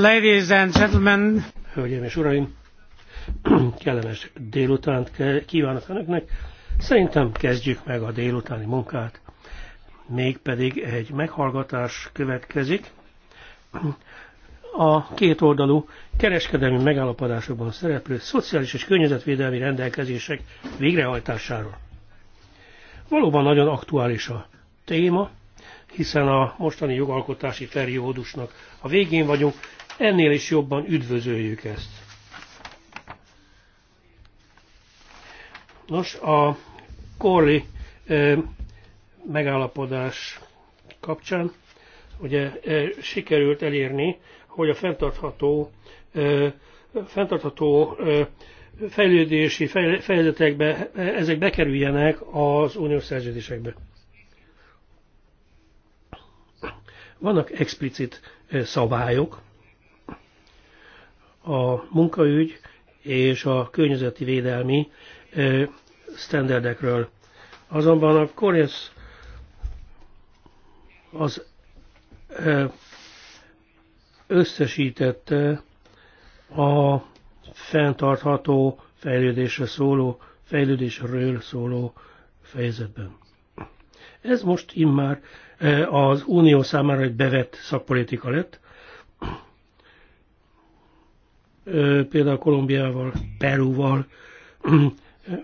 Ladies and gentlemen. Hölgyeim és uraim, kellemes délutánt kívánok önöknek. Szerintem kezdjük meg a délutáni munkát. Mégpedig egy meghallgatás következik. A kétoldalú kereskedelmi megállapodásokban szereplő szociális és környezetvédelmi rendelkezések végrehajtásáról. Valóban nagyon aktuális a téma, hiszen a mostani jogalkotási periódusnak a végén vagyunk, ennél is jobban üdvözöljük ezt. Nos, a Corley megállapodás kapcsán ugye sikerült elérni, hogy a fenntartható, fenntartható fejlődési fejezetekbe, e, ezek bekerüljenek az uniós szerződésekbe. Vannak explicit szabályok, a munkaügy és a környezeti védelmi standardekről. Azonban a Cornelius az összesítette a fenntartható fejlődésre szóló, fejlődésről szóló fejezetben. Ez most immár az unió számára egy bevett szakpolitika lett, például Kolumbiával, Perúval,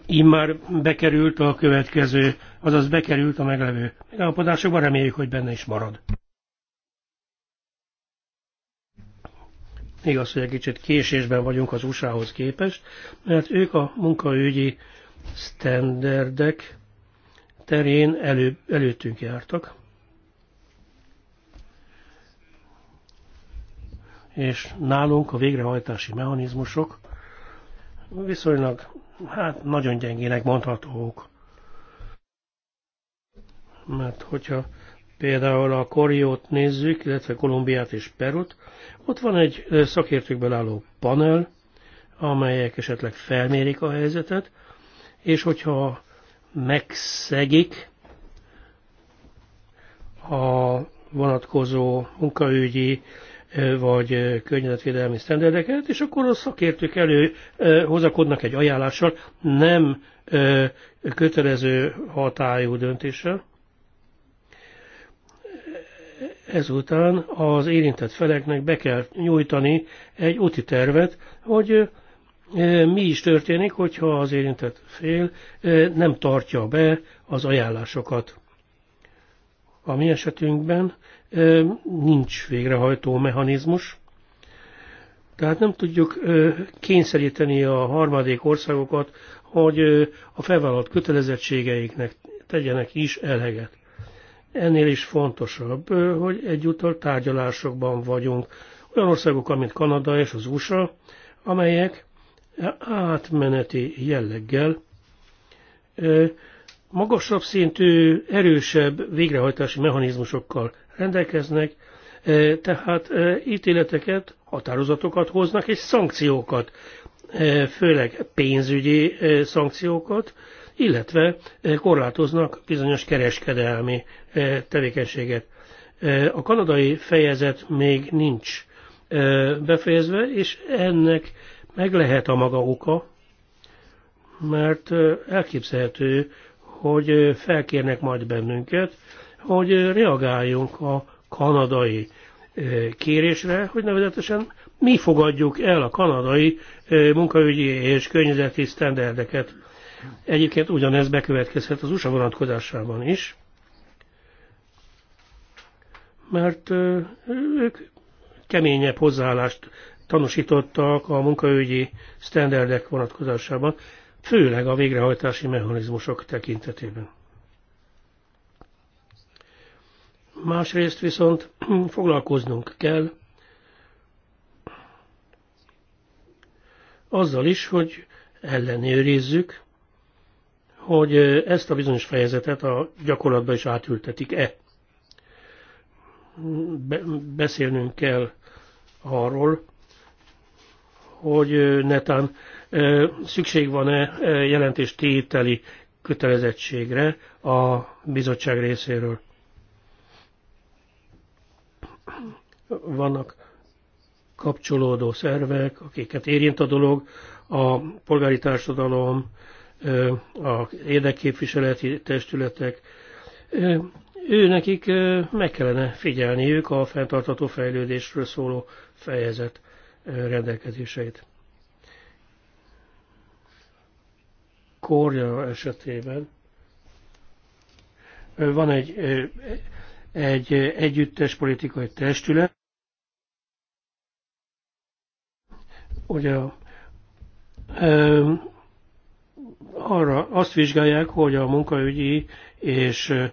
már bekerült a következő, azaz bekerült a meglevő megállapodásokba, reméljük, hogy benne is marad. Igaz, hogy egy kicsit késésben vagyunk az USA-hoz képest, mert ők a munkaügyi standardek terén elő, előttünk jártak. és nálunk a végrehajtási mechanizmusok viszonylag, hát nagyon gyengének mondhatók. Mert hogyha például a Koriót nézzük, illetve Kolumbiát és Perut, ott van egy szakértőkből álló panel, amelyek esetleg felmérik a helyzetet, és hogyha megszegik a vonatkozó munkaügyi vagy környezetvédelmi sztenderdeket, és akkor a szakértők elő hozakodnak egy ajánlással, nem kötelező hatályú döntéssel. Ezután az érintett feleknek be kell nyújtani egy úti tervet, hogy mi is történik, hogyha az érintett fél nem tartja be az ajánlásokat. A mi esetünkben nincs végrehajtó mechanizmus. Tehát nem tudjuk kényszeríteni a harmadik országokat, hogy a felvállalt kötelezettségeiknek tegyenek is eleget. Ennél is fontosabb, hogy egyúttal tárgyalásokban vagyunk. Olyan országokkal, mint Kanada és az USA, amelyek átmeneti jelleggel magasabb szintű, erősebb végrehajtási mechanizmusokkal rendelkeznek, e, tehát e, ítéleteket, határozatokat hoznak és szankciókat, e, főleg pénzügyi szankciókat, illetve korlátoznak bizonyos kereskedelmi tevékenységet. A kanadai fejezet még nincs befejezve, és ennek meg lehet a maga oka, mert elképzelhető, hogy felkérnek majd bennünket, hogy reagáljunk a kanadai kérésre, hogy nevezetesen mi fogadjuk el a kanadai munkaügyi és környezeti sztenderdeket. Egyébként ugyanez bekövetkezhet az USA vonatkozásában is, mert ők keményebb hozzáállást tanúsítottak a munkaügyi sztenderdek vonatkozásában, főleg a végrehajtási mechanizmusok tekintetében. Másrészt viszont foglalkoznunk kell azzal is, hogy ellenőrizzük, hogy ezt a bizonyos fejezetet a gyakorlatba is átültetik-e. Be beszélnünk kell arról, hogy netán szükség van-e jelentéstételi kötelezettségre a bizottság részéről vannak kapcsolódó szervek, akiket érint a dolog, a polgári társadalom, a érdekképviseleti testületek, ő nekik meg kellene figyelniük a fenntartató fejlődésről szóló fejezet rendelkezéseit. Korea esetében van egy egy együttes politikai testület, hogy a, e, arra azt vizsgálják, hogy a munkaügyi és e,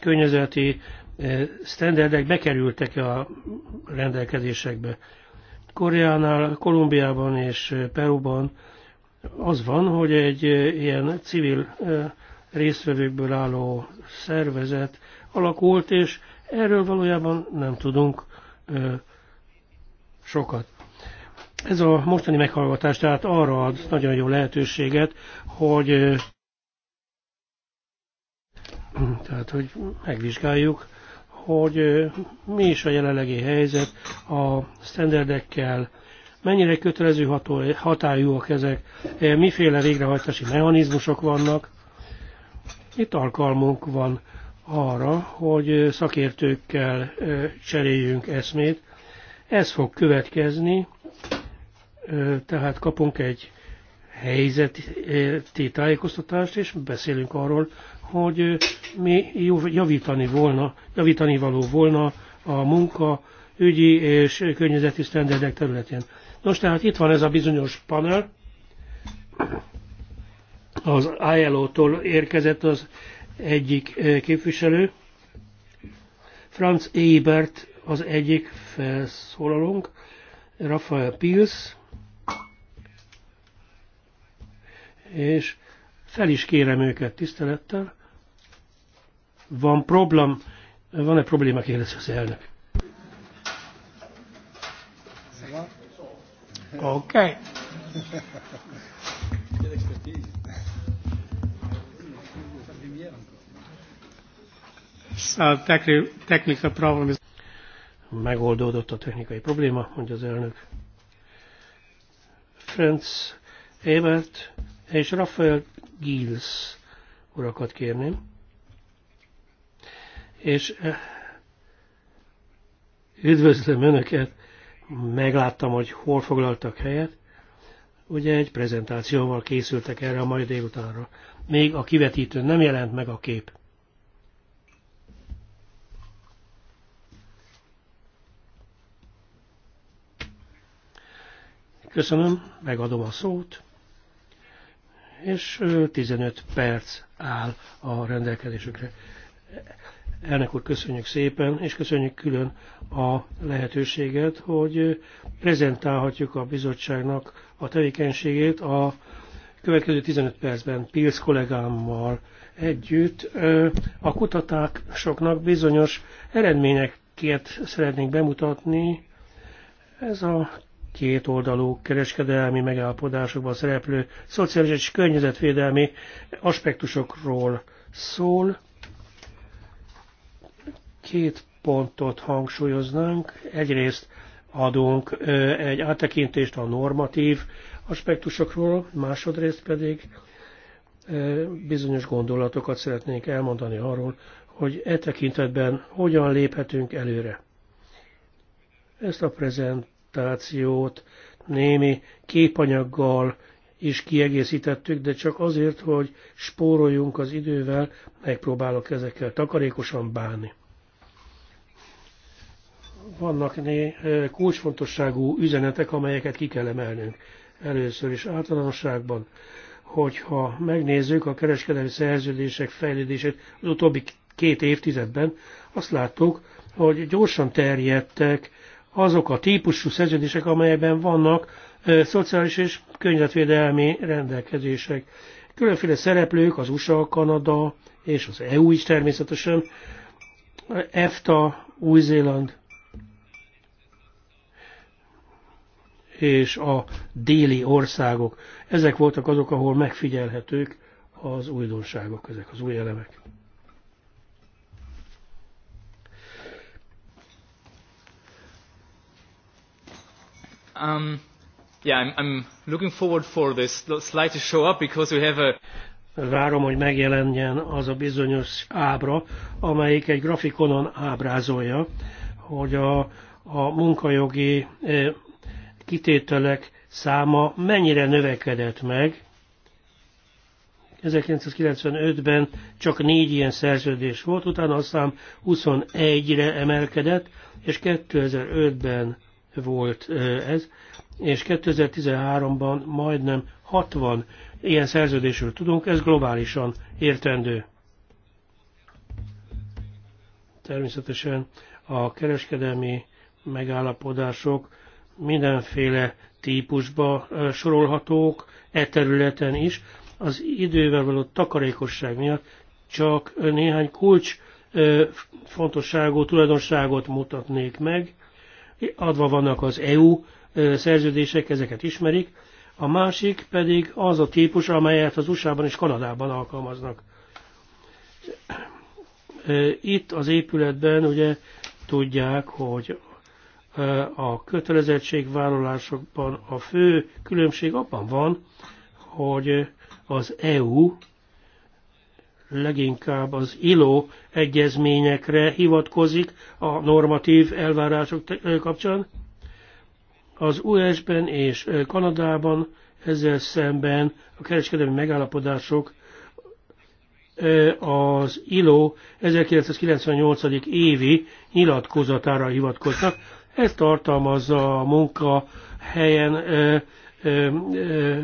környezeti e, standardek bekerültek-e a rendelkezésekbe. Koreánál, Kolumbiában és Peruban az van, hogy egy ilyen civil részvevőkből álló szervezet alakult, és erről valójában nem tudunk sokat. Ez a mostani meghallgatás tehát arra ad nagyon jó lehetőséget, hogy tehát, hogy megvizsgáljuk, hogy mi is a jelenlegi helyzet a standardekkel, mennyire kötelező ható, hatályúak ezek, miféle végrehajtási mechanizmusok vannak. Itt alkalmunk van arra, hogy szakértőkkel cseréljünk eszmét. Ez fog következni, tehát kapunk egy helyzeti tájékoztatást, és beszélünk arról, hogy mi javítani, volna, javítani való volna a munka ügyi és környezeti sztenderdek területén. Nos, tehát itt van ez a bizonyos panel, az ILO-tól érkezett az egyik képviselő, Franz Ebert az egyik felszólalónk, Rafael Pils, és fel is kérem őket tisztelettel. Van problém, van-e probléma, kérdezi az elnök. Oké. Okay. Megoldódott a technikai probléma, mondja az elnök. Franz Ebert és Rafael Gilles urakat kérném. És eh, üdvözlöm Önöket, megláttam, hogy hol foglaltak helyet. Ugye egy prezentációval készültek erre a mai délutánra. Még a kivetítőn nem jelent meg a kép. Köszönöm, megadom a szót, és 15 perc áll a rendelkezésükre. Elnök úr, köszönjük szépen, és köszönjük külön a lehetőséget, hogy prezentálhatjuk a bizottságnak a tevékenységét a következő 15 percben Pilsz kollégámmal együtt. A kutatásoknak bizonyos eredményeket szeretnénk bemutatni. Ez a két oldalú kereskedelmi megállapodásokban szereplő szociális és környezetvédelmi aspektusokról szól. Két pontot hangsúlyoznánk. Egyrészt adunk egy áttekintést a normatív aspektusokról, másodrészt pedig bizonyos gondolatokat szeretnénk elmondani arról, hogy e tekintetben hogyan léphetünk előre. Ezt a prezent prezentációt némi képanyaggal is kiegészítettük, de csak azért, hogy spóroljunk az idővel, megpróbálok ezekkel takarékosan bánni. Vannak né kulcsfontosságú üzenetek, amelyeket ki kell emelnünk. Először is általánosságban, hogyha megnézzük a kereskedelmi szerződések fejlődését az utóbbi két évtizedben, azt láttuk, hogy gyorsan terjedtek azok a típusú szerződések, amelyben vannak szociális és környezetvédelmi rendelkezések. Különféle szereplők, az USA, Kanada és az EU is természetesen, EFTA, Új-Zéland és a déli országok. Ezek voltak azok, ahol megfigyelhetők az újdonságok, ezek az új elemek. Um, yeah, I'm, I'm looking forward for this slide to show up because we have a Várom, hogy megjelenjen az a bizonyos ábra, amelyik egy grafikonon ábrázolja, hogy a, a munkajogi e, kitételek száma mennyire növekedett meg. 1995-ben csak négy ilyen szerződés volt, utána aztán 21-re emelkedett, és 2005-ben volt ez, és 2013-ban majdnem 60 ilyen szerződésről tudunk, ez globálisan értendő. Természetesen a kereskedelmi megállapodások mindenféle típusba sorolhatók, e területen is, az idővel való takarékosság miatt csak néhány kulcs fontosságú tulajdonságot mutatnék meg adva vannak az EU szerződések, ezeket ismerik, a másik pedig az a típus, amelyet az USA-ban és Kanadában alkalmaznak. Itt az épületben ugye tudják, hogy a kötelezettségvállalásokban a fő különbség abban van, hogy az EU leginkább az ILO egyezményekre hivatkozik a normatív elvárások kapcsán. Az US-ben és Kanadában ezzel szemben a kereskedelmi megállapodások az ILO 1998. évi nyilatkozatára hivatkoznak. Ez tartalmazza a munkahelyen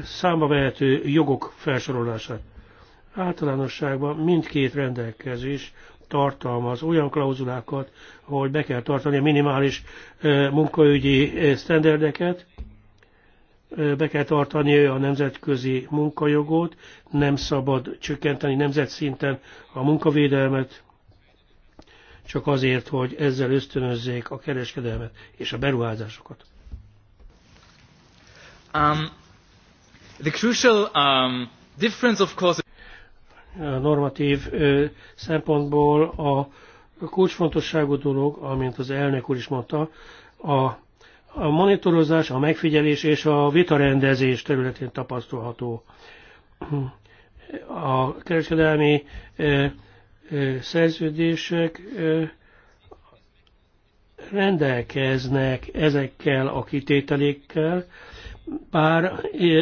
számba vehető jogok felsorolását. Általánosságban mindkét rendelkezés tartalmaz olyan klauzulákat, hogy be kell tartani a minimális munkaügyi sztenderdeket, be kell tartani a nemzetközi munkajogot, nem szabad csökkenteni nemzetszinten a munkavédelmet, csak azért, hogy ezzel ösztönözzék a kereskedelmet és a beruházásokat. Um, the crucial um, difference, of course, normatív szempontból a kulcsfontosságú dolog, amint az elnök úr is mondta, a a monitorozás, a megfigyelés és a vitarendezés területén tapasztalható. A kereskedelmi szerződések rendelkeznek ezekkel a kitételékkel, bár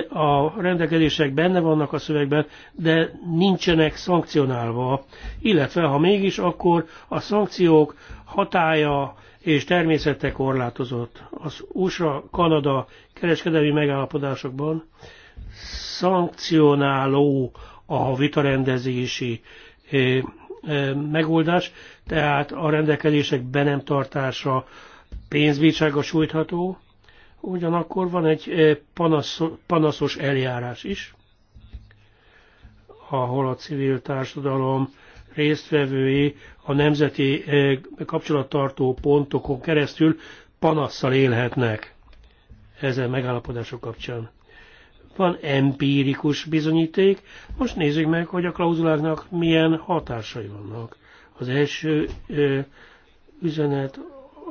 a rendelkezések benne vannak a szövegben, de nincsenek szankcionálva, illetve ha mégis, akkor a szankciók hatája és természete korlátozott. Az USA-Kanada kereskedelmi megállapodásokban szankcionáló a vitarendezési megoldás, tehát a rendelkezések be nem tartása pénzbírsága sújtható, Ugyanakkor van egy eh, panasz, panaszos eljárás is, ahol a civil társadalom résztvevői a nemzeti eh, kapcsolattartó pontokon keresztül panasszal élhetnek ezen megállapodások kapcsán. Van empirikus bizonyíték, most nézzük meg, hogy a klauzuláknak milyen hatásai vannak. Az első eh, üzenet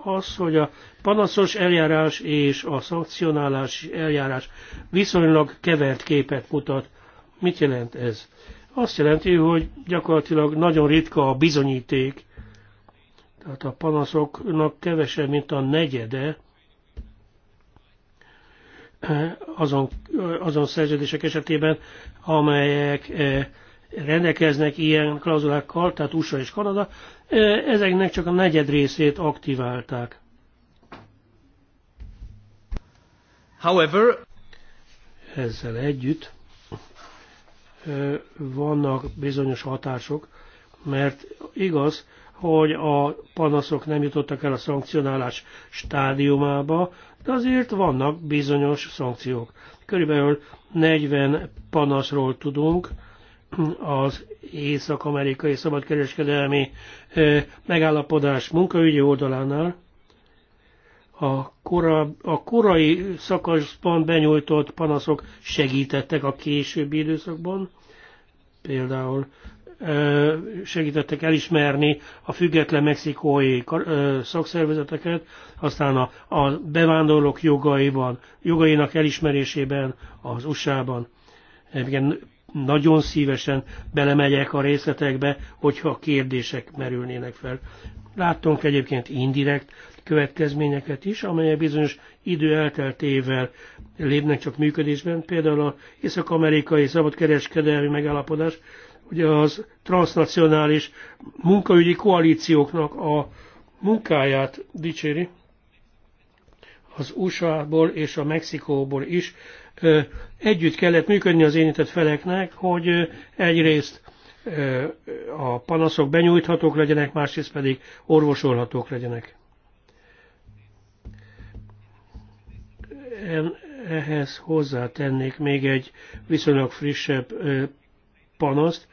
az, hogy a panaszos eljárás és a szankcionálási eljárás viszonylag kevert képet mutat. Mit jelent ez? Azt jelenti, hogy gyakorlatilag nagyon ritka a bizonyíték, tehát a panaszoknak kevesebb, mint a negyede eh, azon, eh, azon szerződések esetében, amelyek eh, rendelkeznek ilyen klauzulákkal, tehát USA és Kanada, ezeknek csak a negyed részét aktiválták. However, ezzel együtt vannak bizonyos hatások, mert igaz, hogy a panaszok nem jutottak el a szankcionálás stádiumába, de azért vannak bizonyos szankciók. Körülbelül 40 panaszról tudunk, az észak-amerikai szabadkereskedelmi megállapodás munkaügyi oldalánál a, kora, a korai szakaszban benyújtott panaszok segítettek a későbbi időszakban, például segítettek elismerni a független mexikói szakszervezeteket, aztán a, a bevándorlók jogaiban, jogainak elismerésében az USA-ban nagyon szívesen belemegyek a részletekbe, hogyha kérdések merülnének fel. Láttunk egyébként indirekt következményeket is, amelyek bizonyos idő elteltével lépnek csak működésben. Például az észak-amerikai szabadkereskedelmi megállapodás, ugye az transnacionális munkaügyi koalícióknak a munkáját dicséri, az USA-ból és a Mexikóból is Együtt kellett működni az érintett feleknek, hogy egyrészt a panaszok benyújthatók legyenek, másrészt pedig orvosolhatók legyenek. Ehhez hozzátennék még egy viszonylag frissebb panaszt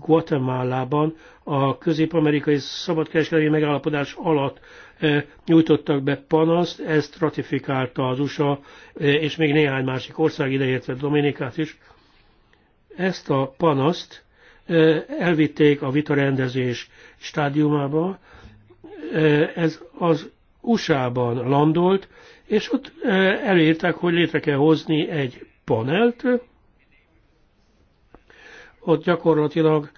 Guatemalában a közép-amerikai szabadkereskedelmi megállapodás alatt eh, nyújtottak be panaszt, ezt ratifikálta az USA, eh, és még néhány másik ország, ideértve Dominikát is. Ezt a panaszt eh, elvitték a vitarendezés stádiumába, ez az USA-ban landolt, és ott elírták, hogy létre kell hozni egy panelt, ott gyakorlatilag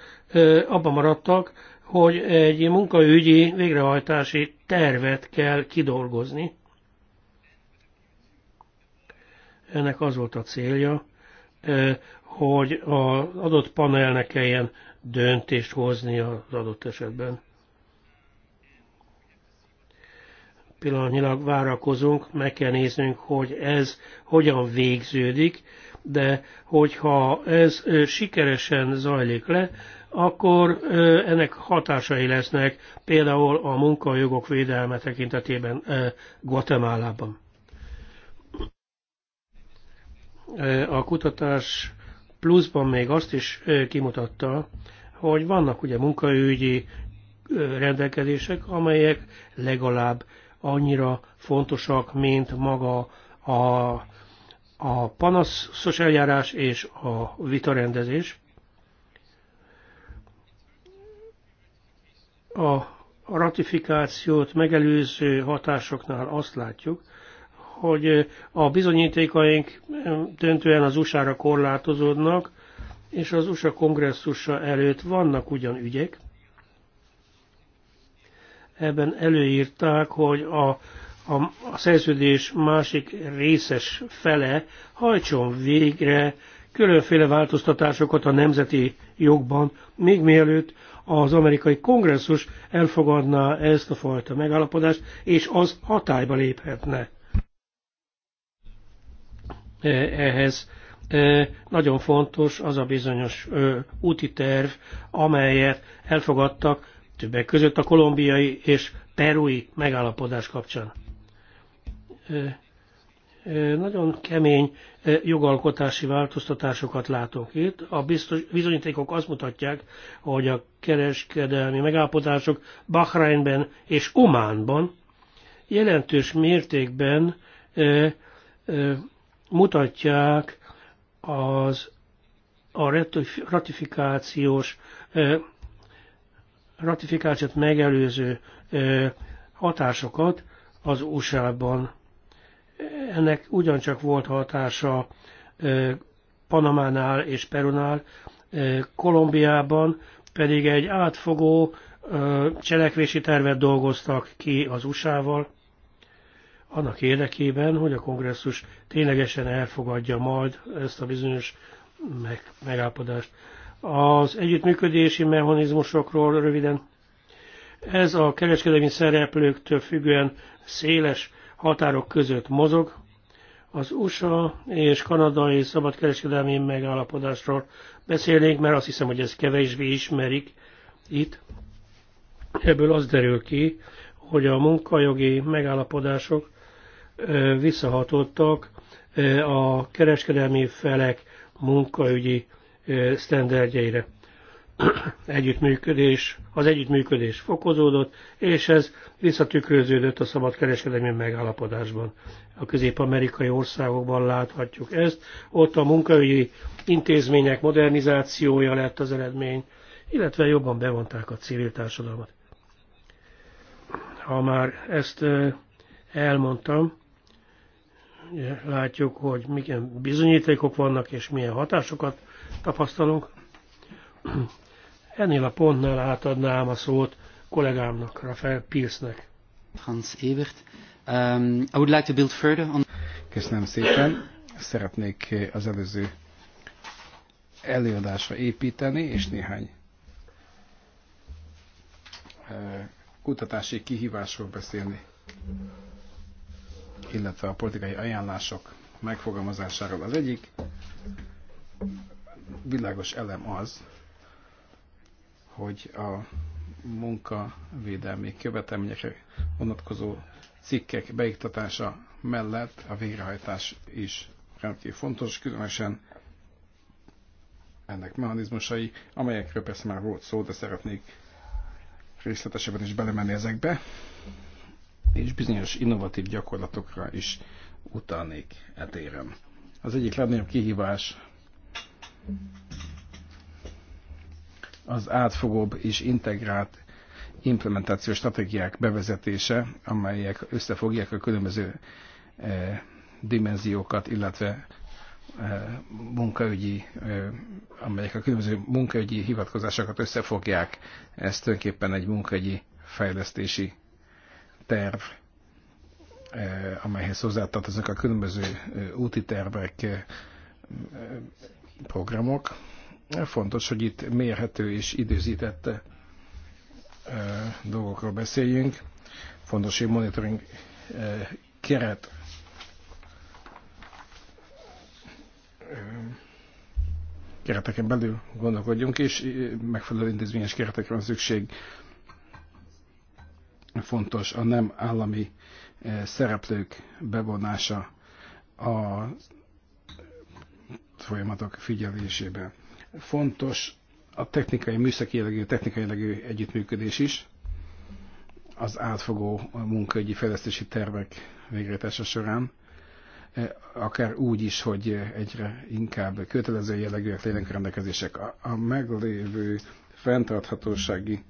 abban maradtak, hogy egy munkaügyi végrehajtási tervet kell kidolgozni. Ennek az volt a célja, hogy az adott panelnek kelljen döntést hozni az adott esetben. Pillanatnyilag várakozunk, meg kell néznünk, hogy ez hogyan végződik, de hogyha ez sikeresen zajlik le, akkor ennek hatásai lesznek például a munkajogok védelme tekintetében Guatemalában. A kutatás pluszban még azt is kimutatta, hogy vannak ugye munkaügyi rendelkezések, amelyek legalább annyira fontosak, mint maga a a panaszos eljárás és a vitarendezés. A ratifikációt megelőző hatásoknál azt látjuk, hogy a bizonyítékaink döntően az USA-ra korlátozódnak, és az USA kongresszusa előtt vannak ugyan ügyek. Ebben előírták, hogy a a, a szerződés másik részes fele hajtson végre különféle változtatásokat a nemzeti jogban, még mielőtt az amerikai kongresszus elfogadná ezt a fajta megállapodást, és az hatályba léphetne. E, ehhez e, nagyon fontos az a bizonyos úti terv, amelyet elfogadtak többek között a kolumbiai és perui megállapodás kapcsán nagyon kemény jogalkotási változtatásokat látok itt. A biztos, bizonyítékok azt mutatják, hogy a kereskedelmi megállapodások Bahreinben és Ománban jelentős mértékben mutatják az a ratifikációs ratifikációt megelőző hatásokat az USA-ban ennek ugyancsak volt hatása Panamánál és Perunál, Kolumbiában pedig egy átfogó cselekvési tervet dolgoztak ki az USA-val, annak érdekében, hogy a kongresszus ténylegesen elfogadja majd ezt a bizonyos meg, megállapodást. Az együttműködési mechanizmusokról röviden. Ez a kereskedelmi szereplőktől függően széles határok között mozog. Az USA és kanadai szabadkereskedelmi megállapodásról beszélnénk, mert azt hiszem, hogy ezt kevésbé ismerik itt. Ebből az derül ki, hogy a munkajogi megállapodások visszahatottak a kereskedelmi felek munkaügyi sztenderdjeire együttműködés, az együttműködés fokozódott, és ez visszatükröződött a szabadkereskedelmi megállapodásban. A közép-amerikai országokban láthatjuk ezt, ott a munkaügyi intézmények modernizációja lett az eredmény, illetve jobban bevonták a civil társadalmat. Ha már ezt elmondtam, látjuk, hogy milyen bizonyítékok vannak, és milyen hatásokat tapasztalunk Ennél a pontnál átadnám a szót kollégámnak, Rafael Pilsnek. Hans Evert. Um, I would like to build further on... Köszönöm szépen. Szeretnék az előző előadásra építeni, és néhány uh, kutatási kihívásról beszélni, illetve a politikai ajánlások megfogalmazásáról. Az egyik világos elem az, hogy a munkavédelmi követelményekre vonatkozó cikkek beiktatása mellett a végrehajtás is rendkívül fontos, különösen ennek mechanizmusai, amelyekről persze már volt szó, de szeretnék részletesebben is belemenni ezekbe, és bizonyos innovatív gyakorlatokra is utalnék etéren. Az egyik legnagyobb kihívás az átfogóbb és integrált implementációs stratégiák bevezetése, amelyek összefogják a különböző eh, dimenziókat, illetve eh, munkaügyi, eh, amelyek a különböző munkaügyi hivatkozásokat összefogják. Ez tulajdonképpen egy munkaügyi fejlesztési terv, amelyhez hozzátartoznak a különböző úti tervek, programok, Fontos, hogy itt mérhető és időzített e, dolgokról beszéljünk. Fontos, hogy monitoring e, keret e, kereteken belül gondolkodjunk, és megfelelő intézményes keretekre van szükség. Fontos a nem állami szereplők bevonása a folyamatok figyelésében. Fontos a technikai, műszaki jellegű, technikai jellegű együttműködés is az átfogó munkaügyi fejlesztési tervek végrehajtása során, akár úgy is, hogy egyre inkább kötelező jellegűek legyenek a rendelkezések. a meglévő fenntarthatósági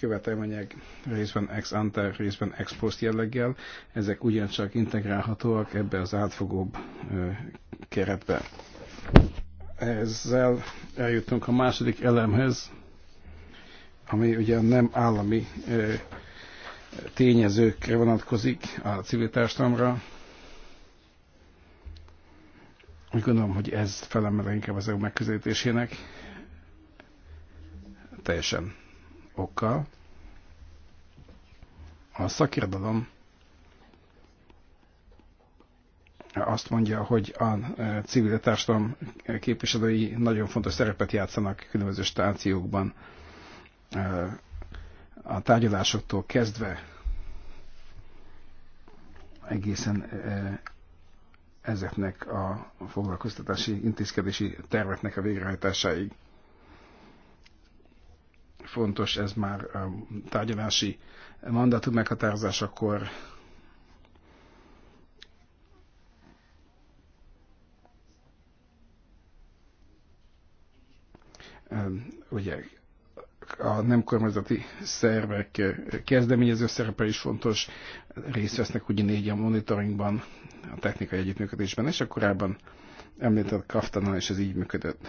követelmények részben ex ante, részben ex post jelleggel, ezek ugyancsak integrálhatóak ebbe az átfogóbb keretbe. Ezzel eljutunk a második elemhez, ami ugye nem állami tényezőkre vonatkozik a civil társadalomra. Úgy gondolom, hogy ez felemel inkább az EU megközelítésének teljesen okkal. A szakirodalom azt mondja, hogy a e, civil társadalom képviselői nagyon fontos szerepet játszanak különböző stációkban, e, a tárgyalásoktól kezdve egészen e, ezeknek a foglalkoztatási intézkedési terveknek a végrehajtásáig. Fontos ez már a tárgyalási mandátum meghatározásakor, ugye a nem kormányzati szervek kezdeményező szerepe is fontos, részt vesznek négy a monitoringban, a technikai együttműködésben, és akkor korábban említett Kraftannal és ez így működött.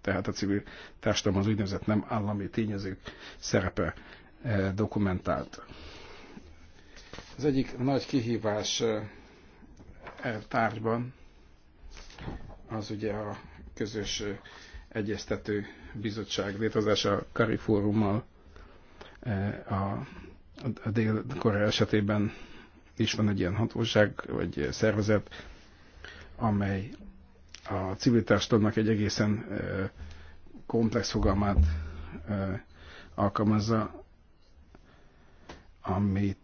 Tehát a civil társadalom az úgynevezett nem állami tényezők szerepe dokumentált. Az egyik nagy kihívás e tárgyban az ugye a közös egyeztető bizottság létrehozása Karifórummal eh, a, a Dél-Korea esetében is van egy ilyen hatóság vagy szervezet, amely a civil társadalomnak egy egészen eh, komplex fogalmát eh, alkalmazza, amit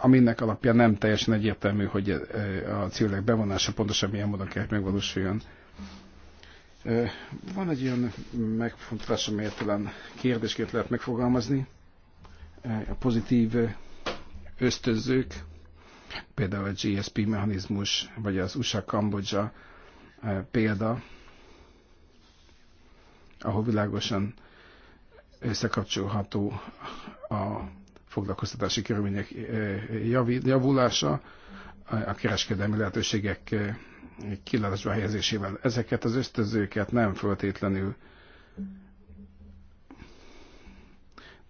aminek alapján nem teljesen egyértelmű, hogy a civilek bevonása pontosan milyen módon kell megvalósuljon. Van egy ilyen megfontolás, amelyet talán kérdésként lehet megfogalmazni. A pozitív ösztönzők, például a GSP mechanizmus, vagy az USA-Kambodzsa példa, ahol világosan összekapcsolható a foglalkoztatási körülmények javulása, a kereskedelmi lehetőségek kilátásba helyezésével. Ezeket az ösztözőket nem föltétlenül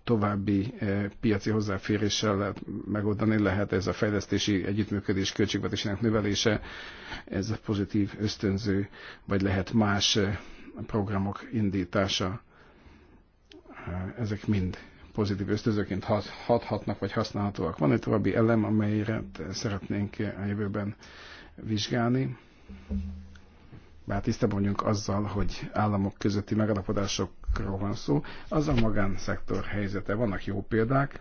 további eh, piaci hozzáféréssel lehet megoldani, lehet ez a fejlesztési együttműködés költségvetésének növelése, ez a pozitív ösztönző, vagy lehet más eh, programok indítása. Eh, ezek mind pozitív ösztözőként hathatnak, vagy használhatóak. Van egy további elem, amelyre szeretnénk a jövőben vizsgálni bár tisztában vagyunk azzal, hogy államok közötti megalapodásokról van szó, az a magánszektor helyzete. Vannak jó példák,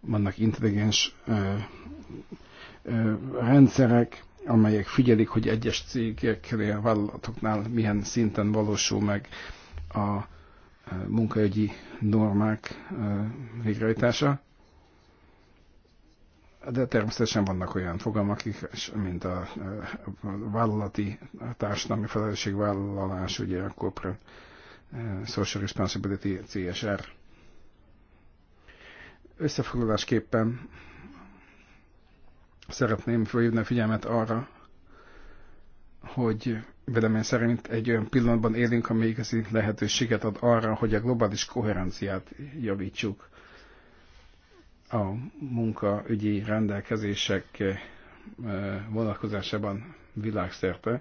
vannak intelligens ö, ö, rendszerek, amelyek figyelik, hogy egyes cégeknél, vállalatoknál milyen szinten valósul meg a munkaügyi normák végrehajtása de természetesen vannak olyan fogalmak, mint a vállalati a társadalmi felelősségvállalás, ugye a corporate eh, social responsibility, CSR. Összefoglalásképpen szeretném felhívni a figyelmet arra, hogy vélemény szerint egy olyan pillanatban élünk, ami igazi lehetőséget ad arra, hogy a globális koherenciát javítsuk – a munkaügyi rendelkezések eh, vonatkozásában világszerte.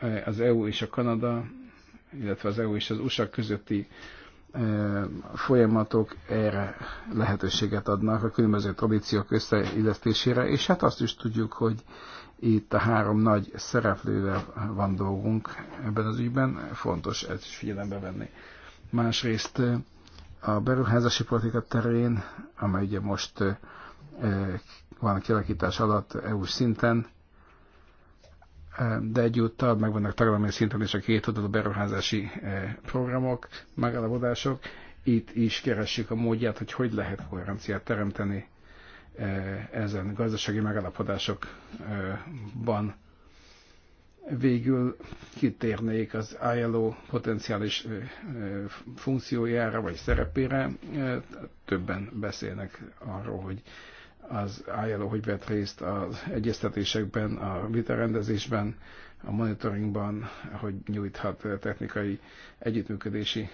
Eh, az EU és a Kanada, illetve az EU és az USA közötti eh, folyamatok erre lehetőséget adnak a különböző tradíciók összeillesztésére, és hát azt is tudjuk, hogy itt a három nagy szereplővel van dolgunk ebben az ügyben, fontos ezt is figyelembe venni. Másrészt a beruházási politika terén, amely ugye most van a kialakítás alatt eu szinten, de egyúttal megvannak tagállami szinten is a két oldalú beruházási programok, megállapodások. Itt is keressük a módját, hogy hogy lehet koherenciát teremteni ezen gazdasági megállapodásokban Végül kitérnék az ILO potenciális funkciójára vagy szerepére. Többen beszélnek arról, hogy az ILO hogy vett részt az egyeztetésekben, a vitarendezésben, a monitoringban, hogy nyújthat technikai együttműködési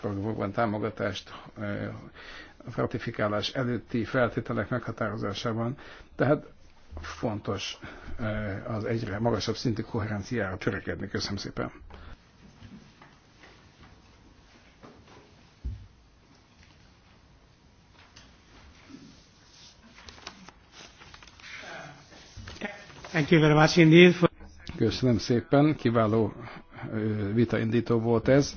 programokban támogatást, a ratifikálás előtti feltételek meghatározásában. Tehát fontos eh, az egyre magasabb szintű koherenciára törekedni. Köszönöm szépen. Köszönöm szépen, kiváló eh, vitaindító volt ez.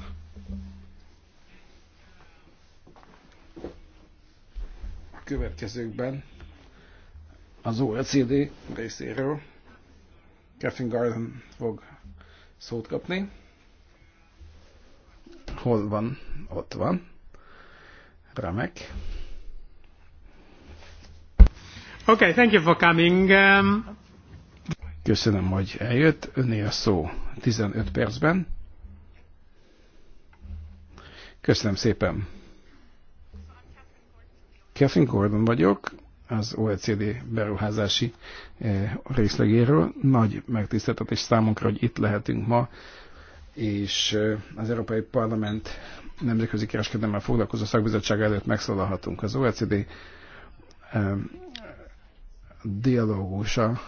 Következőkben az OECD részéről. Catherine Garden fog szót kapni. Hol van? Ott van. Remek. Okay, thank you for coming. Um... Köszönöm, hogy eljött. Öné a szó 15 percben. Köszönöm szépen. Catherine Gordon vagyok, az OECD beruházási eh, részlegéről. Nagy megtiszteltetés számunkra, hogy itt lehetünk ma, és eh, az Európai Parlament nemzetközi kereskedelemmel foglalkozó szakbizottság előtt megszólalhatunk. Az OECD eh, dialógusa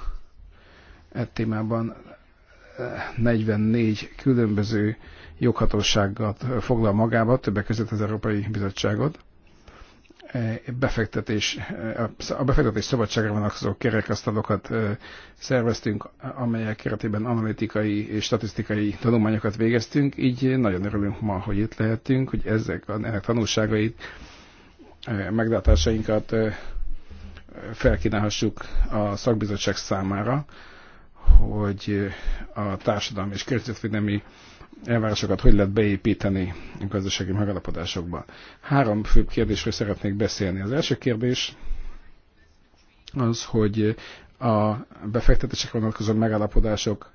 e témában 44 különböző joghatósággal foglal magába, többek között az Európai Bizottságot befektetés, a befektetés szabadságra vonatkozó kerekasztalokat szerveztünk, amelyek keretében analitikai és statisztikai tanulmányokat végeztünk, így nagyon örülünk ma, hogy itt lehetünk, hogy ezek ennek tanulságait, meglátásainkat felkínálhassuk a szakbizottság számára, hogy a társadalmi és környezetvédelmi elvárásokat hogy lehet beépíteni a gazdasági megalapodásokba. Három fő kérdésről szeretnék beszélni. Az első kérdés az, hogy a befektetések vonatkozó megállapodások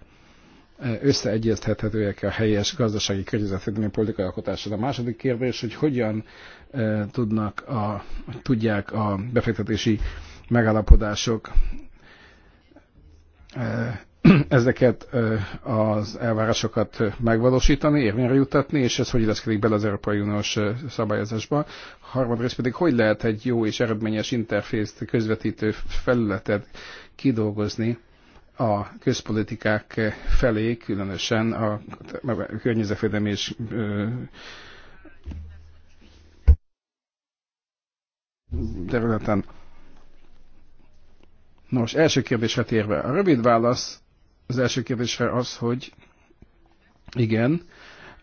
e, összeegyeztethetőek a helyes gazdasági környezetvédelmi politikai alkotással. A második kérdés, hogy hogyan e, tudnak a, tudják a befektetési megállapodások e, ezeket az elvárásokat megvalósítani, érvényre jutatni, és ez hogy illeszkedik bele az Európai Uniós szabályozásba. Harmadrészt pedig, hogy lehet egy jó és eredményes interfészt közvetítő felületet kidolgozni a közpolitikák felé, különösen a környezetvédelmi és területen. Nos, első kérdésre térve. A rövid válasz az első kérdésre az, hogy igen,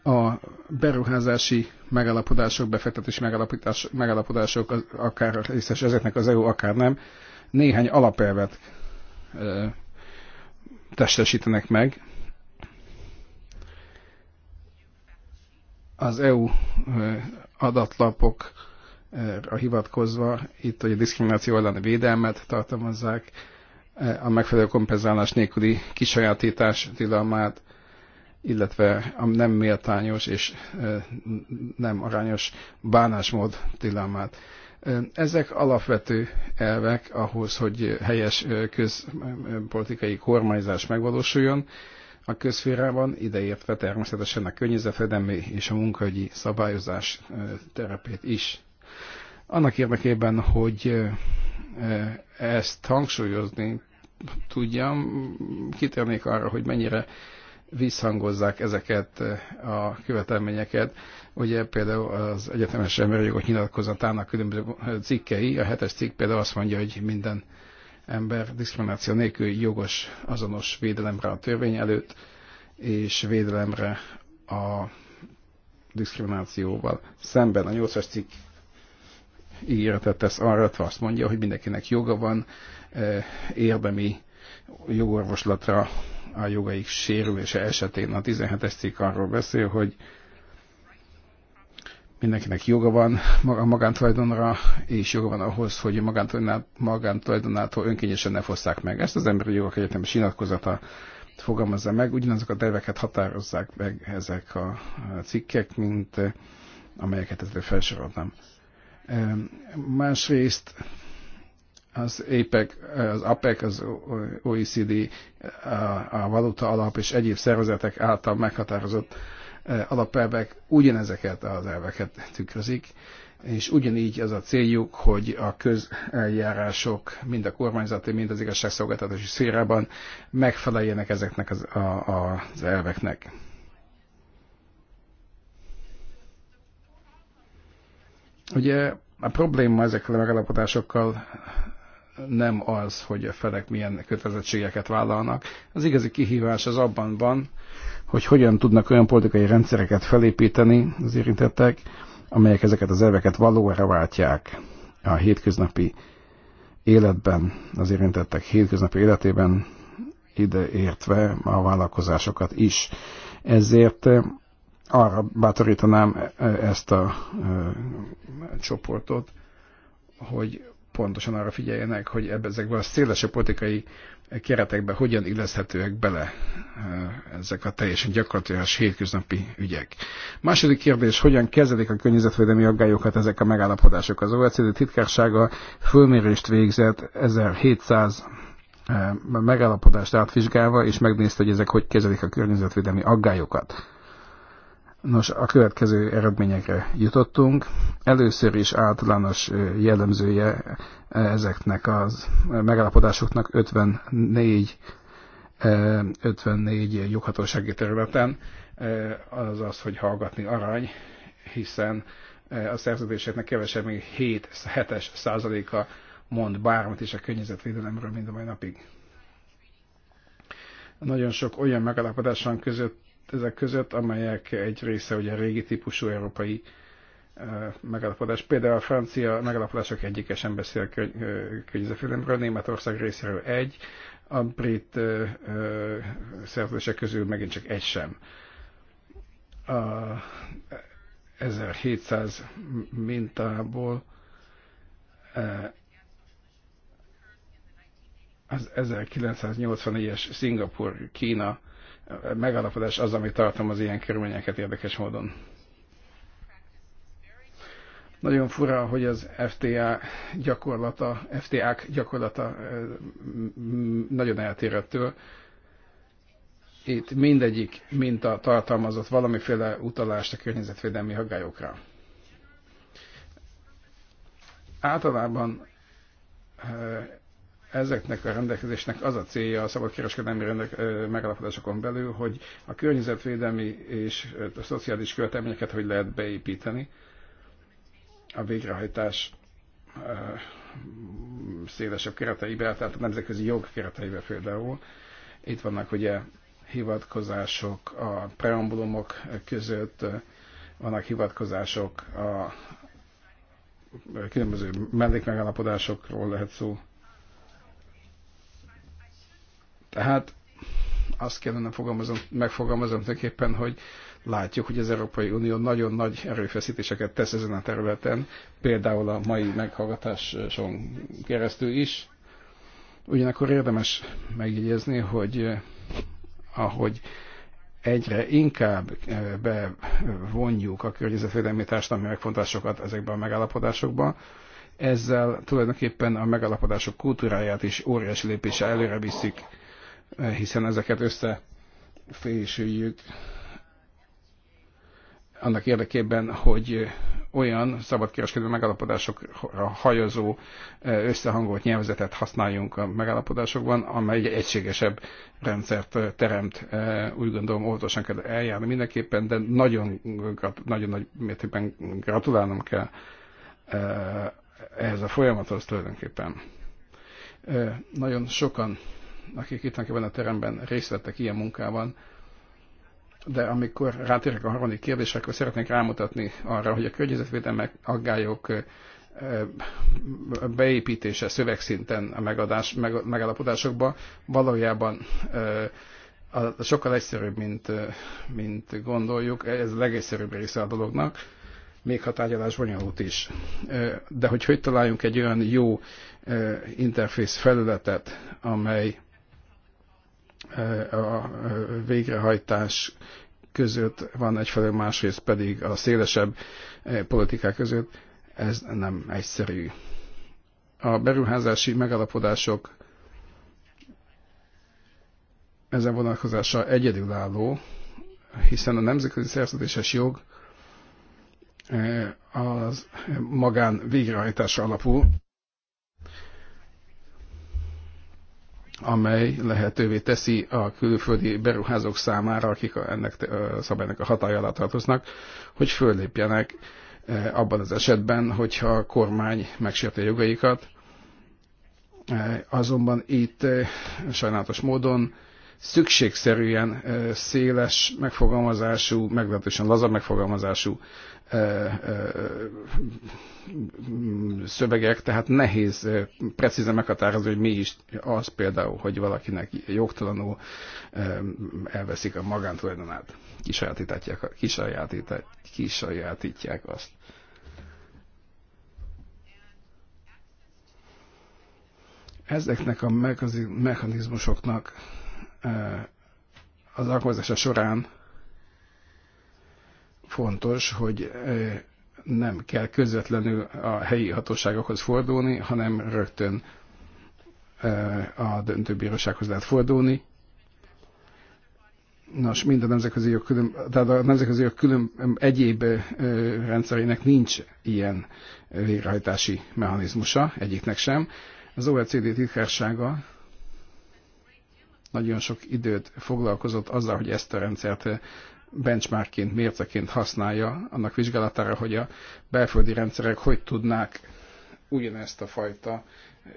a beruházási megállapodások, befektetési megalapodások akár részes ezeknek az EU, akár nem, néhány alapelvet ö, testesítenek meg. Az EU ö, adatlapok a hivatkozva itt, hogy a diszkrimináció elleni védelmet tartalmazzák, Eh, a megfelelő kompenzálás nélküli kisajátítás tilalmát, illetve a nem méltányos és eh, nem arányos bánásmód tilalmát. Eh, ezek alapvető elvek ahhoz, hogy helyes közpolitikai kormányzás megvalósuljon a közférában, ideértve természetesen a környezetvedelmi és a munkahogyi szabályozás terepét is. Annak érdekében, hogy ezt hangsúlyozni tudjam, kitérnék arra, hogy mennyire visszhangozzák ezeket eh, a követelményeket. Ugye például az Egyetemes jogok nyilatkozatának különböző cikkei, a hetes cikk például azt mondja, hogy minden ember diszkrimináció nélkül jogos azonos védelemre a törvény előtt, és védelemre a diszkriminációval szemben. A nyolcas cikk ígéretet tesz arra, azt mondja, hogy mindenkinek joga van eh, érdemi jogorvoslatra a jogaik sérülése esetén. A 17-es cikk arról beszél, hogy mindenkinek joga van a magántulajdonra, és joga van ahhoz, hogy a magántulajdonától önkényesen ne fosszák meg. Ezt az Emberi Jogok Egyetemes sinatkozata fogalmazza meg, ugyanazok a terveket határozzák meg ezek a cikkek, mint eh, amelyeket ezzel felsoroltam. Másrészt az APEC, az APEC, az OECD, a valuta alap és egyéb szervezetek által meghatározott e, alapelvek ugyanezeket az elveket tükrözik, és ugyanígy az a céljuk, hogy a közeljárások mind a kormányzati, mind az igazságszolgáltatási szférában megfeleljenek ezeknek az, a, az elveknek. Ugye a probléma ezekkel a megállapodásokkal nem az, hogy a felek milyen kötelezettségeket vállalnak. Az igazi kihívás az abban van, hogy hogyan tudnak olyan politikai rendszereket felépíteni az érintettek, amelyek ezeket az elveket valóra váltják a hétköznapi életben, az érintettek hétköznapi életében, ideértve a vállalkozásokat is. Ezért arra bátorítanám e, ezt a e, csoportot, hogy pontosan arra figyeljenek, hogy ebbe ezekbe a szélesebb politikai keretekbe hogyan illeszthetőek bele e, ezek a teljesen gyakorlatilag hétköznapi ügyek. Második kérdés, hogyan kezelik a környezetvédelmi aggályokat ezek a megállapodások? Az OECD titkársága fölmérést végzett 1700 megállapodást átvizsgálva, és megnézte, hogy ezek hogy kezelik a környezetvédelmi aggályokat Nos, a következő eredményekre jutottunk. Először is általános jellemzője ezeknek az megállapodásoknak 54 54 joghatósági területen az az, hogy hallgatni arany, hiszen a szerződéseknek kevesebb, mint 7-7-es százaléka mond bármit is a környezetvédelemről mind a mai napig. Nagyon sok olyan megállapodás van között, ezek között, amelyek egy része ugye régi típusú európai eh, megállapodás. Például a francia megállapodások egyike sem beszél eh, környezetvédelemről, Németország részéről egy, a brit eh, szerződések közül megint csak egy sem. A 1700 mintából az 1984-es Szingapur-Kína megalapodás az, ami tartalmaz ilyen körülményeket érdekes módon. Nagyon fura, hogy az FTA gyakorlata, FTA-k gyakorlata nagyon eltérőtől. Itt mindegyik minta tartalmazott valamiféle utalást a környezetvédelmi aggályokra. Általában ezeknek a rendelkezésnek az a célja a szabadkereskedelmi rendek, megalapodásokon belül, hogy a környezetvédelmi és a szociális követelményeket hogy lehet beépíteni a végrehajtás szélesebb kereteibe, tehát a nemzetközi jog kereteibe például. Itt vannak ugye hivatkozások a preambulumok között, vannak hivatkozások a különböző mellékmegállapodásokról lehet szó, tehát azt kellene megfogalmazom tulajdonképpen, hogy látjuk, hogy az Európai Unió nagyon nagy erőfeszítéseket tesz ezen a területen, például a mai meghallgatáson keresztül is. Ugyanakkor érdemes megjegyezni, hogy eh, ahogy egyre inkább eh, bevonjuk a környezetvédelmi társadalmi megfontásokat ezekben a megállapodásokban, ezzel tulajdonképpen a megállapodások kultúráját is óriási lépése előre viszik hiszen ezeket összefésüljük annak érdekében, hogy olyan szabadkereskedő megállapodásokra hajozó összehangolt nyelvezetet használjunk a megállapodásokban, amely egy egységesebb rendszert teremt. Úgy gondolom, óvatosan kell eljárni mindenképpen, de nagyon, nagyon nagy mértékben gratulálnom kell ehhez a folyamathoz tulajdonképpen. Nagyon sokan akik itt ebben a teremben részt vettek ilyen munkában, de amikor rátérek a harmadik kérdésre, akkor szeretnék rámutatni arra, hogy a környezetvédelmek aggályok beépítése szövegszinten a megadás, meg, megállapodásokba valójában a, sokkal egyszerűbb, mint, mint gondoljuk. Ez a legegyszerűbb része a dolognak, még ha tárgyalás bonyolult is. De hogy hogy találjunk egy olyan jó interfész felületet, amely a végrehajtás között van egyfelől, másrészt pedig a szélesebb e, politikák között, ez nem egyszerű. A beruházási megalapodások ezen vonatkozása egyedülálló, hiszen a nemzetközi szerződéses jog e, az magán végrehajtása alapú, amely lehetővé teszi a külföldi beruházók számára, akik ennek a szabálynak a hatája alá tartoznak, hogy föllépjenek abban az esetben, hogyha a kormány megsérti a jogaikat. Azonban itt sajnálatos módon szükségszerűen széles megfogalmazású, meglehetősen laza megfogalmazású szövegek, tehát nehéz precízen meghatározni, hogy mi is az például, hogy valakinek jogtalanul elveszik a magántulajdonát, kisajátítják, kisajátítják, kisajátítják azt. Ezeknek a mechanizmusoknak az alkalmazása során fontos, hogy nem kell közvetlenül a helyi hatóságokhoz fordulni, hanem rögtön a döntőbírósághoz lehet fordulni. Nos, mind a nemzetközi jog, külön, tehát a nemzetközi jog külön egyéb rendszerének nincs ilyen végrehajtási mechanizmusa, egyiknek sem. Az OECD titkársága nagyon sok időt foglalkozott azzal, hogy ezt a rendszert benchmarkként, mérceként használja annak vizsgálatára, hogy a belföldi rendszerek hogy tudnák ugyanezt a fajta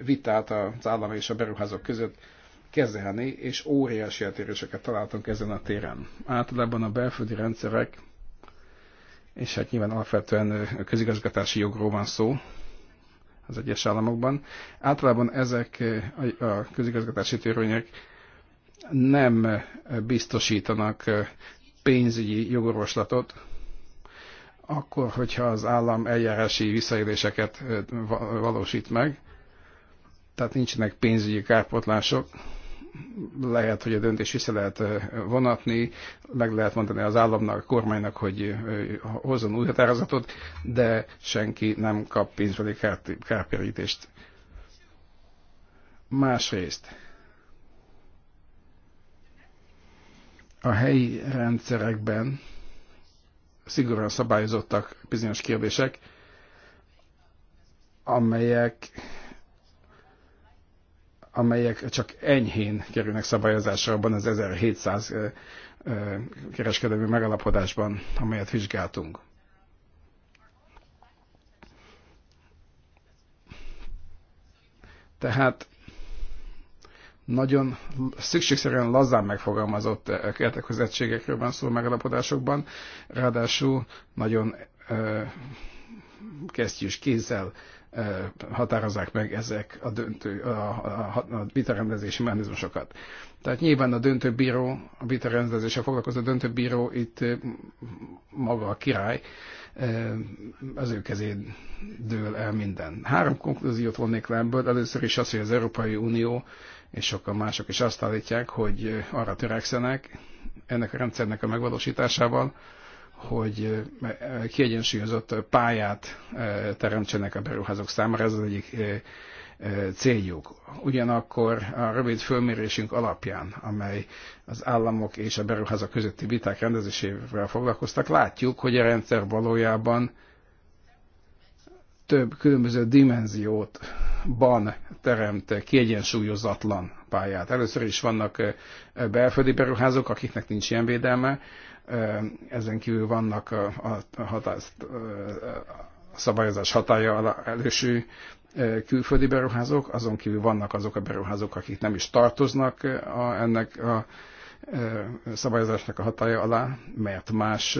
vitát az állam és a beruházók között kezelni, és óriási eltéréseket találtunk ezen a téren. Általában a belföldi rendszerek, és hát nyilván alapvetően közigazgatási jogról van szó az egyes államokban, általában ezek a közigazgatási törvények nem biztosítanak pénzügyi jogorvoslatot, akkor, hogyha az állam eljárási visszaéléseket valósít meg, tehát nincsenek pénzügyi kárpotlások, lehet, hogy a döntés vissza lehet vonatni, meg lehet mondani az államnak, a kormánynak, hogy hozzon új határozatot, de senki nem kap pénzbeli kárpérítést. Másrészt, a helyi rendszerekben szigorúan szabályozottak bizonyos kérdések, amelyek amelyek csak enyhén kerülnek szabályozásra abban az 1700 kereskedelmi megalapodásban, amelyet vizsgáltunk. Tehát nagyon szükségszerűen lazán megfogalmazott eh, kértekezettségekről van szó megalapodásokban, ráadásul nagyon e, eh, kesztyűs kézzel e, határozzák meg ezek a döntő, a, a, a vitarendezési mechanizmusokat. Tehát nyilván a döntőbíró, a vitarendezéssel foglalkozó döntőbíró itt maga a király, az ő kezén dől el minden. Három konklúziót vonnék le ebből. Először is az, hogy az Európai Unió és sokan mások is azt állítják, hogy arra törekszenek ennek a rendszernek a megvalósításával, hogy kiegyensúlyozott pályát teremtsenek a beruházók számára, ez az egyik céljuk. Ugyanakkor a rövid fölmérésünk alapján, amely az államok és a beruházók közötti viták rendezésével foglalkoztak, látjuk, hogy a rendszer valójában több különböző dimenziót ban teremt kiegyensúlyozatlan pályát. Először is vannak belföldi beruházók, akiknek nincs ilyen védelme, ezen kívül vannak a, hatász, a szabályozás hatája alá előső külföldi beruházók, azon kívül vannak azok a beruházók, akik nem is tartoznak a, ennek a szabályozásnak a hatája alá, mert más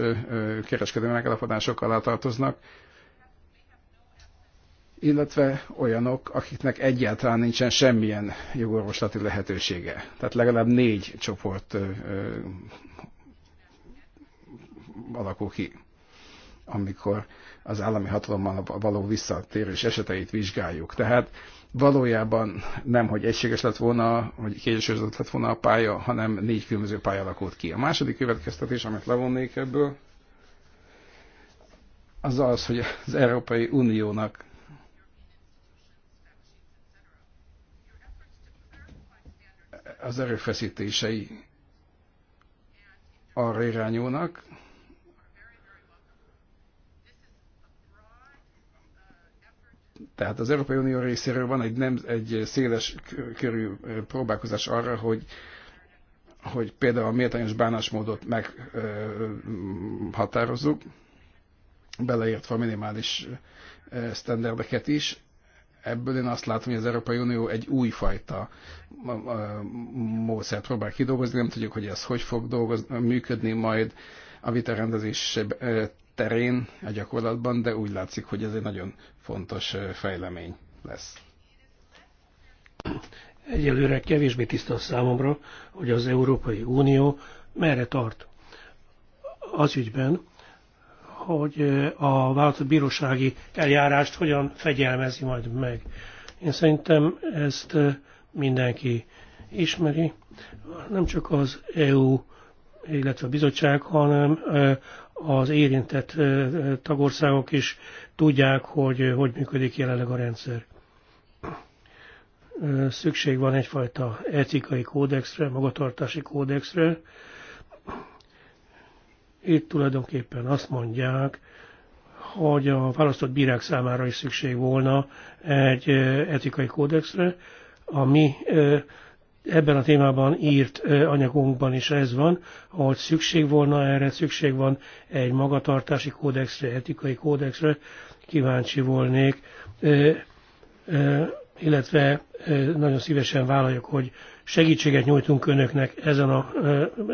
kereskedelmi megállapodások alá tartoznak illetve olyanok, akiknek egyáltalán nincsen semmilyen jogorvoslati lehetősége. Tehát legalább négy csoport ö, ö, alakul ki, amikor az állami hatalommal való visszatérés eseteit vizsgáljuk. Tehát valójában nem, hogy egységes lett volna, vagy kiegyensúlyozott lett volna a pálya, hanem négy különböző pálya alakult ki. A második következtetés, amit levonnék ebből, az az, hogy az Európai Uniónak az erőfeszítései arra irányulnak, Tehát az Európai Unió részéről van egy, nem, egy széles körű próbálkozás arra, hogy, hogy például a méltányos bánásmódot meghatározzuk, beleértve a minimális sztenderdeket is, ebből én azt látom, hogy az Európai Unió egy újfajta módszert próbál kidolgozni, nem tudjuk, hogy ez hogy fog dolgozni, működni majd a vitarendezés terén a gyakorlatban, de úgy látszik, hogy ez egy nagyon fontos fejlemény lesz. Egyelőre kevésbé tiszta számomra, hogy az Európai Unió merre tart az ügyben, hogy a vállalatot bírósági eljárást hogyan fegyelmezi majd meg. Én szerintem ezt mindenki ismeri, nem csak az EU, illetve a bizottság, hanem az érintett tagországok is tudják, hogy hogy működik jelenleg a rendszer. Szükség van egyfajta etikai kódexre, magatartási kódexre, itt tulajdonképpen azt mondják, hogy a választott bírák számára is szükség volna egy etikai kódexre, ami ebben a témában írt anyagunkban is ez van, hogy szükség volna erre, szükség van egy magatartási kódexre, etikai kódexre, kíváncsi volnék, illetve nagyon szívesen vállaljuk, hogy segítséget nyújtunk önöknek ezen a,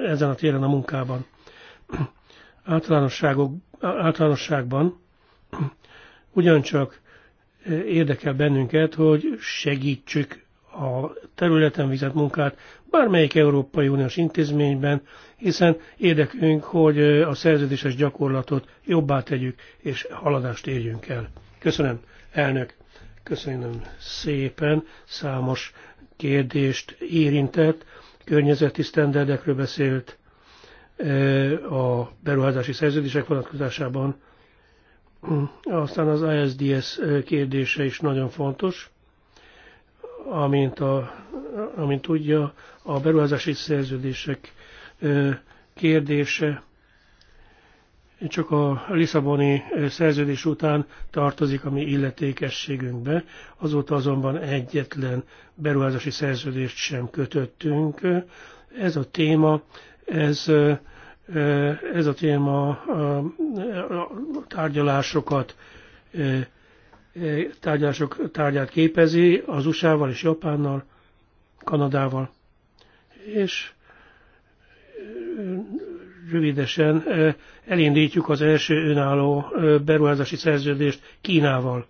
ezen a téren a munkában általánosságok, általánosságban ugyancsak eh, érdekel bennünket, hogy segítsük a területen vizet munkát bármelyik Európai Uniós intézményben, hiszen érdekünk, hogy eh, a szerződéses gyakorlatot jobbá tegyük, és haladást érjünk el. Köszönöm, elnök! Köszönöm szépen, számos kérdést érintett, környezeti sztenderdekről beszélt, a beruházási szerződések vonatkozásában. Aztán az ISDS kérdése is nagyon fontos. Amint, a, amint tudja, a beruházási szerződések kérdése csak a Lisszaboni szerződés után tartozik a mi illetékességünkbe, azóta azonban egyetlen beruházási szerződést sem kötöttünk. Ez a téma ez, ez a téma a tárgyalásokat tárgyalások tárgyát képezi az USA-val és Japánnal, Kanadával. És rövidesen elindítjuk az első önálló beruházási szerződést Kínával.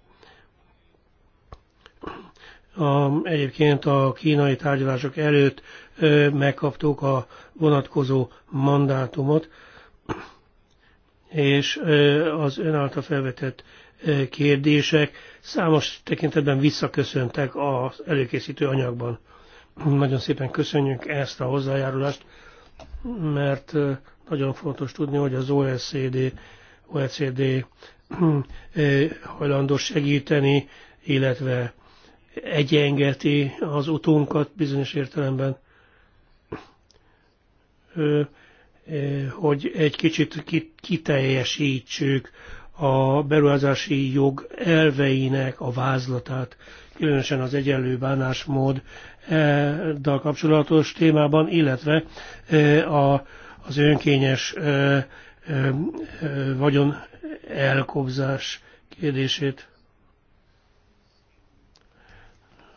A, egyébként a kínai tárgyalások előtt megkaptuk a vonatkozó mandátumot, és az ön által felvetett kérdések számos tekintetben visszaköszöntek az előkészítő anyagban. Nagyon szépen köszönjük ezt a hozzájárulást, mert nagyon fontos tudni, hogy az OECD, OECD hajlandó segíteni, illetve egyengeti az utunkat bizonyos értelemben hogy egy kicsit kiteljesítsük a beruházási jog elveinek a vázlatát, különösen az egyenlő bánásmóddal e, kapcsolatos témában, illetve e, a, az önkényes e, vagyon elkobzás kérdését.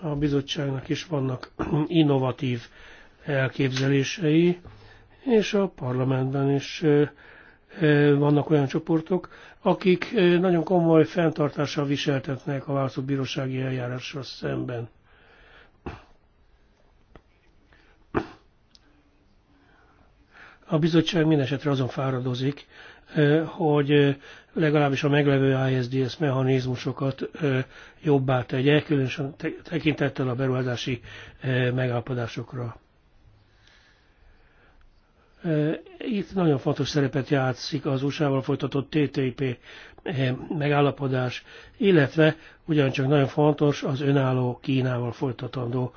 A bizottságnak is vannak innovatív elképzelései, és a parlamentben is vannak olyan csoportok, akik nagyon komoly fenntartással viseltetnek a választott bírósági eljárással szemben. A bizottság esetre azon fáradozik, hogy legalábbis a meglevő ISDS mechanizmusokat jobbá tegye, különösen tekintettel a beruházási megállapodásokra. Itt nagyon fontos szerepet játszik az USA-val folytatott TTIP eh, megállapodás, illetve ugyancsak nagyon fontos az önálló Kínával folytatandó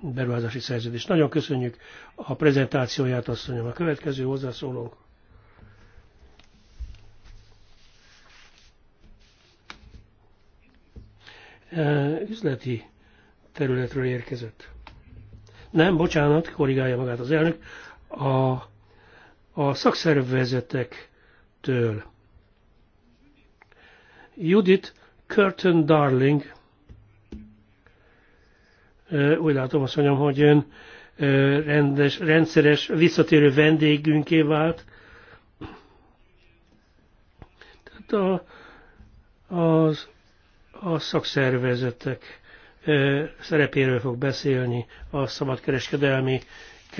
beruházási szerződés. Nagyon köszönjük a prezentációját, azt mondjam, A következő hozzászólónk. Üzleti területről érkezett. Nem, bocsánat, korrigálja magát az elnök, a, a szakszervezetektől. Judith Curtin Darling, úgy látom azt mondjam, hogy ön rendes, rendszeres, visszatérő vendégünké vált. Tehát a, az, a szakszervezetek szerepéről fog beszélni a szabadkereskedelmi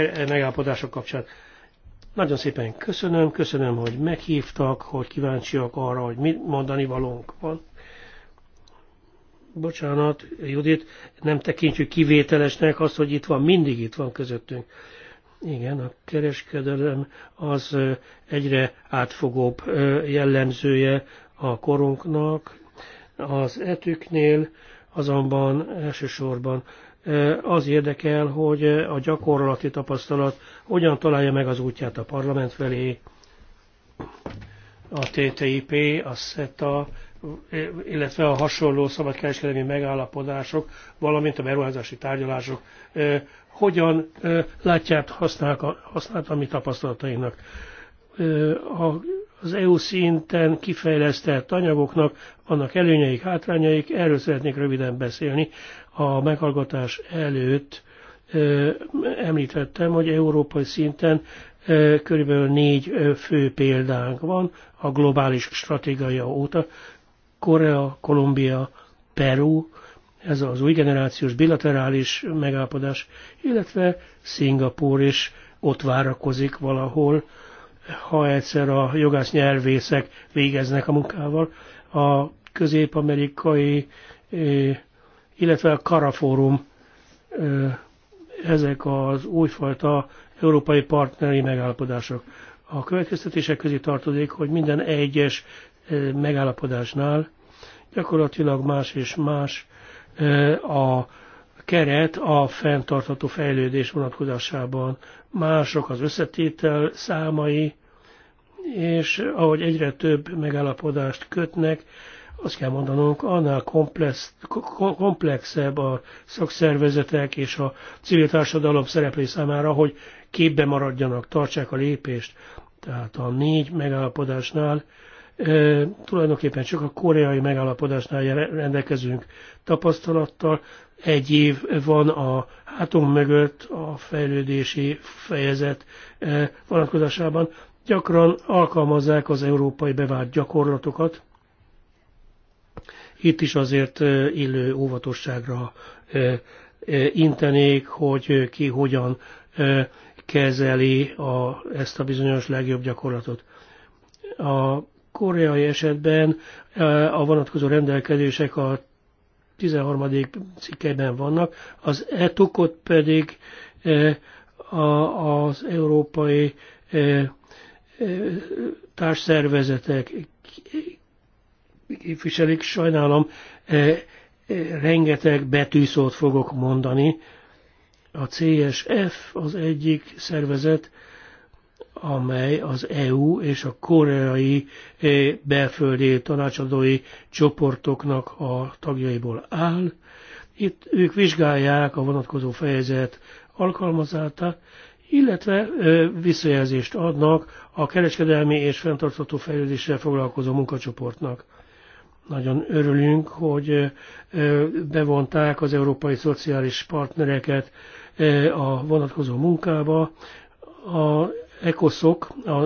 megállapodások kapcsán. Nagyon szépen köszönöm, köszönöm, hogy meghívtak, hogy kíváncsiak arra, hogy mit mondani valónk van. Bocsánat, Judit, nem tekintjük kivételesnek azt, hogy itt van, mindig itt van közöttünk. Igen, a kereskedelem az egyre átfogóbb jellemzője a korunknak. Az etüknél azonban elsősorban az érdekel, hogy a gyakorlati tapasztalat hogyan találja meg az útját a parlament felé, a TTIP, a SETA, illetve a hasonló szabadkereskedelmi megállapodások, valamint a beruházási tárgyalások hogyan látját használt a mi tapasztalatainknak. Az EU szinten kifejlesztett anyagoknak vannak előnyeik, hátrányaik, erről szeretnék röviden beszélni a meghallgatás előtt említettem, hogy európai szinten körülbelül négy fő példánk van a globális stratégia óta. Korea, Kolumbia, Peru, ez az új generációs bilaterális megállapodás, illetve Szingapúr is ott várakozik valahol, ha egyszer a jogász nyelvészek végeznek a munkával. A közép-amerikai illetve a Karafórum, ezek az újfajta európai partneri megállapodások. A következtetések közé tartozik, hogy minden egyes megállapodásnál gyakorlatilag más és más a keret a fenntartható fejlődés vonatkozásában. Mások az összetétel számai, és ahogy egyre több megállapodást kötnek, azt kell mondanunk, annál komplex, komplexebb a szakszervezetek és a civil társadalom szereplői számára, hogy képbe maradjanak, tartsák a lépést. Tehát a négy megállapodásnál e, tulajdonképpen csak a koreai megállapodásnál rendelkezünk tapasztalattal. Egy év van a hátunk mögött a fejlődési fejezet e, vonatkozásában. Gyakran alkalmazzák az európai bevált gyakorlatokat, itt is azért illő óvatosságra intenék, hogy ki hogyan kezeli a, ezt a bizonyos legjobb gyakorlatot. A koreai esetben a vonatkozó rendelkezések a 13. cikkeben vannak, az etukot pedig az európai társszervezetek képviselik, sajnálom, e, e, rengeteg betűszót fogok mondani. A CSF az egyik szervezet, amely az EU és a koreai e, belföldi tanácsadói csoportoknak a tagjaiból áll. Itt ők vizsgálják a vonatkozó fejezet alkalmazátát, illetve visszajelzést adnak a kereskedelmi és fenntartható fejlődéssel foglalkozó munkacsoportnak. Nagyon örülünk, hogy bevonták az európai szociális partnereket a vonatkozó munkába. A ECOSZOK a,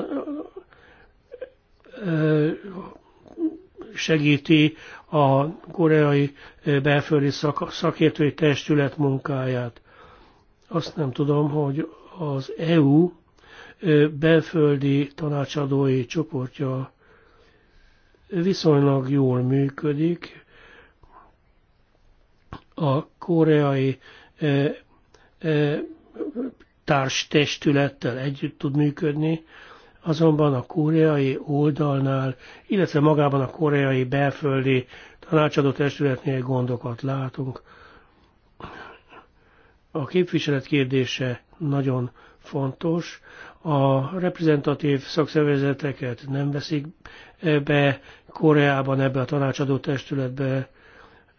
segíti a koreai belföldi szak, szakértői testület munkáját. Azt nem tudom, hogy az EU belföldi tanácsadói csoportja viszonylag jól működik. A koreai e, e, társtestülettel együtt tud működni, azonban a koreai oldalnál, illetve magában a koreai belföldi tanácsadó testületnél gondokat látunk. A képviselet kérdése nagyon fontos. A reprezentatív szakszervezeteket nem veszik be, Koreában ebbe a tanácsadó testületbe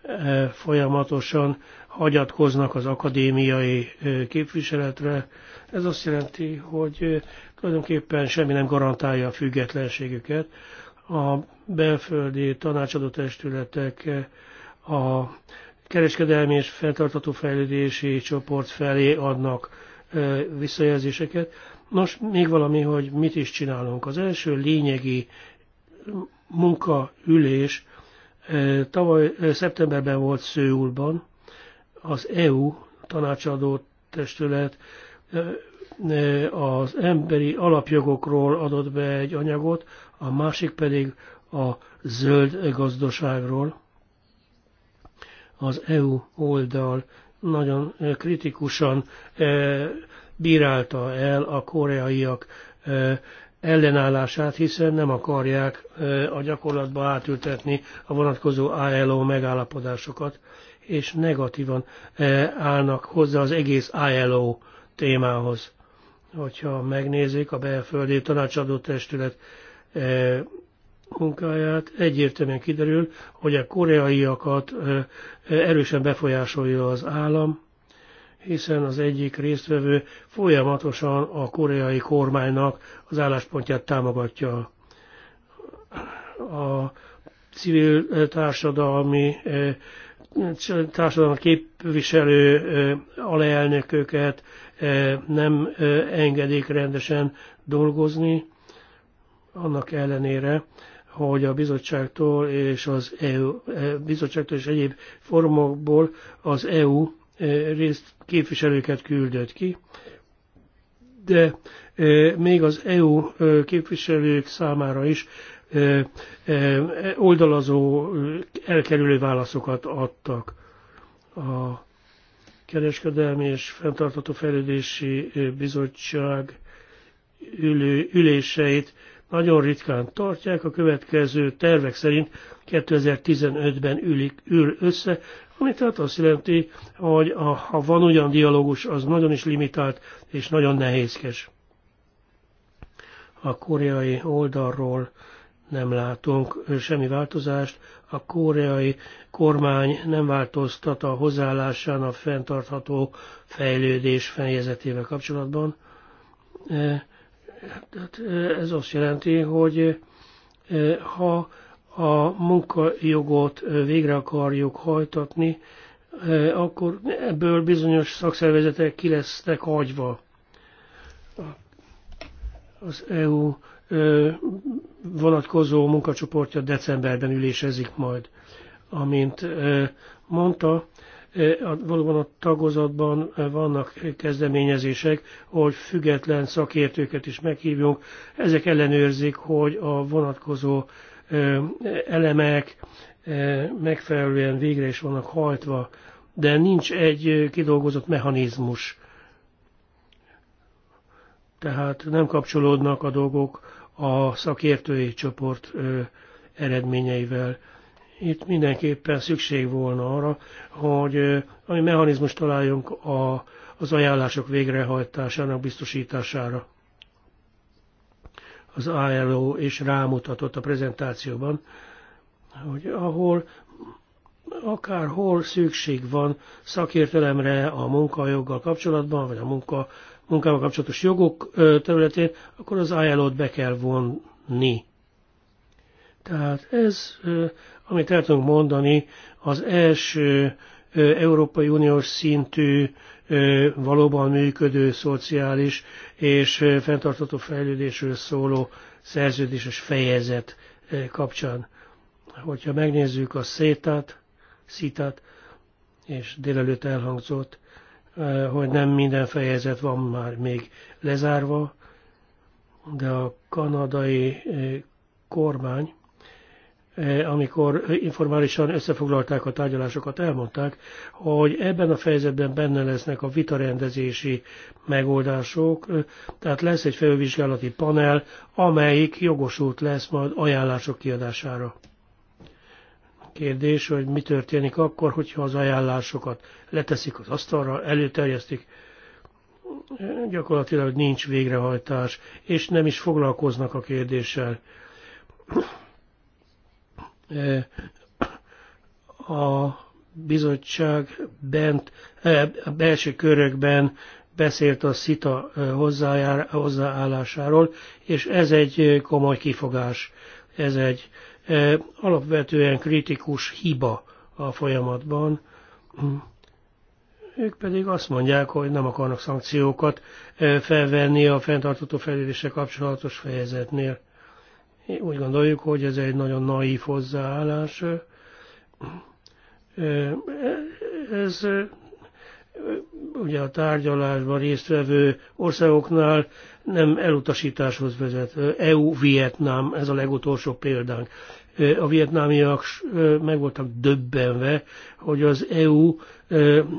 eh, folyamatosan hagyatkoznak az akadémiai eh, képviseletre. Ez azt jelenti, hogy eh, tulajdonképpen semmi nem garantálja a függetlenségüket. A belföldi tanácsadó testületek a kereskedelmi és fenntartató fejlődési csoport felé adnak visszajelzéseket. Nos, még valami, hogy mit is csinálunk. Az első lényegi munkaülés tavaly szeptemberben volt Szőulban, az EU tanácsadó testület az emberi alapjogokról adott be egy anyagot, a másik pedig a zöld gazdaságról. Az EU oldal nagyon kritikusan bírálta el a koreaiak ellenállását, hiszen nem akarják a gyakorlatba átültetni a vonatkozó ILO megállapodásokat, és negatívan állnak hozzá az egész ILO témához. Hogyha megnézik a belföldi tanácsadó testület munkáját, egyértelműen kiderül, hogy a koreaiakat erősen befolyásolja az állam, hiszen az egyik résztvevő folyamatosan a koreai kormánynak az álláspontját támogatja. A civil eh, társadalmi eh, társadalmi képviselő eh, alelnököket nem engedik rendesen dolgozni, annak ellenére, hogy a bizottságtól és az EU, bizottságtól és egyéb formokból az EU részt képviselőket küldött ki, de még az EU képviselők számára is oldalazó, elkerülő válaszokat adtak a Kereskedelmi és Fentartató Fejlődési Bizottság ülő, üléseit nagyon ritkán tartják, a következő tervek szerint 2015-ben ülik, ül össze, ami tehát azt jelenti, hogy a, ha van olyan dialógus, az nagyon is limitált és nagyon nehézkes. A koreai oldalról nem látunk semmi változást, a koreai kormány nem változtat a hozzáállásán a fenntartható fejlődés fejezetével kapcsolatban. Tehát e, ez azt jelenti, hogy e, ha a munkajogot végre akarjuk hajtatni, akkor ebből bizonyos szakszervezetek ki lesznek hagyva. Az EU vonatkozó munkacsoportja decemberben ülésezik majd. Amint mondta, E, valóban a tagozatban e, vannak kezdeményezések, hogy független szakértőket is meghívjunk. Ezek ellenőrzik, hogy a vonatkozó e, elemek megfelelően végre is vannak hajtva, de nincs egy kidolgozott mechanizmus. Tehát nem kapcsolódnak a dolgok a szakértői csoport eredményeivel. Itt mindenképpen szükség volna arra, hogy ami mechanizmus találjunk a, az ajánlások végrehajtásának biztosítására. Az ILO is rámutatott a prezentációban, hogy ahol akárhol szükség van szakértelemre a munkajoggal kapcsolatban, vagy a munka, munkával kapcsolatos jogok területén, akkor az ILO-t be kell vonni. Tehát ez, amit el tudunk mondani, az első Európai Uniós szintű, valóban működő, szociális és fenntartható fejlődésről szóló szerződéses fejezet kapcsán. Hogyha megnézzük a szétát, szitát, és délelőtt elhangzott, hogy nem minden fejezet van már még lezárva, de a kanadai kormány Eh, amikor informálisan összefoglalták a tárgyalásokat, elmondták, hogy ebben a fejezetben benne lesznek a vitarendezési megoldások, tehát lesz egy felvizsgálati panel, amelyik jogosult lesz majd ajánlások kiadására. Kérdés, hogy mi történik akkor, hogyha az ajánlásokat leteszik az asztalra, előterjesztik, gyakorlatilag nincs végrehajtás, és nem is foglalkoznak a kérdéssel Eh, a bizottság bent, eh, a belső körökben beszélt a szita eh, hozzáállásáról, és ez egy komoly kifogás, ez egy alapvetően kritikus hiba a folyamatban. Hm. Ők pedig azt mondják, hogy nem akarnak szankciókat felvenni a fenntartató fejlődése kapcsolatos fejezetnél. Úgy gondoljuk, hogy ez egy nagyon naív hozzáállás. Ez ugye a tárgyalásban résztvevő országoknál nem elutasításhoz vezet. EU-Vietnám, ez a legutolsó példánk. A vietnámiak meg voltak döbbenve, hogy az EU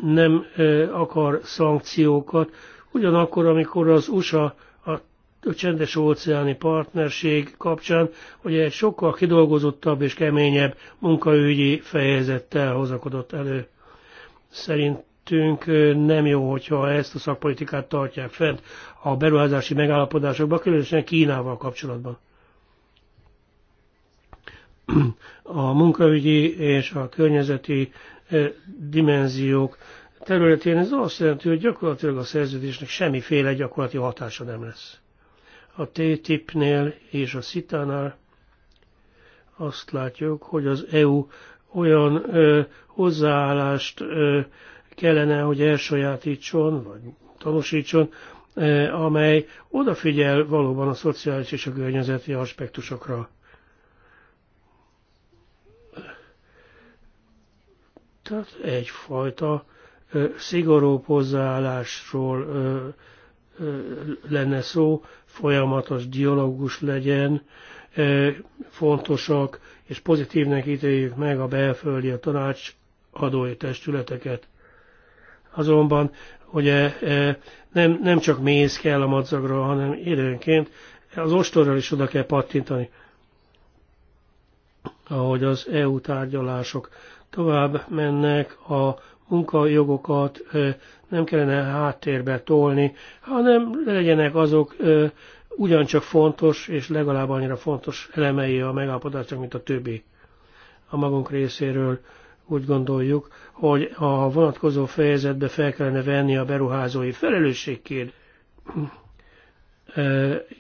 nem akar szankciókat, ugyanakkor, amikor az USA csendes óceáni partnerség kapcsán hogy egy sokkal kidolgozottabb és keményebb munkaügyi fejezettel hozakodott elő. Szerintünk nem jó, hogyha ezt a szakpolitikát tartják fent a beruházási megállapodásokban, különösen Kínával kapcsolatban. A munkaügyi és a környezeti dimenziók területén ez azt jelenti, hogy gyakorlatilag a szerződésnek semmiféle gyakorlati hatása nem lesz a TTIP-nél és a CITA-nál azt látjuk, hogy az EU olyan ö, hozzáállást ö, kellene, hogy elsajátítson, vagy tanúsítson, ö, amely odafigyel valóban a szociális és a környezeti aspektusokra. Tehát egyfajta ö, szigorú hozzáállásról ö, lenne szó, folyamatos dialógus legyen, fontosak, és pozitívnek ítéljük meg a belföldi a tanács adói testületeket. Azonban ugye nem, nem csak méz kell a madzagra, hanem időnként az ostorral is oda kell pattintani, ahogy az EU tárgyalások tovább mennek, a munkajogokat nem kellene háttérbe tolni, hanem legyenek azok ugyancsak fontos és legalább annyira fontos elemei a megállapodásnak, mint a többi. A magunk részéről úgy gondoljuk, hogy a vonatkozó fejezetbe fel kellene venni a beruházói felelősségkét.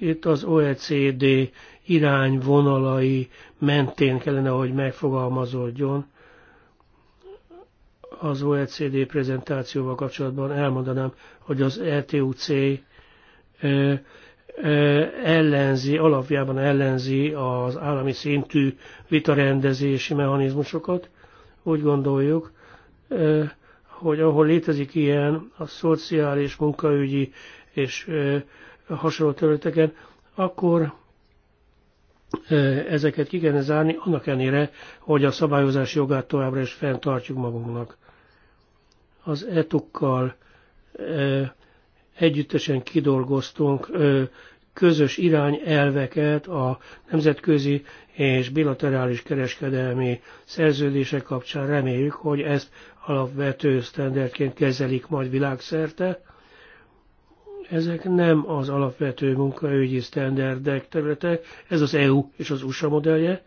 Itt az OECD irányvonalai mentén kellene, hogy megfogalmazódjon az OECD prezentációval kapcsolatban elmondanám, hogy az ETUC ellenzi, alapjában ellenzi az állami szintű vitarendezési mechanizmusokat. Úgy gondoljuk, hogy ahol létezik ilyen a szociális, munkaügyi és hasonló területeken, akkor ezeket ki kellene zárni, annak ellenére, hogy a szabályozás jogát továbbra is fenntartjuk magunknak. Az etukkal együttesen kidolgoztunk közös irányelveket a nemzetközi és bilaterális kereskedelmi szerződések kapcsán. Reméljük, hogy ezt alapvető sztenderként kezelik majd világszerte. Ezek nem az alapvető munkaügyi sztenderdek területek, ez az EU és az USA modellje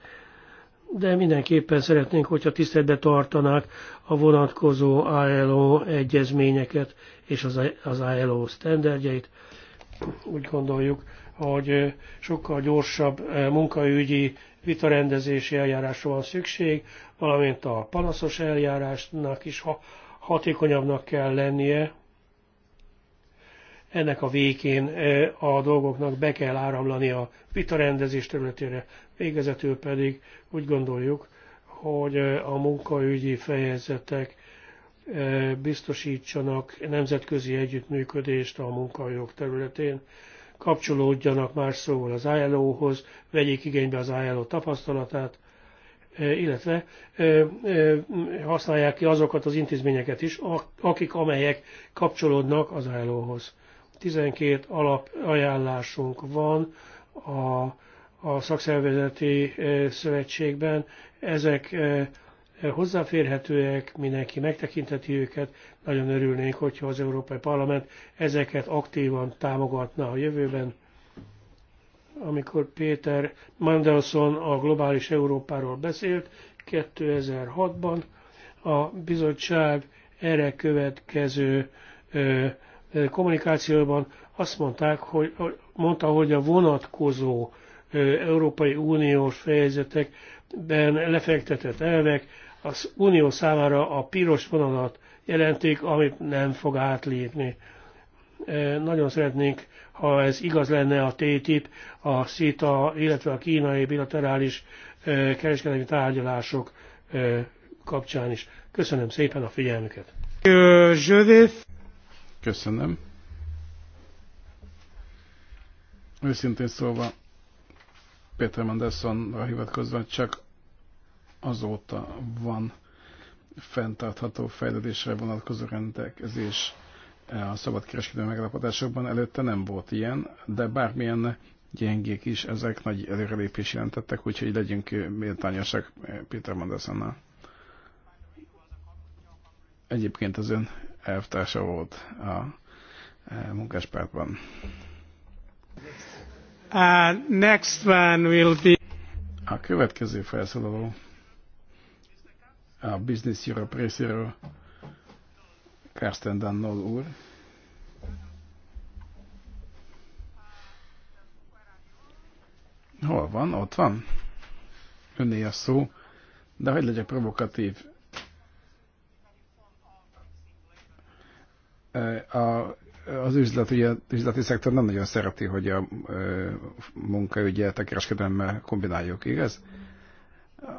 de mindenképpen szeretnénk, hogyha tiszteletbe tartanák a vonatkozó ILO egyezményeket és az, az ILO standardjait. Úgy gondoljuk, hogy sokkal gyorsabb munkaügyi vitarendezési eljárásra van szükség, valamint a panaszos eljárásnak is hatékonyabbnak kell lennie, ennek a végén eh, a dolgoknak be kell áramlani a vitarendezés területére. Végezetül pedig úgy gondoljuk, hogy eh, a munkaügyi fejezetek eh, biztosítsanak nemzetközi együttműködést a munkajog területén, kapcsolódjanak más szóval az ILO-hoz, vegyék igénybe az ILO tapasztalatát, illetve használják ki azokat az intézményeket is, akik amelyek kapcsolódnak az ILO-hoz. 12 alapajánlásunk van a, a szakszervezeti e, szövetségben. Ezek e, hozzáférhetőek, mindenki megtekinteti őket. Nagyon örülnénk, hogyha az Európai Parlament ezeket aktívan támogatna. a jövőben. Amikor Péter Mandelson a globális Európáról beszélt 2006-ban, a bizottság erre következő e, kommunikációban azt mondták, hogy, mondta, hogy a vonatkozó Európai Uniós fejezetekben lefektetett elvek az Unió számára a piros vonalat jelentik, amit nem fog átlépni. Nagyon szeretnénk, ha ez igaz lenne a TTIP, a CETA, illetve a kínai bilaterális kereskedelmi tárgyalások kapcsán is. Köszönöm szépen a figyelmüket! Köszönöm. Őszintén szólva, Péter Mendelssohnra hivatkozva csak azóta van fenntartható fejlődésre vonatkozó rendelkezés a szabadkereskedelmi megállapodásokban. Előtte nem volt ilyen, de bármilyen gyengék is, ezek nagy előrelépés jelentettek, úgyhogy legyünk méltányosak Péter Mendelssohnnal. Egyébként az ön elvtársa volt a e, munkáspártban. Uh, next one will be... A következő felszólaló a Business Europe részéről Karsten Dannol úr. Hol van? Ott van. Önné a szó. De hogy legyek provokatív, A, az üzlet, ugye, üzleti szektor nem nagyon szereti, hogy a munkaügyet a kereskedelemmel kombináljuk, igaz?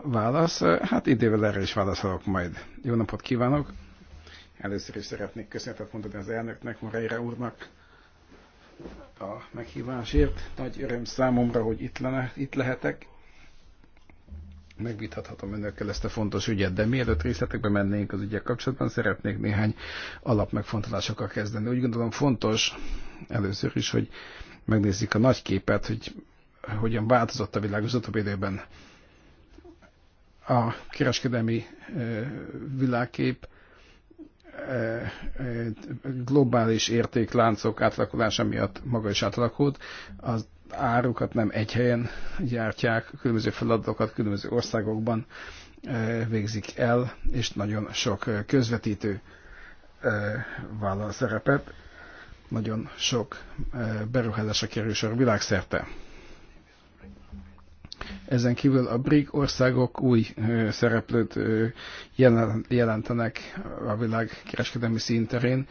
Válasz? Hát idővel erre is válaszolok majd. Jó napot kívánok! Először is szeretnék köszönetet mondani az elnöknek, Moreira úrnak a meghívásért. Nagy öröm számomra, hogy itt, lenne, itt lehetek, megvitathatom önökkel ezt a fontos ügyet, de mielőtt részletekbe mennénk az ügyek kapcsolatban, szeretnék néhány alapmegfontolásokkal kezdeni. Úgy gondolom fontos először is, hogy megnézzük a nagy képet, hogy hogyan változott a világ az utóbbi időben. A kereskedelmi világkép globális értékláncok átalakulása miatt maga is átalakult. Az árukat nem egy helyen gyártják, különböző feladatokat különböző országokban e, végzik el, és nagyon sok e, közvetítő e, vállal szerepet, nagyon sok beruházásra kerül sor világszerte. Ezen kívül a BRIC országok új szereplőt jelentenek a világ kereskedelmi színterén.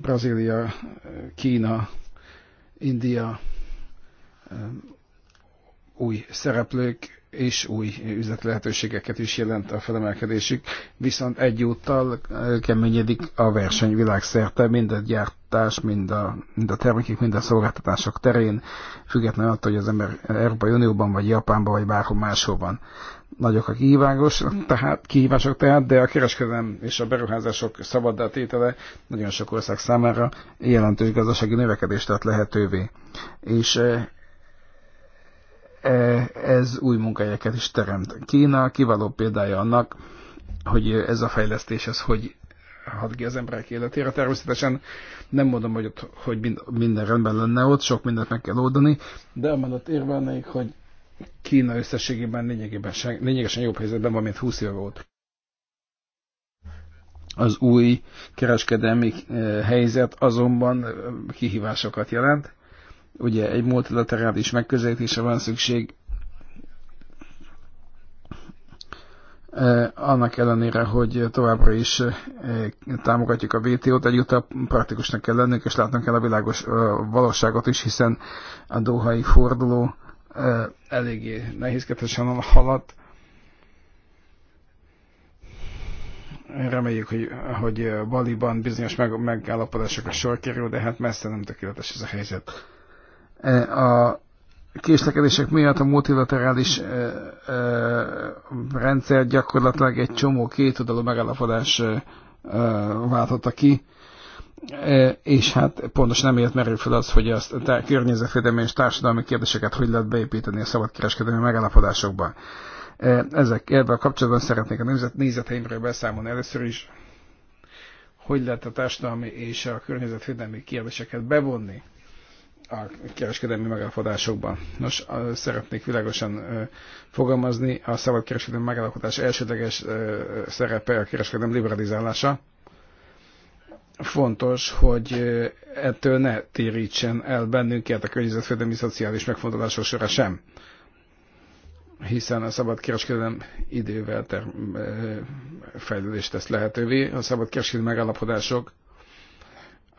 Brazília, Kína, India, új szereplők és új üzleti lehetőségeket is jelent a felemelkedésük, viszont egyúttal keményedik a verseny világszerte, mind a gyártás, mind a, mind a termékek, mind a szolgáltatások terén, függetlenül attól, hogy az ember Európai Unióban, vagy Japánban, vagy bárhol máshol van. Nagyok a kihívások, tehát, kihívások tehát, de a kereskedelem és a beruházások szabaddá tétele nagyon sok ország számára jelentős gazdasági növekedést tett lehetővé. És E, ez új munkahelyeket is teremt. Kína kiváló példája annak, hogy ez a fejlesztés, ez hogy hat ki az emberek életére. Természetesen nem mondom, hogy, ott, hogy minden rendben lenne ott, sok mindent meg kell oldani, de amellett érvelnék, hogy Kína összességében lényegében, lényegesen jobb helyzetben van, mint 20 éve volt. Az új kereskedelmi e, helyzet azonban e, kihívásokat jelent Ugye egy multilaterális megközelítésre van szükség, e, annak ellenére, hogy továbbra is e, támogatjuk a vto t egyúttal praktikusnak kell lennünk, és látnunk kell a világos e, valóságot is, hiszen a dohai forduló eléggé nehézkedhetesen haladt. Reméljük, hogy, hogy Baliban bizonyos meg, megállapodásokra sor kerül, de hát messze nem tökéletes ez a helyzet. E, a késlekedések miatt a multilaterális e, e, rendszer gyakorlatilag egy csomó kétoldalú megállapodás váltotta ki, és hát pontosan emiatt merül fel az, hogy a környezetvédelmi és társadalmi kérdéseket hogy lehet beépíteni a szabadkereskedelmi megállapodásokba. Ezek, ebben a kapcsolatban szeretnék a nemzet nézeteimről beszámolni először is, hogy lehet a társadalmi és a környezetvédelmi kérdéseket bevonni a kereskedelmi megállapodásokban. Nos, szeretnék világosan fogalmazni, a szabad kereskedelmi megállapodás elsődleges szerepe a kereskedelmi liberalizálása. Fontos, hogy ettől ne térítsen el bennünket a környezetvédelmi szociális megfontolások sorra sem hiszen a szabad kereskedelem idővel term fejlődést tesz lehetővé. A szabad kereskedelmi megállapodások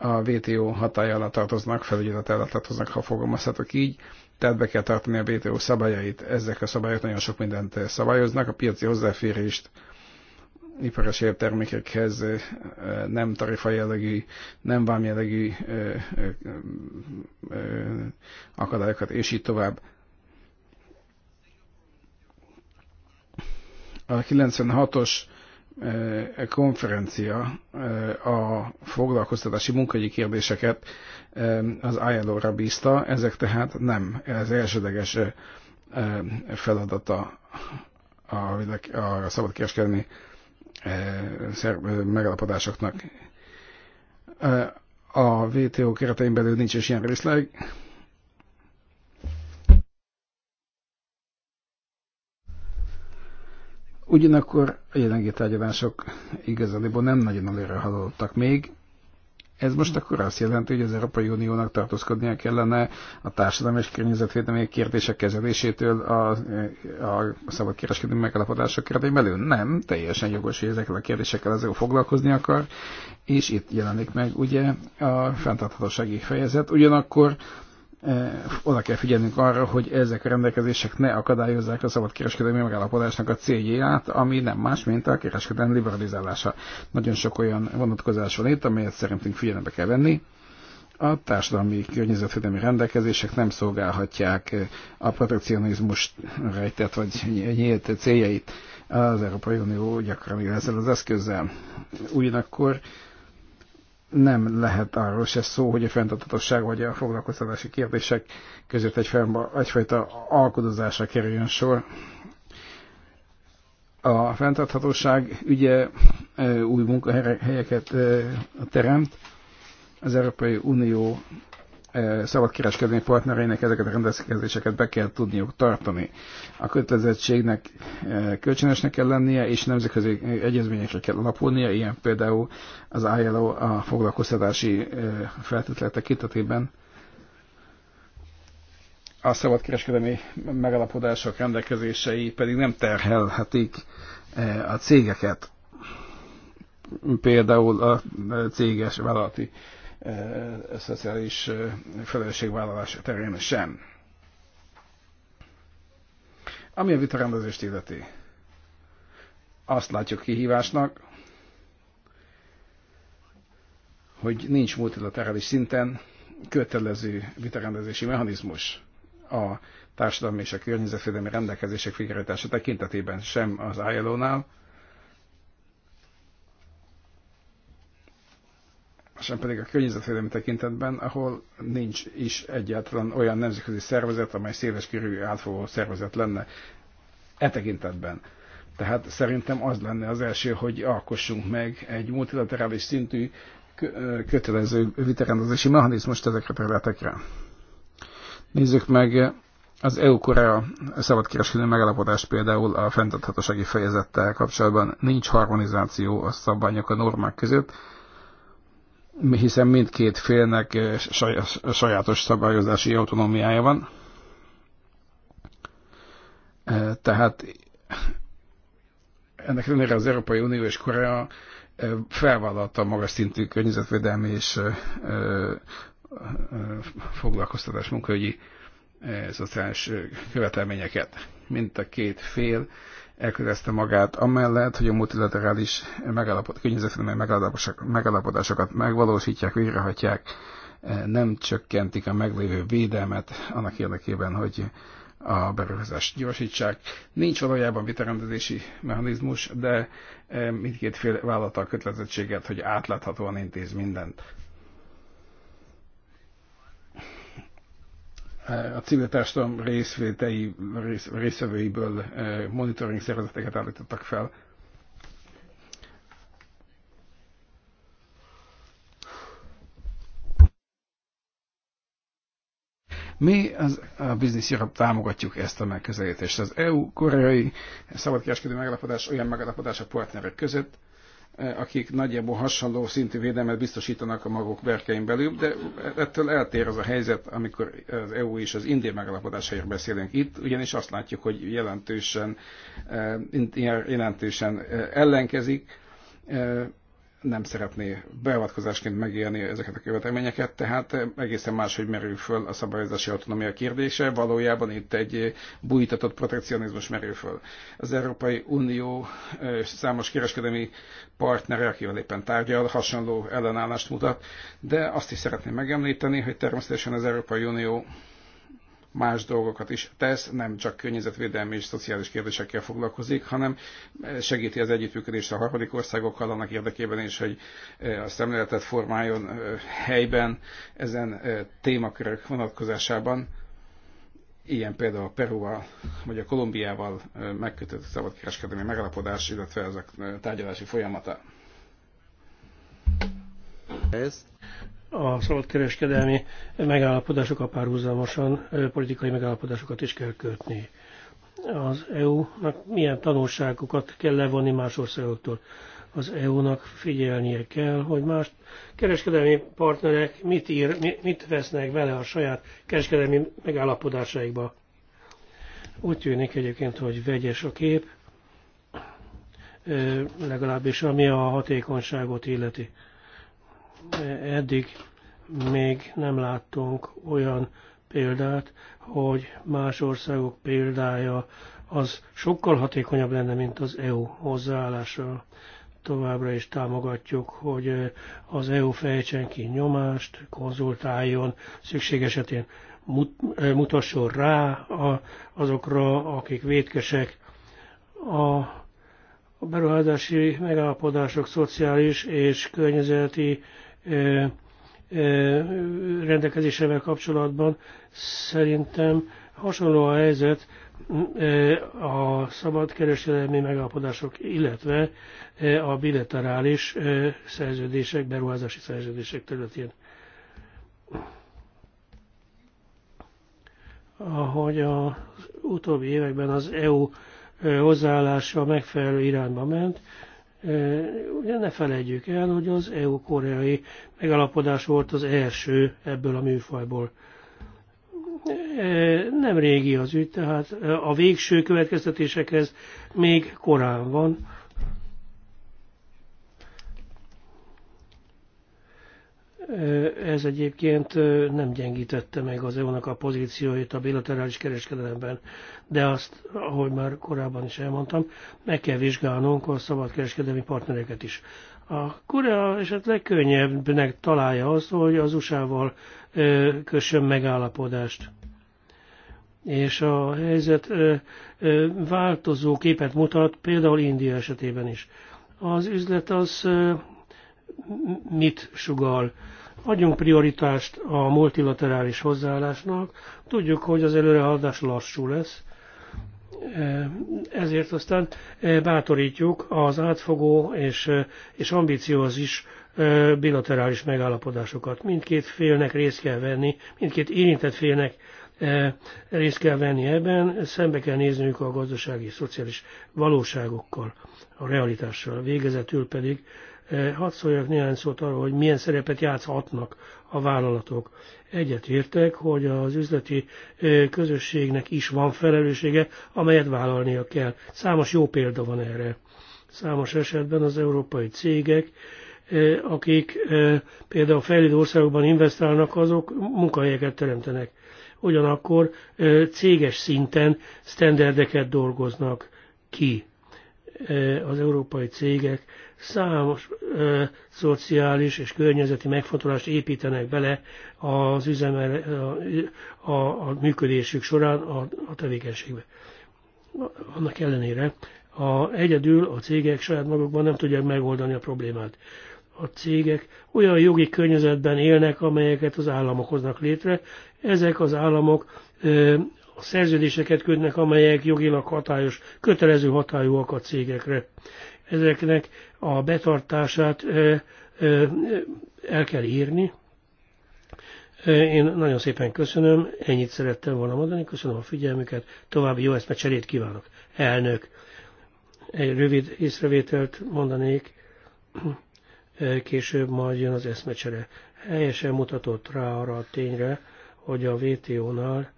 a WTO hatája alatt tartoznak, felügyelet alatt tartoznak, ha fogalmazhatok így, tehát be kell tartani a WTO szabályait. Ezek a szabályok nagyon sok mindent szabályoznak, a piaci hozzáférést, iparos termékekhez nem tarifa jellegű, nem vám jellegű akadályokat, és így tovább. A 96-os E, konferencia e, a foglalkoztatási munkahelyi kérdéseket e, az ILO-ra bízta, ezek tehát nem ez elsődleges feladata a, a szabadkereskedelmi megalapodásoknak. A WTO keretein belül nincs is ilyen részleg, Ugyanakkor a jelenlegi tárgyalások igazából nem nagyon előre haladottak még. Ez most akkor azt jelenti, hogy az Európai Uniónak tartózkodnia kellene a társadalmi és környezetvédelmi kérdések kezelésétől a, a szabadkereskedelmi megalapodások keretében belül. Nem, teljesen jogos, hogy ezekkel a kérdésekkel azért foglalkozni akar, és itt jelenik meg ugye a fenntarthatósági fejezet. Ugyanakkor Eh, oda kell figyelnünk arra, hogy ezek a rendelkezések ne akadályozzák a kereskedelmi megállapodásnak a célját, ami nem más, mint a kereskedelmi liberalizálása. Nagyon sok olyan vonatkozás van itt, amelyet szerintünk figyelembe kell venni. A társadalmi környezetvédelmi rendelkezések nem szolgálhatják eh, a protekcionizmus rejtett vagy nyílt céljait. Az Európai Unió gyakran ezzel az eszközzel. Ugyanakkor nem lehet arról se szó, hogy a fenntartatosság vagy a foglalkoztatási kérdések között egy egyfajta alkudozásra kerüljön sor. A fenntarthatóság ügye új munkahelyeket teremt, az Európai Unió szabadkereskedelmi partnereinek ezeket a rendelkezéseket be kell tudniuk tartani. A kötelezettségnek kölcsönösnek kell lennie, és nemzetközi egyezményekre kell alapulnia, ilyen például az ILO a foglalkoztatási feltételek kitetében. a szabadkereskedelmi megalapodások rendelkezései pedig nem terhelhetik a cégeket, például a céges vállalati Eh, szociális eh, felelősségvállalás terén sem. Ami a vitarendezést illeti, azt látjuk kihívásnak, hogy nincs multilaterális szinten kötelező vitarendezési mechanizmus a társadalmi és a környezetvédelmi rendelkezések végrehajtása tekintetében sem az ILO-nál, sem pedig a környezetvédelmi tekintetben, ahol nincs is egyáltalán olyan nemzetközi szervezet, amely széles átfogó szervezet lenne e tekintetben. Tehát szerintem az lenne az első, hogy alkossunk meg egy multilaterális szintű kötelező vitarendezési mechanizmust ezekre a területekre. Nézzük meg az EU-Korea szabadkereskedő megállapodást például a fenntarthatósági fejezettel kapcsolatban nincs harmonizáció a szabványok a normák között, hiszen mindkét félnek sajátos szabályozási autonómiája van. Tehát ennek ellenére az Európai Unió és Korea felvállalta magas szintű környezetvédelmi és foglalkoztatás munkaügyi szociális követelményeket. Mint a két fél elkötelezte magát amellett, hogy a multilaterális megállapod, környezetvédelmi megállapodásokat megvalósítják, végrehajtják, eh, nem csökkentik a meglévő védelmet annak érdekében, hogy a beruházást gyorsítsák. Nincs valójában vitarendezési mechanizmus, de eh, mindkét fél vállalta a kötelezettséget, hogy átláthatóan intéz mindent. a civil társadalom részvétei, rész, részvevőiből eh, monitoring szervezeteket állítottak fel. Mi az, a Business Europe támogatjuk ezt a megközelítést. Az EU-koreai szabadkereskedő megállapodás olyan megállapodás a partnerek között, Eh, akik nagyjából hasonló szintű védelmet biztosítanak a maguk berkein belül, de ettől eltér az a helyzet, amikor az EU és az indiai megalapodásáért beszélünk. Itt ugyanis azt látjuk, hogy jelentősen, eh, jelentősen eh, ellenkezik nem szeretné beavatkozásként megélni ezeket a követelményeket, tehát egészen máshogy merül föl a szabályozási autonómia kérdése. Valójában itt egy bújtatott protekcionizmus merül föl. Az Európai Unió számos kereskedelmi partnere, akivel éppen tárgyal, hasonló ellenállást mutat, de azt is szeretném megemlíteni, hogy természetesen az Európai Unió más dolgokat is tesz, nem csak környezetvédelmi és szociális kérdésekkel foglalkozik, hanem eh, segíti az együttműködést a harmadik országokkal annak érdekében is, hogy eh, a szemléletet formáljon eh, helyben ezen témakörök vonatkozásában. Ilyen például a Perúval vagy a Kolumbiával megkötött szabadkereskedelmi megalapodás, illetve ezek tárgyalási folyamata. Ez a szabadkereskedelmi a párhuzamosan politikai megállapodásokat is kell kötni. Az EU-nak milyen tanulságokat kell levonni más országoktól? Az EU-nak figyelnie kell, hogy más kereskedelmi partnerek mit, ír, mit vesznek vele a saját kereskedelmi megállapodásaikba. Úgy tűnik egyébként, hogy vegyes a kép, legalábbis ami a hatékonyságot illeti eddig még nem láttunk olyan példát, hogy más országok példája az sokkal hatékonyabb lenne, mint az EU hozzáállása. Továbbra is támogatjuk, hogy az EU fejtsen ki nyomást, konzultáljon, szükség esetén mut, mutasson rá a, azokra, akik vétkesek. A, a beruházási megállapodások szociális és környezeti rendelkezésével kapcsolatban szerintem hasonló a helyzet a kereskedelmi megállapodások, illetve a bilaterális szerződések, beruházási szerződések területén. Ahogy az utóbbi években az EU hozzáállása megfelelő irányba ment, Ugye ne felejtjük el, hogy az EU-koreai megalapodás volt az első ebből a műfajból. Nem régi az ügy, tehát a végső következtetésekhez még korán van. Ez egyébként nem gyengítette meg az EU-nak a pozícióit a bilaterális kereskedelemben, de azt, ahogy már korábban is elmondtam, meg kell vizsgálnunk a szabadkereskedelmi partnereket is. A Korea esetleg könnyebbnek találja azt, hogy az USA-val kössön megállapodást. És a helyzet változó képet mutat, például India esetében is. Az üzlet az mit sugal? Adjunk prioritást a multilaterális hozzáállásnak. Tudjuk, hogy az előrehaladás lassú lesz, ezért aztán eh, bátorítjuk az átfogó és, eh, és is eh, bilaterális megállapodásokat. Mindkét félnek részt kell venni, mindkét érintett félnek részt kell venni ebben, szembe kell nézniük a gazdasági és szociális valóságokkal, a realitással. Végezetül pedig Eh, hadd szóljak néhány szót arról, hogy milyen szerepet játszhatnak a vállalatok. Egyet értek, hogy az üzleti eh, közösségnek is van felelőssége, amelyet vállalnia kell. Számos jó példa van erre. Számos esetben az európai cégek, eh, akik például fejlődő országokban investálnak, azok munkahelyeket teremtenek. Ugyanakkor céges szinten standardeket dolgoznak ki az európai cégek számos ö, szociális és környezeti megfontolást építenek bele az üzemel, a, a, a működésük során a, a tevékenységbe. Annak ellenére a, egyedül a cégek saját magukban nem tudják megoldani a problémát. A cégek olyan jogi környezetben élnek, amelyeket az államok hoznak létre. Ezek az államok ö, a szerződéseket kötnek, amelyek jogilag hatályos, kötelező hatályúak a cégekre ezeknek a betartását el kell írni. Én nagyon szépen köszönöm, ennyit szerettem volna mondani, köszönöm a figyelmüket, további jó cserét kívánok. Elnök, egy rövid észrevételt mondanék, később majd jön az eszmecsere. Helyesen mutatott rá arra a tényre, hogy a VTO-nál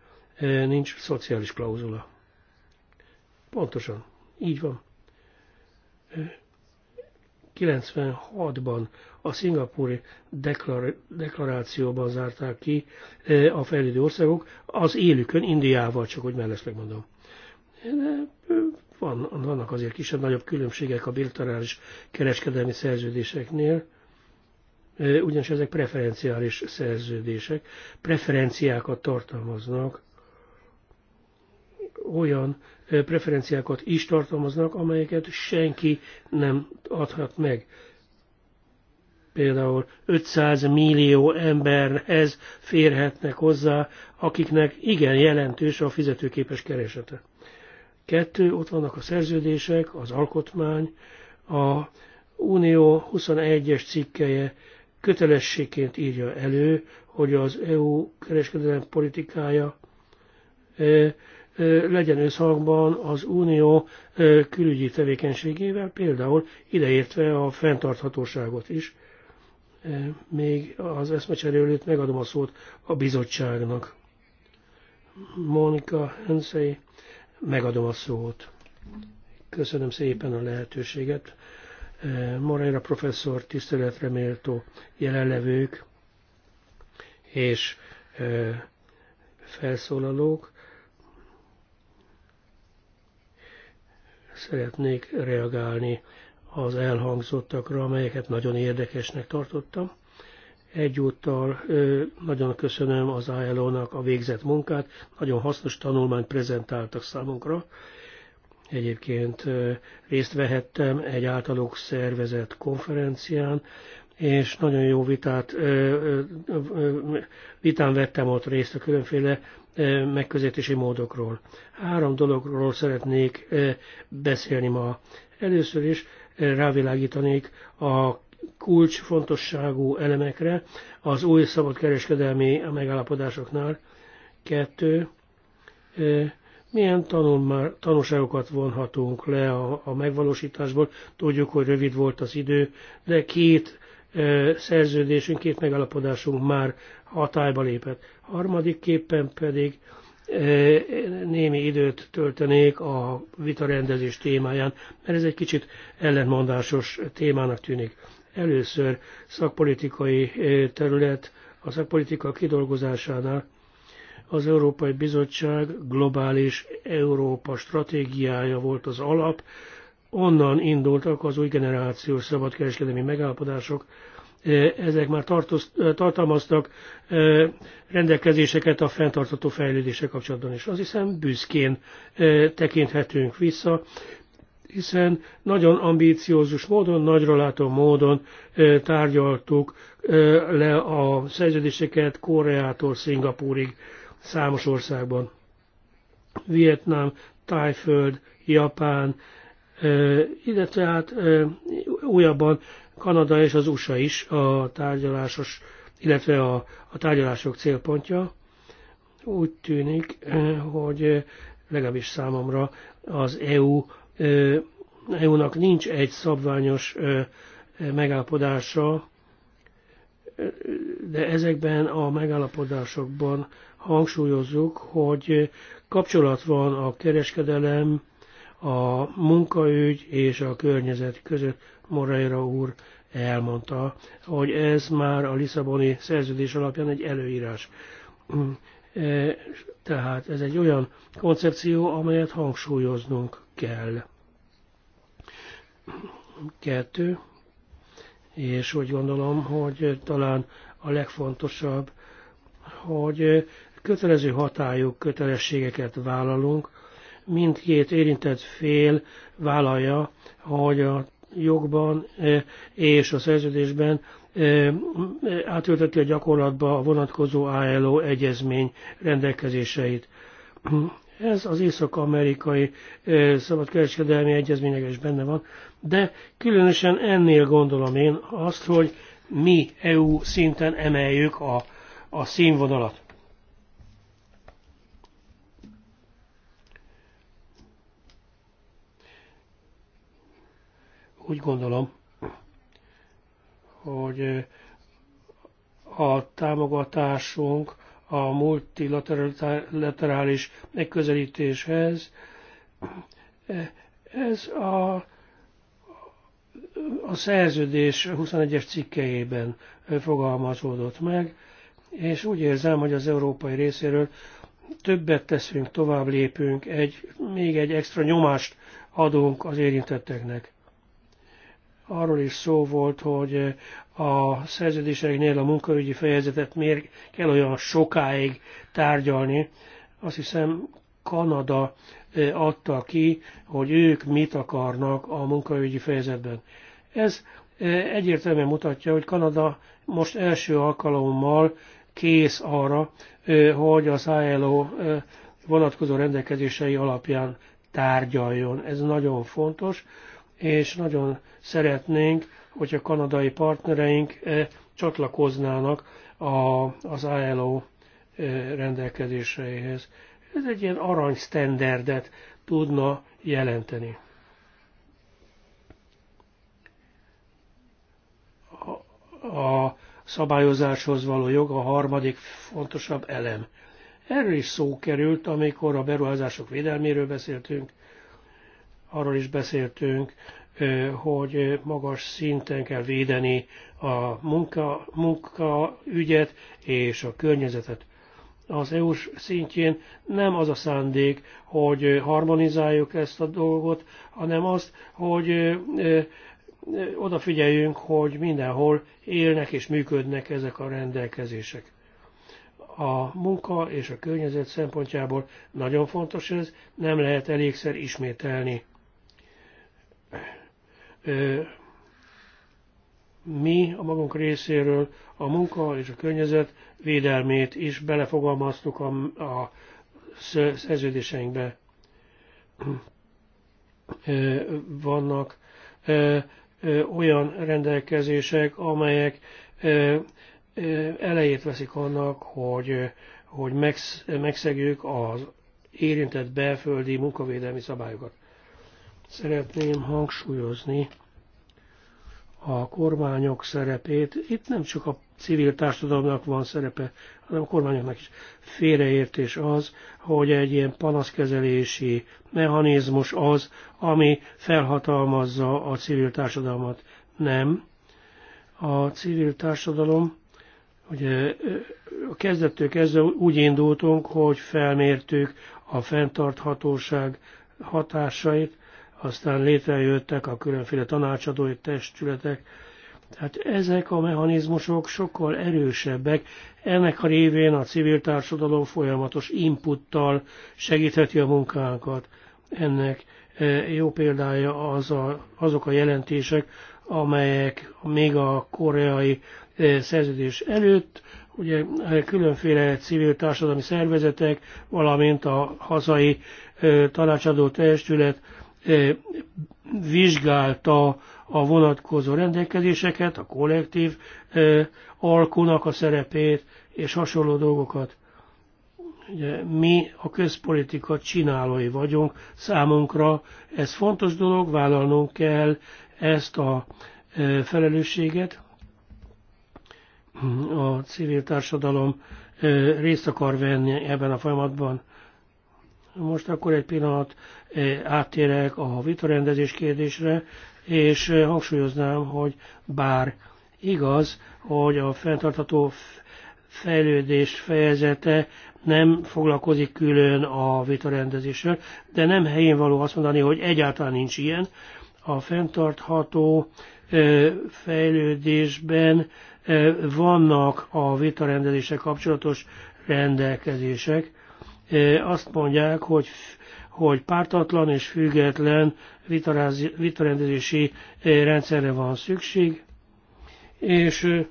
nincs szociális klauzula. Pontosan, így van. 96-ban a szingapúri deklarációban zárták ki a fejlődő országok, az élükön Indiával, csak hogy mellesleg mondom. De van, vannak azért kisebb-nagyobb különbségek a bilaterális kereskedelmi szerződéseknél, ugyanis ezek preferenciális szerződések, preferenciákat tartalmaznak olyan preferenciákat is tartalmaznak, amelyeket senki nem adhat meg. Például 500 millió emberhez férhetnek hozzá, akiknek igen jelentős a fizetőképes keresete. Kettő, ott vannak a szerződések, az alkotmány, a Unió 21-es cikkeje kötelességként írja elő, hogy az EU kereskedelem politikája legyen összhangban az unió külügyi tevékenységével, például ideértve a fenntarthatóságot is. Még az eszmecserélőt előtt megadom a szót a bizottságnak. Monika Hensei, megadom a szót. Köszönöm szépen a lehetőséget. Moreira professzor, tiszteletre méltó jelenlevők és felszólalók. szeretnék reagálni az elhangzottakra, amelyeket nagyon érdekesnek tartottam. Egyúttal nagyon köszönöm az ILO-nak a végzett munkát, nagyon hasznos tanulmányt prezentáltak számunkra. Egyébként részt vehettem egy általuk szervezett konferencián, és nagyon jó vitát, vitán vettem ott részt a különféle megközelítési módokról. Három dologról szeretnék beszélni ma. Először is rávilágítanék a kulcsfontosságú elemekre az új kereskedelmi megállapodásoknál. Kettő, milyen tanul, tanulságokat vonhatunk le a, a megvalósításból. Tudjuk, hogy rövid volt az idő, de két szerződésünk, két megalapodásunk már hatályba lépett. Harmadikképpen pedig némi időt töltenék a vitarendezés témáján, mert ez egy kicsit ellentmondásos témának tűnik. Először szakpolitikai terület a szakpolitika kidolgozásánál az Európai Bizottság globális Európa stratégiája volt az alap, onnan indultak az új generációs szabadkereskedelmi megállapodások, e, ezek már tartoz, e, tartalmaztak e, rendelkezéseket a fenntartató fejlődése kapcsolatban, is. azt hiszem büszkén tekinthetünk vissza, hiszen nagyon ambíciózus módon, nagyra látó módon tárgyaltuk le a szerződéseket Koreától Szingapúrig számos országban. Vietnám, Tájföld, Japán, illetve hát újabban Kanada és az USA is a tárgyalásos, illetve a, a tárgyalások célpontja. Úgy tűnik, hogy legalábbis számomra az EU, EU-nak nincs egy szabványos megállapodása, de ezekben a megállapodásokban hangsúlyozzuk, hogy kapcsolat van a kereskedelem, a munkaügy és a környezet között Moreira úr elmondta, hogy ez már a Lisszaboni szerződés alapján egy előírás. E, tehát ez egy olyan koncepció, amelyet hangsúlyoznunk kell. Kettő, és úgy gondolom, hogy talán a legfontosabb, hogy kötelező hatályok, kötelességeket vállalunk, mindkét érintett fél vállalja, hogy a jogban e, és a szerződésben e, átülteti a gyakorlatba a vonatkozó ILO egyezmény rendelkezéseit. Ez az észak-amerikai e, szabadkereskedelmi egyezmények is benne van, de különösen ennél gondolom én azt, hogy mi EU szinten emeljük a, a színvonalat. Úgy gondolom, hogy a támogatásunk a multilaterális megközelítéshez, ez a, a szerződés 21-es cikkejében fogalmazódott meg, és úgy érzem, hogy az európai részéről többet teszünk, tovább lépünk, egy, még egy extra nyomást adunk az érintetteknek arról is szó volt, hogy a szerződéseknél a munkaügyi fejezetet miért kell olyan sokáig tárgyalni. Azt hiszem Kanada adta ki, hogy ők mit akarnak a munkaügyi fejezetben. Ez egyértelműen mutatja, hogy Kanada most első alkalommal kész arra, hogy az ILO vonatkozó rendelkezései alapján tárgyaljon. Ez nagyon fontos és nagyon szeretnénk, hogy a kanadai partnereink eh, csatlakoznának a, az ILO eh, rendelkezéseihez. Ez egy ilyen arany standardet tudna jelenteni. a szabályozáshoz való jog a harmadik fontosabb elem. Erről is szó került, amikor a beruházások védelméről beszéltünk, arról is beszéltünk, hogy magas szinten kell védeni a munka, munkaügyet és a környezetet. Az EU-s szintjén nem az a szándék, hogy harmonizáljuk ezt a dolgot, hanem azt, hogy odafigyeljünk, hogy mindenhol élnek és működnek ezek a rendelkezések. A munka és a környezet szempontjából nagyon fontos ez, nem lehet elégszer ismételni mi a magunk részéről a munka és a környezet védelmét is belefogalmaztuk a, a szerződéseinkbe. Vannak olyan rendelkezések, amelyek elejét veszik annak, hogy, hogy megszegjük az érintett belföldi munkavédelmi szabályokat. Szeretném hangsúlyozni a kormányok szerepét. Itt nem csak a civil társadalomnak van szerepe, hanem a kormányoknak is félreértés az, hogy egy ilyen panaszkezelési mechanizmus az, ami felhatalmazza a civil társadalmat. Nem. A civil társadalom Ugye a kezdettől kezdve úgy indultunk, hogy felmértük a fenntarthatóság hatásait, aztán létrejöttek a különféle tanácsadói testületek, tehát ezek a mechanizmusok sokkal erősebbek, ennek a révén a civil társadalom folyamatos inputtal segítheti a munkánkat. Ennek e, jó példája az a, azok a jelentések, amelyek még a koreai e, szerződés előtt, ugye e, különféle civil társadalmi szervezetek, valamint a hazai tanácsadó testület vizsgálta a vonatkozó rendelkezéseket, a kollektív alkunak a szerepét és hasonló dolgokat. Ugye, mi a közpolitika csinálói vagyunk, számunkra ez fontos dolog, vállalnunk kell ezt a felelősséget. A civil társadalom részt akar venni ebben a folyamatban. Most akkor egy pillanat eh, áttérek a vitarendezés kérdésre, és eh, hangsúlyoznám, hogy bár igaz, hogy a fenntartható fejlődés fejezete nem foglalkozik külön a vitorendezéssel, de nem helyén való azt mondani, hogy egyáltalán nincs ilyen. A fenntartható eh, fejlődésben vannak a vitarendezéssel kapcsolatos rendelkezések, azt mondják, hogy, hogy pártatlan és független vitarendezési rendszerre van szükség, és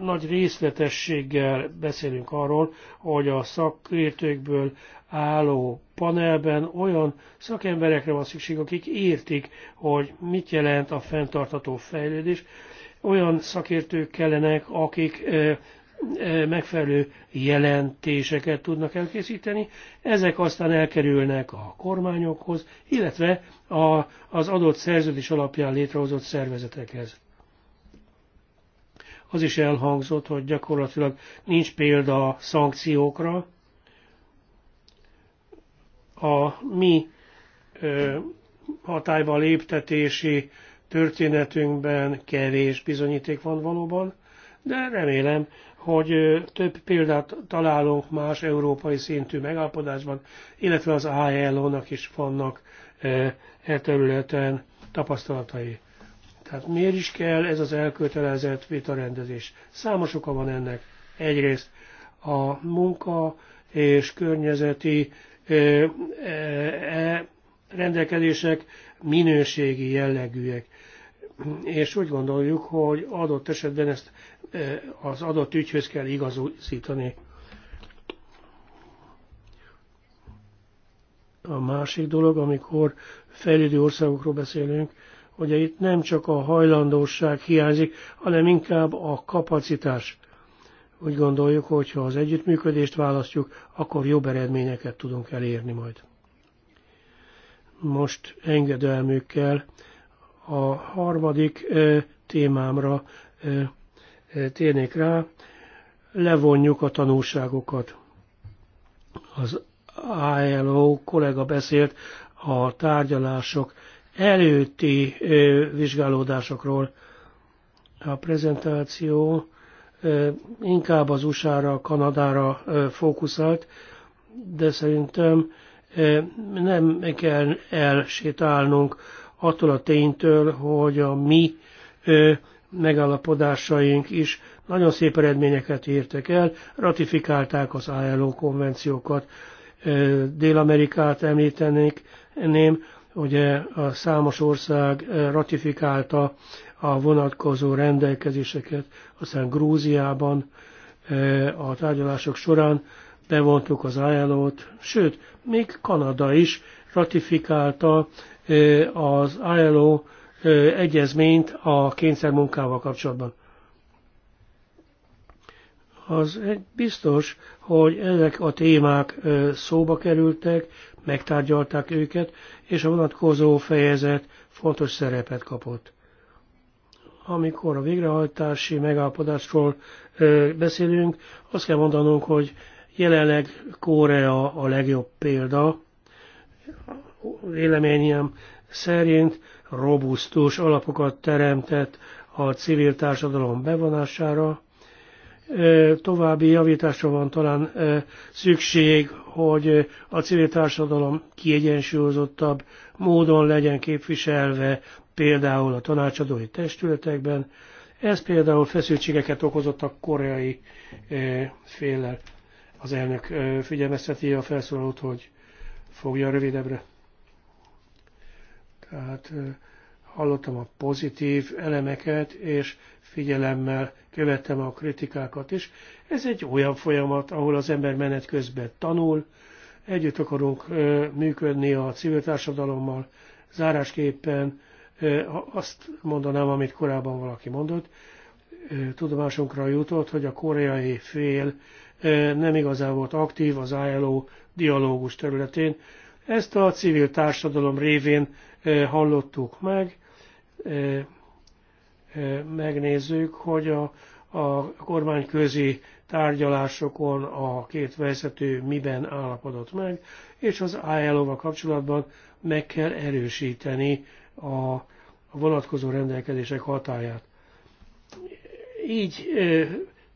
nagy részletességgel beszélünk arról, hogy a szakértőkből álló panelben olyan szakemberekre van szükség, akik értik, hogy mit jelent a fenntartató fejlődés. Olyan szakértők kellenek, akik megfelelő jelentéseket tudnak elkészíteni, ezek aztán elkerülnek a kormányokhoz, illetve a, az adott szerződés alapján létrehozott szervezetekhez. Az is elhangzott, hogy gyakorlatilag nincs példa szankciókra. A mi ö, hatályba léptetési történetünkben kevés bizonyíték van valóban, de remélem, hogy több példát találunk más európai szintű megállapodásban, illetve az ILO-nak e is vannak e területen tapasztalatai. Tehát miért is kell ez az elkötelezett vitarendezés? Számos oka van ennek. Egyrészt a munka és környezeti e, e, rendelkezések minőségi jellegűek és úgy gondoljuk, hogy adott esetben ezt e, az adott ügyhöz kell igazítani. A másik dolog, amikor fejlődő országokról beszélünk, hogy itt nem csak a hajlandóság hiányzik, hanem inkább a kapacitás. Úgy gondoljuk, hogy ha az együttműködést választjuk, akkor jobb eredményeket tudunk elérni majd. Most engedelmükkel a harmadik témámra térnék rá, levonjuk a tanulságokat. Az ILO kollega beszélt a tárgyalások előtti vizsgálódásokról. A prezentáció inkább az USA-ra, Kanadára fókuszált, de szerintem nem kell elsétálnunk attól a ténytől, hogy a mi megállapodásaink is nagyon szép eredményeket értek el, ratifikálták az ILO konvenciókat. Dél-Amerikát említenék, ném, ugye a számos ország ratifikálta a vonatkozó rendelkezéseket, aztán Grúziában a tárgyalások során bevontuk az ILO-t, sőt, még Kanada is ratifikálta az ILO egyezményt a kényszermunkával kapcsolatban. Az biztos, hogy ezek a témák szóba kerültek, megtárgyalták őket, és a vonatkozó fejezet fontos szerepet kapott. Amikor a végrehajtási megállapodásról beszélünk, azt kell mondanunk, hogy jelenleg Korea a legjobb példa, véleményem szerint robusztus alapokat teremtett a civil társadalom bevonására. További javításra van talán szükség, hogy a civil társadalom kiegyensúlyozottabb módon legyen képviselve, például a tanácsadói testületekben. Ez például feszültségeket okozott a koreai féllel. Az elnök figyelmezteti a felszólalót, hogy fogja rövidebbre. Tehát hallottam a pozitív elemeket, és figyelemmel követtem a kritikákat is. Ez egy olyan folyamat, ahol az ember menet közben tanul, együtt akarunk működni a civil társadalommal, zárásképpen azt mondanám, amit korábban valaki mondott, tudomásunkra jutott, hogy a koreai fél nem igazán volt aktív az ILO dialógus területén. Ezt a civil társadalom révén hallottuk meg, megnézzük, hogy a, a kormányközi tárgyalásokon a két vezető miben állapodott meg, és az ILO-val kapcsolatban meg kell erősíteni a vonatkozó rendelkezések hatáját. Így e,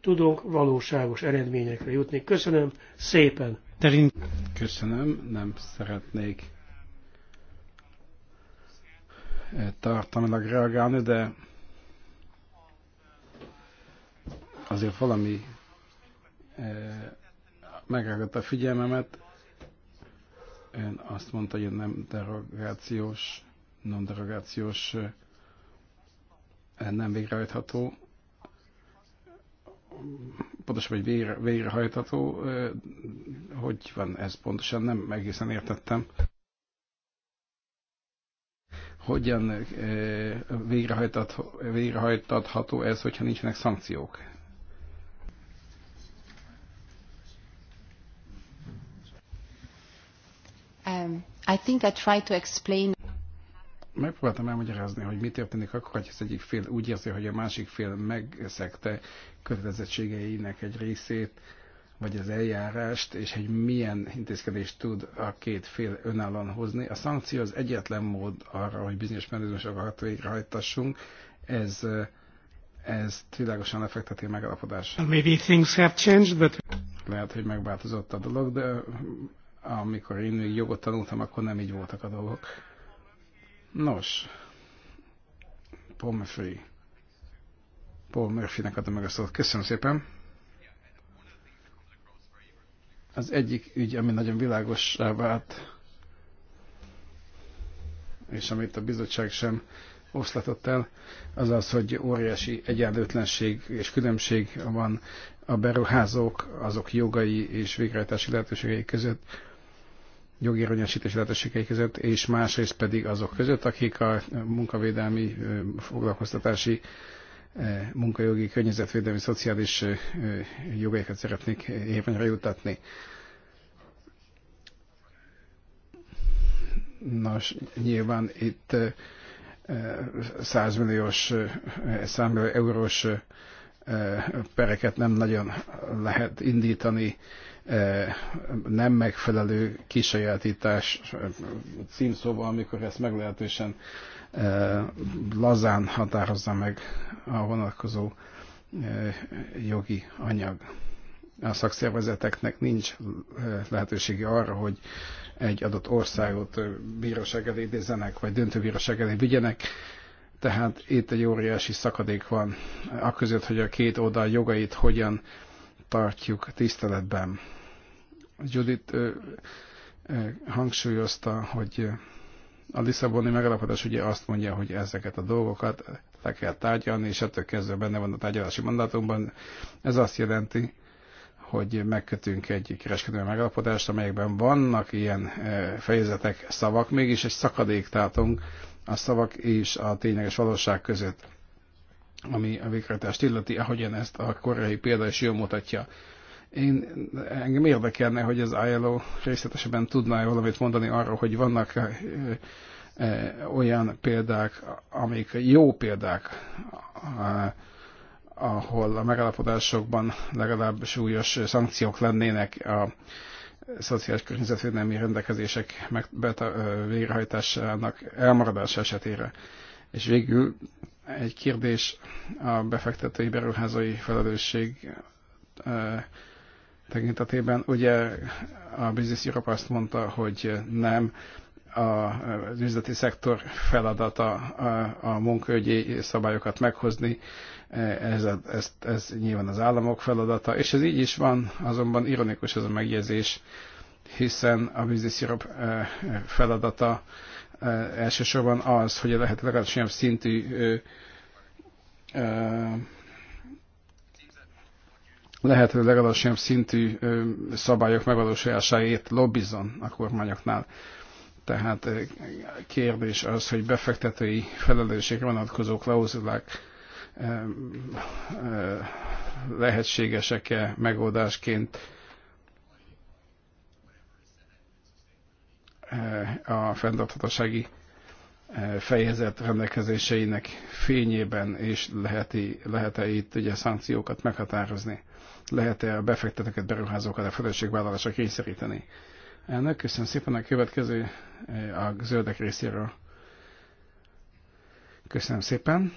tudunk valóságos eredményekre jutni. Köszönöm szépen! Köszönöm, nem szeretnék tartalmilag reagálni, de azért valami eh, megragadta a figyelmemet. Ön azt mondta, hogy nem derogációs, non derogációs, eh, nem végrehajtható, pontosabban, hogy végre, végrehajtható, eh, hogy van ez pontosan, nem egészen értettem hogyan eh, végrehajtatható ez, hogyha nincsenek szankciók? Um, I think I try to explain megpróbáltam elmagyarázni, hogy mi történik akkor, hogy az egyik fél úgy érzi, hogy a másik fél megszegte kötelezettségeinek egy részét, vagy az eljárást, és hogy milyen intézkedést tud a két fél önállóan hozni. A szankció az egyetlen mód arra, hogy bizonyos mechanizmusokat végrehajtassunk, ez ezt világosan lefekteti a megalapodás. Maybe things have changed, but... Lehet, hogy megváltozott a dolog, de amikor én még jogot tanultam, akkor nem így voltak a dolgok. Nos, Paul Murphy. Paul Murphynek adom meg a szót. Köszönöm szépen. Az egyik ügy, ami nagyon világosá vált, és amit a bizottság sem oszlatott el, az az, hogy óriási egyenlőtlenség és különbség van a beruházók, azok jogai és végrehajtási lehetőségei között, jogérvényesítési lehetőségei között, és másrészt pedig azok között, akik a munkavédelmi foglalkoztatási E, munkajogi, környezetvédelmi, szociális e, e, jogaikat szeretnék érvényre jutatni. Nos, nyilván itt 100 milliós, 100 millió eurós pereket nem nagyon lehet indítani nem megfelelő kisajátítás címszóval, amikor ezt meglehetősen lazán határozza meg a vonatkozó jogi anyag. A szakszervezeteknek nincs lehetősége arra, hogy egy adott országot bíróság elé idézenek, vagy döntőbíróság elé vigyenek, tehát itt egy óriási szakadék van, aközött, hogy a két oldal jogait hogyan tartjuk tiszteletben. Judith ö, ö, hangsúlyozta, hogy a Lisszaboni megalapodás ugye azt mondja, hogy ezeket a dolgokat le kell tárgyalni, és ettől kezdve benne van a tárgyalási mandátumban. Ez azt jelenti, hogy megkötünk egy kereskedelmi megalapodást, amelyekben vannak ilyen e, fejezetek, szavak, mégis egy szakadéktátunk a szavak és a tényleges valóság között, ami a végrehajtást illeti, ahogyan ezt a koreai példa is jól mutatja. Én, engem érdekelne, hogy az ILO részletesebben tudná valamit mondani arról, hogy vannak eh, eh, olyan példák, amik jó példák, eh, ahol a megállapodásokban legalább súlyos szankciók lennének a szociális környezetvédelmi rendelkezések végrehajtásának elmaradása esetére. És végül egy kérdés a befektetői beruházói felelősség tekintetében. Ugye a Business Europe azt mondta, hogy nem az üzleti szektor feladata a munkaügyi szabályokat meghozni, ez, ez, ez nyilván az államok feladata, és ez így is van, azonban ironikus ez a megjegyzés, hiszen a Business Europe eh, feladata eh, elsősorban az, hogy a lehető legalább szintű eh, lehető legalacsonyabb szintű szabályok megvalósulásáért lobbizon a kormányoknál. Tehát kérdés az, hogy befektetői felelősségre vonatkozó klauzulák lehetségesek-e megoldásként a fenntarthatósági fejezet rendelkezéseinek fényében, és lehet-e itt ugye szankciókat meghatározni lehet-e a befektetőket, beruházókat a felelősségvállalásra kényszeríteni. Elnök, köszönöm szépen a következő eh, a zöldek részéről. Köszönöm szépen.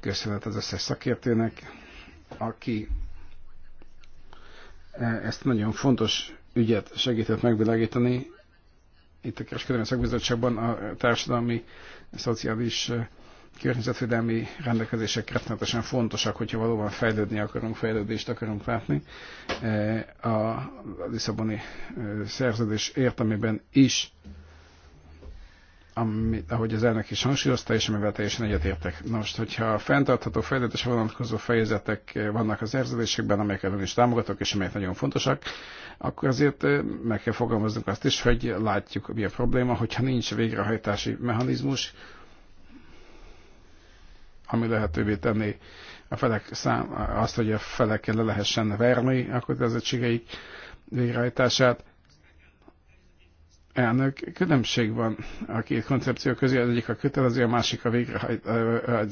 Köszönet az összes szakértőnek, aki eh, ezt nagyon fontos ügyet segített megvilágítani. Itt a Kereskedelmi Szakbizottságban a társadalmi, szociális eh, környezetvédelmi rendelkezések rettenetesen fontosak, hogyha valóban fejlődni akarunk, fejlődést akarunk látni. Eh, a Lisszaboni eh, szerződés értelmében is, ami, ahogy az elnök is hangsúlyozta, és amivel teljesen egyetértek. Na most, hogyha a fenntartható fejlődés vonatkozó fejezetek eh, vannak az szerződésekben, amelyeket ön is támogatok, és amelyek nagyon fontosak, akkor azért meg kell fogalmaznunk azt is, hogy látjuk, mi a probléma, hogyha nincs végrehajtási mechanizmus, ami lehetővé tenné a felek szám, azt, hogy a felekkel le lehessen verni a kötelezettségeik végrehajtását. Elnök, különbség van a két koncepció közé, az egyik a kötelező, a másik a végrehajt,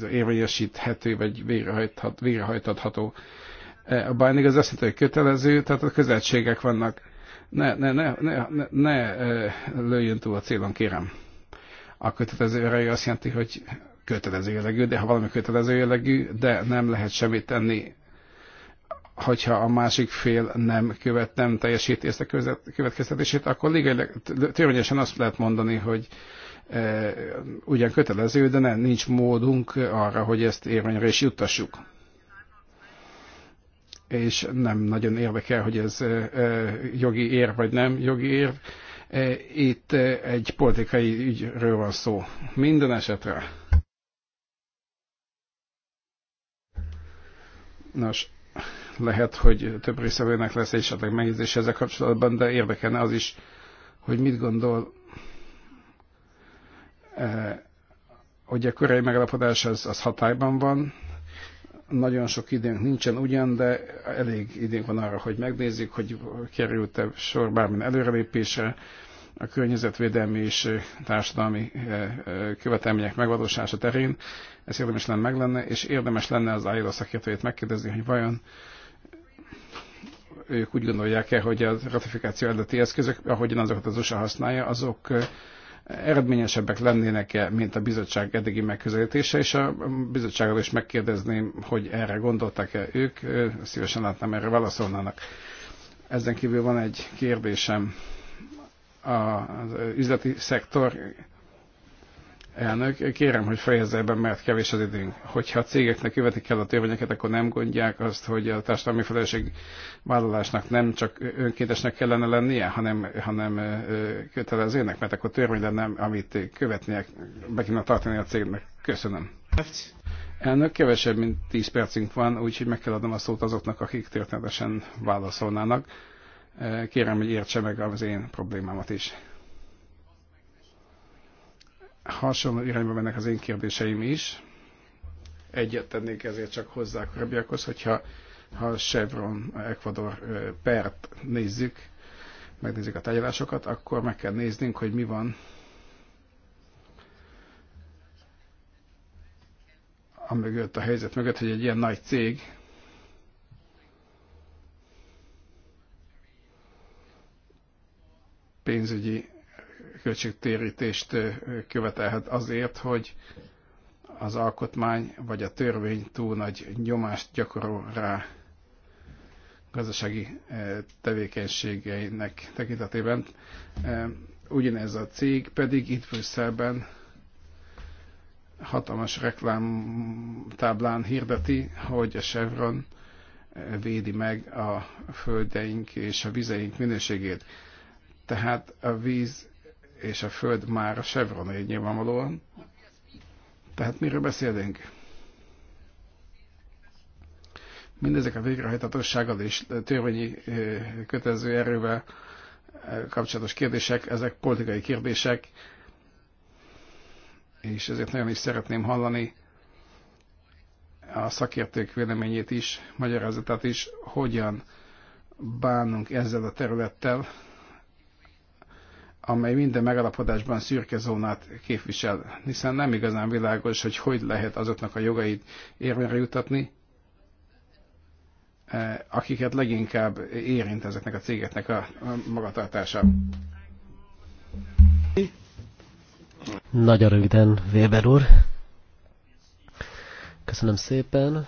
érvényesíthető vagy végrehajthat, végrehajtatható. E, a binding az azt hogy kötelező, tehát a közeltségek vannak. Ne, ne, ne, ne, ne, ne e, lőjön túl a célon, kérem. A kötelező erejű azt jelenti, hogy kötelező jellegű, de ha valami kötelező jellegű, de nem lehet semmit tenni, hogyha a másik fél nem követ, nem teljesíti ezt a következtetését, akkor törvényesen azt lehet mondani, hogy e, ugyan kötelező, de nem, nincs módunk arra, hogy ezt érvényre is juttassuk és nem nagyon érdekel, hogy ez e, e, jogi ér vagy nem jogi ér. E, itt egy politikai ügyről van szó. Minden esetre. Nos, lehet, hogy több részevőnek lesz esetleg megjegyzés ezzel kapcsolatban, de érdekelne az is, hogy mit gondol e, hogy a korai megalapodás az, az hatályban van, nagyon sok időnk nincsen ugyan, de elég időnk van arra, hogy megnézzük, hogy került-e sor bármilyen előrelépésre, a környezetvédelmi és társadalmi követelmények megvalósítása terén. Ez érdemes lenne meg lenne, és érdemes lenne az ILO szakértőjét megkérdezni, hogy vajon ők úgy gondolják-e, hogy a ratifikáció eredeti eszközök, ahogyan azokat az USA használja, azok eredményesebbek lennének-e, mint a bizottság eddigi megközelítése, és a bizottságról is megkérdezném, hogy erre gondoltak-e ők, szívesen látnám, erre válaszolnának. Ezen kívül van egy kérdésem az üzleti szektor elnök, kérem, hogy fejezze be, mert kevés az időnk. Hogyha a cégeknek követik kell a törvényeket, akkor nem gondják azt, hogy a társadalmi felelősség vállalásnak nem csak önkéntesnek kellene lennie, hanem, hanem kötelezőnek, mert akkor törvény lenne, amit követnie, be kéne tartani a cégnek. Köszönöm. Elnök, kevesebb, mint 10 percünk van, úgyhogy meg kell adnom a szót azoknak, akik történetesen válaszolnának. Kérem, hogy értse meg az én problémámat is. Hasonló irányba mennek az én kérdéseim is. Egyet tennék ezért csak hozzá a korábbiakhoz, hogyha ha a Chevron Ecuador pert nézzük, megnézzük a tárgyalásokat, akkor meg kell néznünk, hogy mi van a mögött, a helyzet mögött, hogy egy ilyen nagy cég pénzügyi költségtérítést követelhet azért, hogy az alkotmány vagy a törvény túl nagy nyomást gyakorol rá gazdasági tevékenységeinek tekintetében. Ugyanez a cég pedig itt Brüsszelben hatalmas reklámtáblán hirdeti, hogy a Chevron védi meg a földeink és a vizeink minőségét. Tehát a víz és a föld már a Chevroné nyilvánvalóan. Tehát miről beszélünk? Mindezek a végrehajtatossággal és törvényi kötelező erővel kapcsolatos kérdések, ezek politikai kérdések, és ezért nagyon is szeretném hallani a szakértők véleményét is, magyarázatát is, hogyan bánunk ezzel a területtel, amely minden megalapodásban szürke zónát képvisel, hiszen nem igazán világos, hogy hogy lehet azoknak a jogait érvényre jutatni, eh, akiket leginkább érint ezeknek a cégeknek a magatartása. Nagyon röviden, Weber úr. Köszönöm szépen.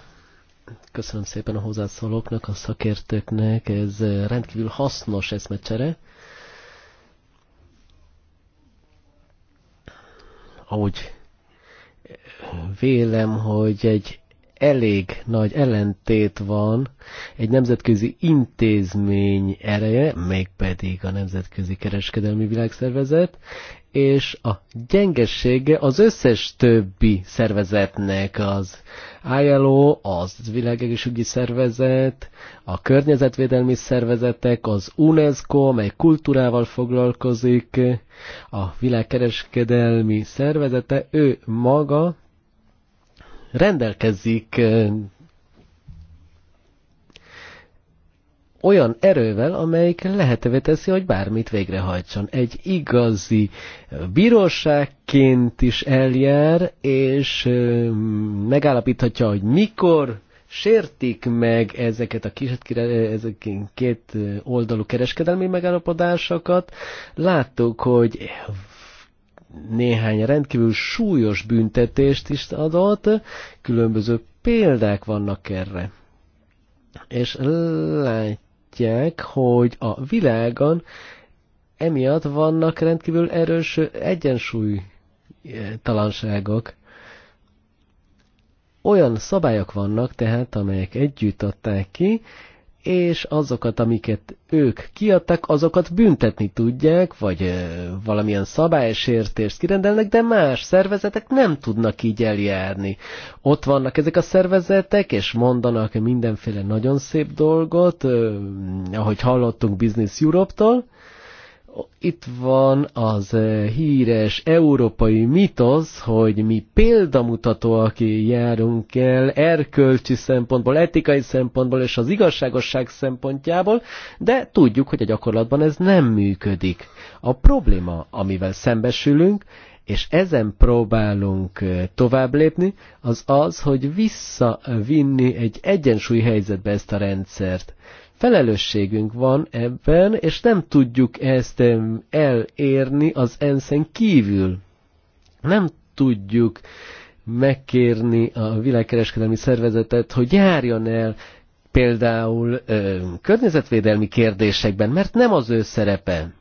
Köszönöm szépen a hozzászólóknak, a szakértőknek. Ez eh, rendkívül hasznos eszmecsere. ahogy eh, vélem, hogy egy elég nagy ellentét van egy nemzetközi intézmény ereje, mégpedig a Nemzetközi Kereskedelmi Világszervezet, és a gyengessége az összes többi szervezetnek, az ILO, az világegészségügyi szervezet, a környezetvédelmi szervezetek, az UNESCO, amely kultúrával foglalkozik, a világkereskedelmi szervezete, ő maga rendelkezik olyan erővel, amelyik lehetővé teszi, hogy bármit végrehajtson. Egy igazi bíróságként is eljár, és megállapíthatja, hogy mikor sértik meg ezeket a kis, ezek két oldalú kereskedelmi megállapodásokat. Láttuk, hogy néhány rendkívül súlyos büntetést is adott, különböző példák vannak erre. És látják, hogy a világon emiatt vannak rendkívül erős egyensúlytalanságok. Olyan szabályok vannak tehát, amelyek együtt adták ki, és azokat, amiket ők kiadtak, azokat büntetni tudják, vagy valamilyen szabálysértést kirendelnek, de más szervezetek nem tudnak így eljárni. Ott vannak ezek a szervezetek, és mondanak mindenféle nagyon szép dolgot, ahogy hallottunk Business Europe-tól, itt van az eh, híres európai mitosz, hogy mi aki járunk el erkölcsi szempontból, etikai szempontból és az igazságosság szempontjából, de tudjuk, hogy a gyakorlatban ez nem működik. A probléma, amivel szembesülünk, és ezen próbálunk eh, tovább lépni, az az, hogy visszavinni egy egyensúly helyzetbe ezt a rendszert felelősségünk van ebben, és nem tudjuk ezt elérni az enszen kívül. Nem tudjuk megkérni a világkereskedelmi szervezetet, hogy járjon el például ö, környezetvédelmi kérdésekben, mert nem az ő szerepe.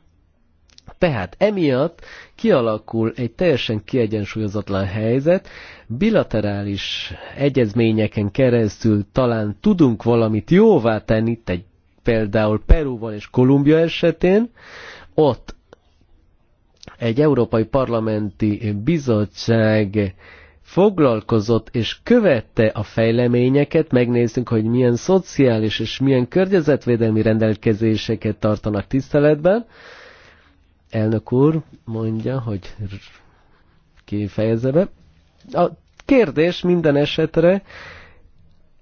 Tehát emiatt kialakul egy teljesen kiegyensúlyozatlan helyzet, bilaterális egyezményeken keresztül talán tudunk valamit jóvá tenni, itt egy például Perúval és Kolumbia esetén, ott egy Európai Parlamenti Bizottság foglalkozott és követte a fejleményeket, megnéztünk, hogy milyen szociális és milyen környezetvédelmi rendelkezéseket tartanak tiszteletben, Elnök úr mondja, hogy kifejezze be. A kérdés minden esetre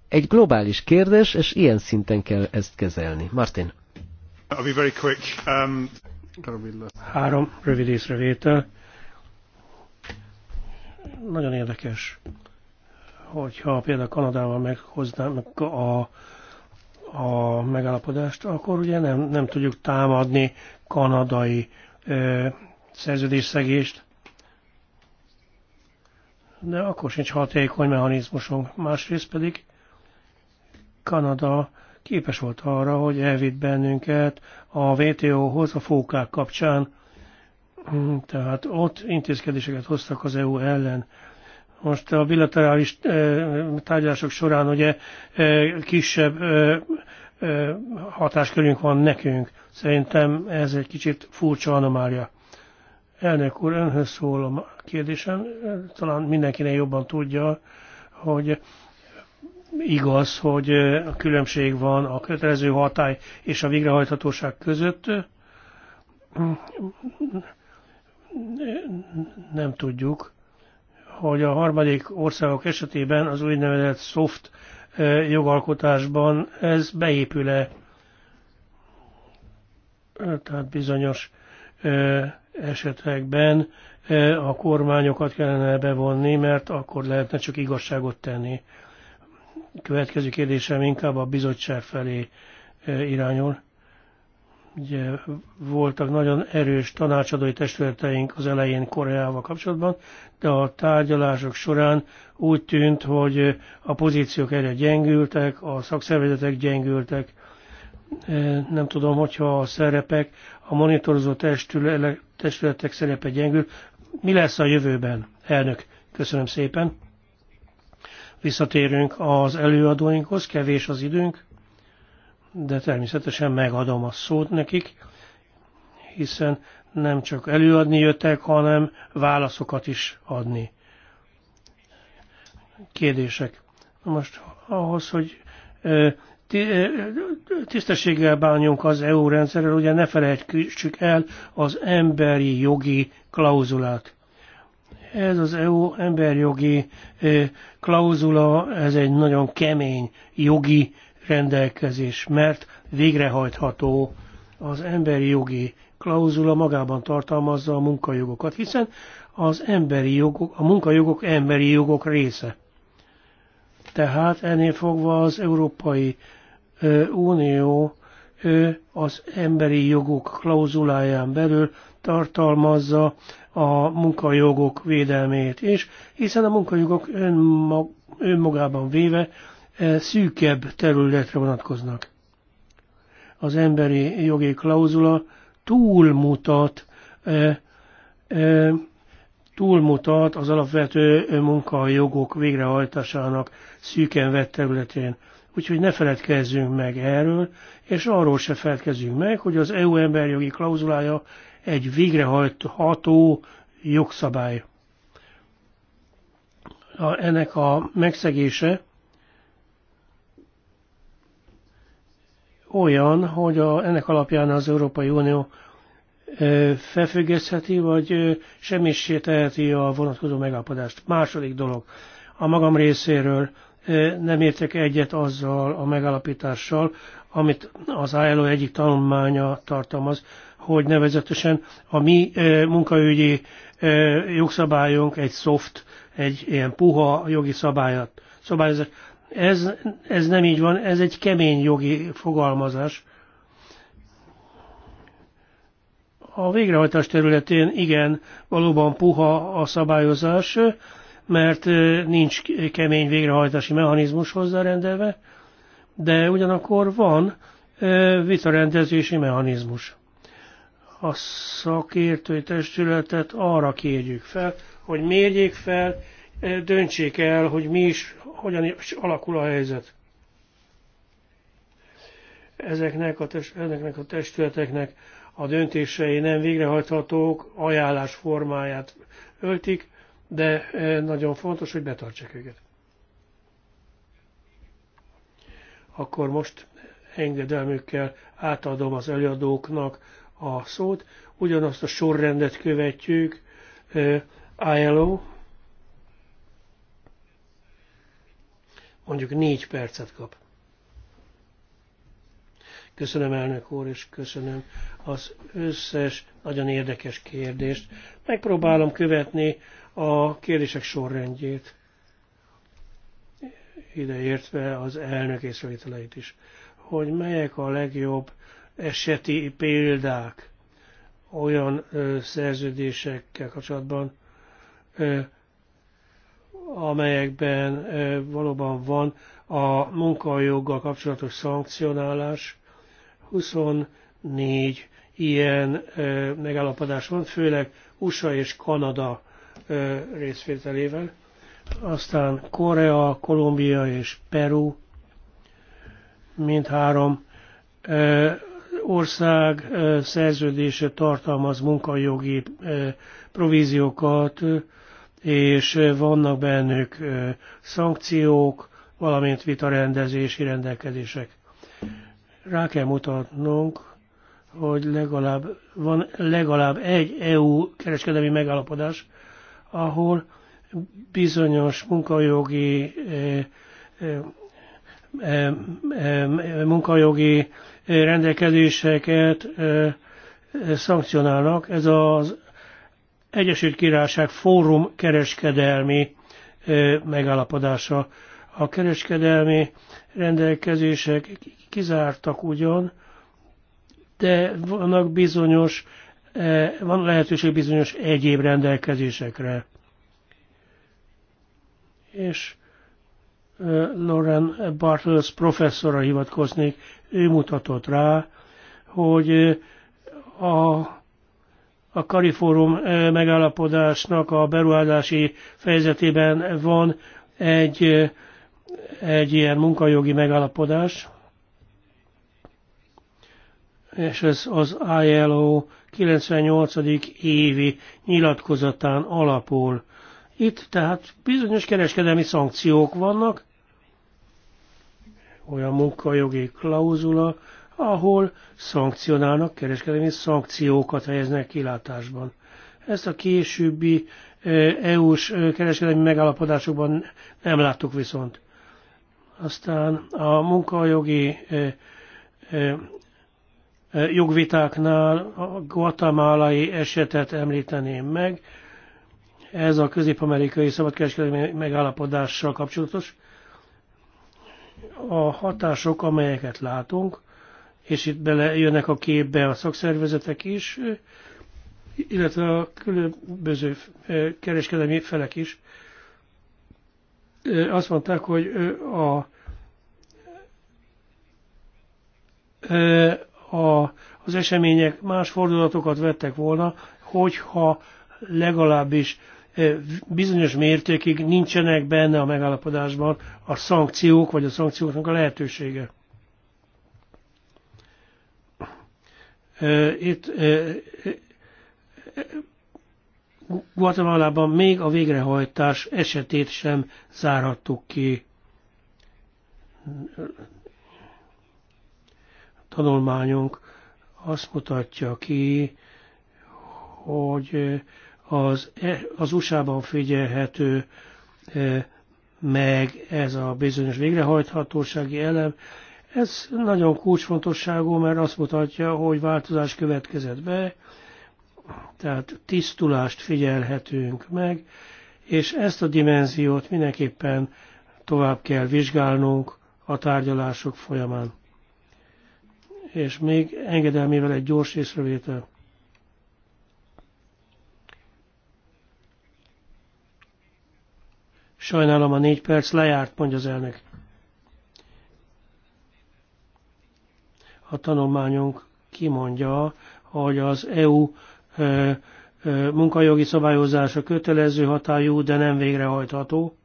egy globális kérdés, és ilyen szinten kell ezt kezelni. Martin. I'll be very quick. Um... Három rövid észrevétel. Nagyon érdekes, hogyha például Kanadával meghoznánk a, a megállapodást, akkor ugye nem, nem tudjuk támadni kanadai szerződésszegést, de akkor sincs hatékony mechanizmusunk. Másrészt pedig Kanada képes volt arra, hogy elvitt bennünket a WTO-hoz a fókák kapcsán, hmm, tehát ott intézkedéseket hoztak az EU ellen. Most a bilaterális tárgyalások során ugye kisebb hatáskörünk van nekünk. Szerintem ez egy kicsit furcsa anomália. Elnök úr, önhöz szól a kérdésem, talán mindenkinek jobban tudja, hogy igaz, hogy a különbség van a kötelező hatály és a végrehajthatóság között. Nem tudjuk, hogy a harmadik országok esetében az úgynevezett soft eh, jogalkotásban ez beépül-e tehát bizonyos esetekben a kormányokat kellene bevonni, mert akkor lehetne csak igazságot tenni. Következő kérdésem inkább a bizottság felé irányul. Ugye voltak nagyon erős tanácsadói testületeink az elején Koreával kapcsolatban, de a tárgyalások során úgy tűnt, hogy a pozíciók erre gyengültek, a szakszervezetek gyengültek, nem tudom, hogyha a szerepek, a monitorozó testületek szerepe gyengül, mi lesz a jövőben, elnök? Köszönöm szépen. Visszatérünk az előadóinkhoz, kevés az időnk, de természetesen megadom a szót nekik, hiszen nem csak előadni jöttek, hanem válaszokat is adni. Kérdések. Most ahhoz, hogy tisztességgel bánjunk az EU rendszerrel, ugye ne felejtsük el az emberi jogi klauzulát. Ez az EU jogi klauzula, ez egy nagyon kemény jogi rendelkezés, mert végrehajtható az emberi jogi klauzula magában tartalmazza a munkajogokat, hiszen az emberi jogok, a munkajogok emberi jogok része. Tehát ennél fogva az Európai Unió ő az emberi jogok klauzuláján belül tartalmazza a munkajogok védelmét is, hiszen a munkajogok önmag, önmagában véve szűkebb területre vonatkoznak. Az emberi jogi klauzula túlmutat, túlmutat az alapvető munkajogok végrehajtásának szűken vett területén. Úgyhogy ne feledkezzünk meg erről, és arról se feledkezzünk meg, hogy az EU emberjogi klauzulája egy végrehajtható jogszabály. A, ennek a megszegése olyan, hogy a, ennek alapján az Európai Unió ö, felfüggesztheti, vagy ö, teheti a vonatkozó megállapodást. Második dolog, a magam részéről nem értek egyet azzal a megalapítással, amit az ILO egyik tanulmánya tartalmaz, hogy nevezetesen a mi munkaügyi jogszabályunk egy soft, egy ilyen puha jogi szabályat, szabályozás. Ez, ez nem így van, ez egy kemény jogi fogalmazás. A végrehajtás területén igen, valóban puha a szabályozás, mert nincs kemény végrehajtási mechanizmus hozzárendelve, de ugyanakkor van vitarendezési mechanizmus. A szakértői testületet arra kérjük fel, hogy mérjék fel, döntsék el, hogy mi is, hogyan is alakul a helyzet. Ezeknek a, test, ezeknek a testületeknek a döntései nem végrehajthatók, ajánlás formáját öltik, de nagyon fontos, hogy betartsák őket. Akkor most engedelmükkel átadom az előadóknak a szót. Ugyanazt a sorrendet követjük. ILO. Mondjuk négy percet kap. Köszönöm elnök úr, és köszönöm az összes nagyon érdekes kérdést. Megpróbálom követni a kérdések sorrendjét, ideértve az elnök észrevételeit is, hogy melyek a legjobb eseti példák olyan ö, szerződésekkel kapcsolatban, ö, amelyekben ö, valóban van a munkajoggal kapcsolatos szankcionálás. 24 ilyen ö, megállapodás van, főleg USA és Kanada részvételével. Aztán Korea, Kolumbia és Peru, mindhárom ország szerződése tartalmaz munkajogi províziókat, és vannak bennük szankciók, valamint vitarendezési rendelkezések. Rá kell mutatnunk, hogy legalább, van legalább egy EU kereskedelmi megállapodás, ahol bizonyos munkajogi eh, eh, eh, munkajogi rendelkezéseket szankcionálnak. Ez az Egyesült Királyság fórum kereskedelmi megállapodása. A kereskedelmi rendelkezések kizártak ugyan, de vannak bizonyos E, van lehetőség bizonyos egyéb rendelkezésekre. És e, Lauren Bartels professzorra hivatkoznék, ő mutatott rá, hogy a, a Kariforum e, megállapodásnak a beruházási fejezetében van egy, egy ilyen munkajogi megállapodás, és ez az ILO 98. évi nyilatkozatán alapul. Itt tehát bizonyos kereskedelmi szankciók vannak, olyan munkajogi klauzula, ahol szankcionálnak, kereskedelmi szankciókat helyeznek kilátásban. Ezt a későbbi e, EU-s e, kereskedelmi megállapodásokban nem láttuk viszont. Aztán a munkajogi e, E, jogvitáknál a guatemalai esetet említeném meg. Ez a közép-amerikai szabadkereskedelmi megállapodással kapcsolatos. A hatások, amelyeket látunk, és itt belejönnek a képbe a szakszervezetek is, illetve a különböző e, kereskedelmi felek is. E, azt mondták, hogy a a, az események más fordulatokat vettek volna, hogyha legalábbis eh, bizonyos mértékig nincsenek benne a megállapodásban a szankciók, vagy a szankcióknak a lehetősége. Eh, itt eh, Guatemala-ban még a végrehajtás esetét sem zárhattuk ki tanulmányunk azt mutatja ki, hogy az, e, az USA-ban figyelhető e, meg ez a bizonyos végrehajthatósági elem. Ez nagyon kulcsfontosságú, mert azt mutatja, hogy változás következett be, tehát tisztulást figyelhetünk meg, és ezt a dimenziót mindenképpen tovább kell vizsgálnunk a tárgyalások folyamán és még engedelmével egy gyors észrevétel. Sajnálom, a négy perc lejárt, mondja az elnök. A tanulmányunk kimondja, hogy az EU ö, ö, munkajogi szabályozása kötelező hatályú, de nem végrehajtható.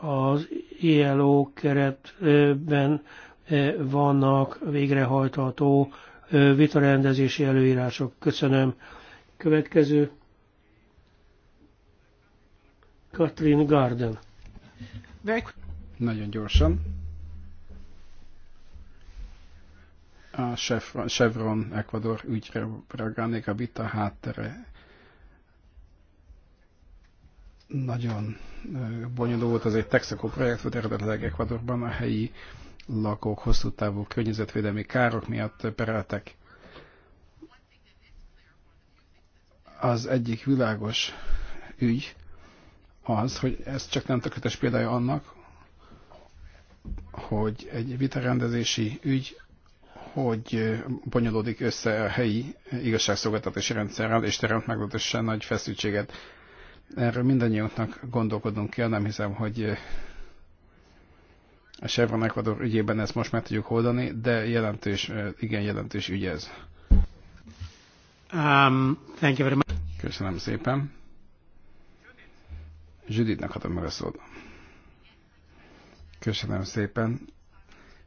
Az ILO keretben eh, vannak végrehajtható eh, vitarendezési előírások. Köszönöm. Következő. Katrin Garden. Nagyon gyorsan. A Chevron Ecuador ügyre reagálnék a vita háttere nagyon bonyolult, az egy Texaco projekt volt eredetileg Ecuadorban, a helyi lakók hosszú távú környezetvédelmi károk miatt pereltek. Az egyik világos ügy az, hogy ez csak nem tökéletes példája annak, hogy egy vitarendezési ügy hogy bonyolódik össze a helyi igazságszolgáltatási rendszerrel, és teremt meglehetősen nagy feszültséget Erről mindannyiunknak gondolkodnunk kell, nem hiszem, hogy eh, a Chevron Ecuador ügyében ezt most meg tudjuk oldani, de jelentős, eh, igen jelentős ügy ez. Um, thank you very much. Köszönöm szépen. Juditnak adom meg a szót. Köszönöm szépen.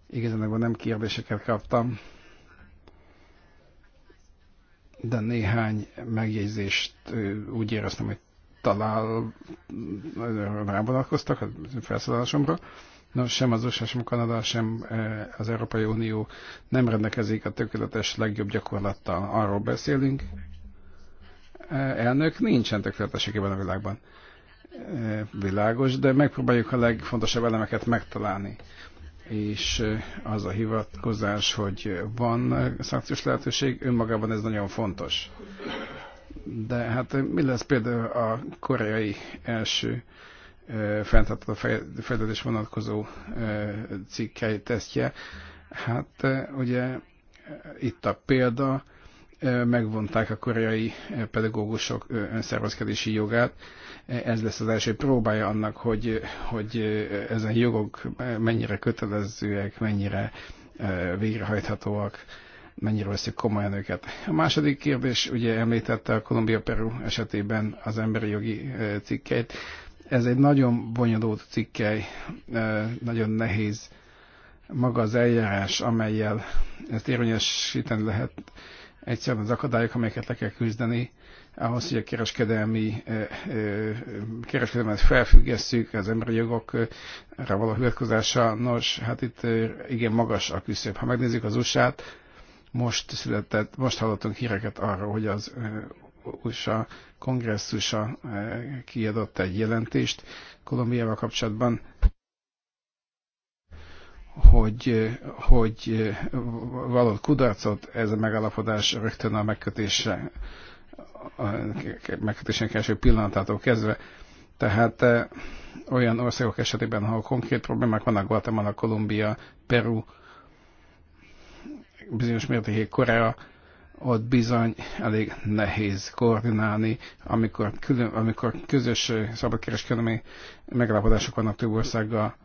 Igazán nem kérdéseket kaptam, de néhány megjegyzést eh, úgy éreztem, hogy talál, rávonatkoztak a felszállásomra. No, sem az USA, sem Kanada, sem e, az Európai Unió nem rendelkezik a tökéletes legjobb gyakorlattal. Arról beszélünk. E, elnök, nincsen tökéleteségében a világban. E, világos, de megpróbáljuk a legfontosabb elemeket megtalálni. És az a hivatkozás, hogy van szankciós lehetőség, önmagában ez nagyon fontos. De hát mi lesz például a koreai első fenntartható fejlődés vonatkozó cikkei tesztje? Hát ugye itt a példa, megvonták a koreai pedagógusok önszervezkedési jogát. Ez lesz az első próbája annak, hogy, hogy ezen jogok mennyire kötelezőek, mennyire végrehajthatóak mennyire veszik komolyan őket. A második kérdés, ugye említette a Kolumbia-Peru esetében az emberi jogi cikkeit. Ez egy nagyon bonyolult cikkely, nagyon nehéz maga az eljárás, amelyel ezt érvényesíteni lehet egyszerűen az akadályok, amelyeket le kell küzdeni, ahhoz, hogy a kereskedelmi, kereskedelmet felfüggesszük, az emberi jogokra való hivatkozása, nos, hát itt igen magas a küszöb. Ha megnézzük az USA-t, most született, most hallottunk híreket arról, hogy az USA kongresszusa kiadott egy jelentést Kolumbiával kapcsolatban, hogy, hogy való kudarcot ez a megállapodás rögtön a megkötése, a megkötésének első pillanatától kezdve. Tehát olyan országok esetében, ahol konkrét problémák vannak, Guatemala, Kolumbia, Peru, bizonyos mértékig Korea, ott bizony elég nehéz koordinálni, amikor, külön, amikor közös szabadkereskedelmi megállapodások vannak több országgal.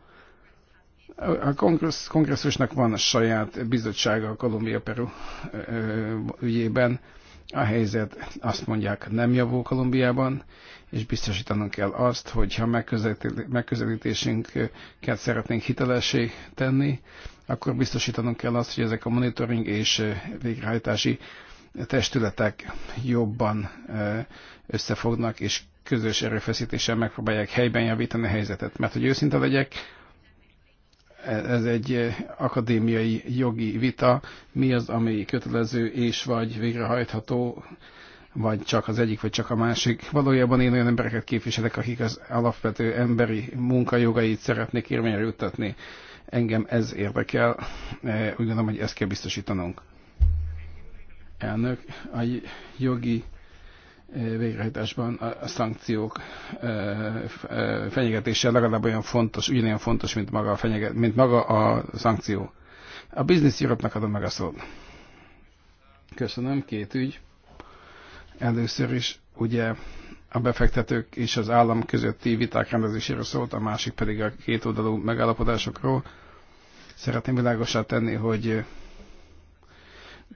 A kongressz, kongresszusnak van a saját bizottsága a Kolumbia-Peru ügyében. A helyzet azt mondják nem javul Kolumbiában, és biztosítanunk kell azt, hogy ha megközelítésünket szeretnénk hitelesé tenni, akkor biztosítanunk kell azt, hogy ezek a monitoring és eh, végrehajtási testületek jobban eh, összefognak, és közös erőfeszítéssel megpróbálják helyben javítani a helyzetet. Mert hogy őszinte legyek, e, ez egy eh, akadémiai jogi vita, mi az, ami kötelező és vagy végrehajtható, vagy csak az egyik, vagy csak a másik. Valójában én olyan embereket képviselek, akik az alapvető emberi munkajogait szeretnék érvényre juttatni. Engem ez érdekel, e, úgy gondolom, hogy ezt kell biztosítanunk. Elnök, a jogi e, végrehajtásban a szankciók e, fenyegetése legalább olyan fontos, ugyanilyen fontos, mint maga a, fenyeget, mint maga a szankció. A Business Europe-nak adom meg a szót. Köszönöm, két ügy. Először is ugye a befektetők és az állam közötti viták rendezéséről szólt, a másik pedig a két oldalú megállapodásokról. Szeretném világosá tenni, hogy eh,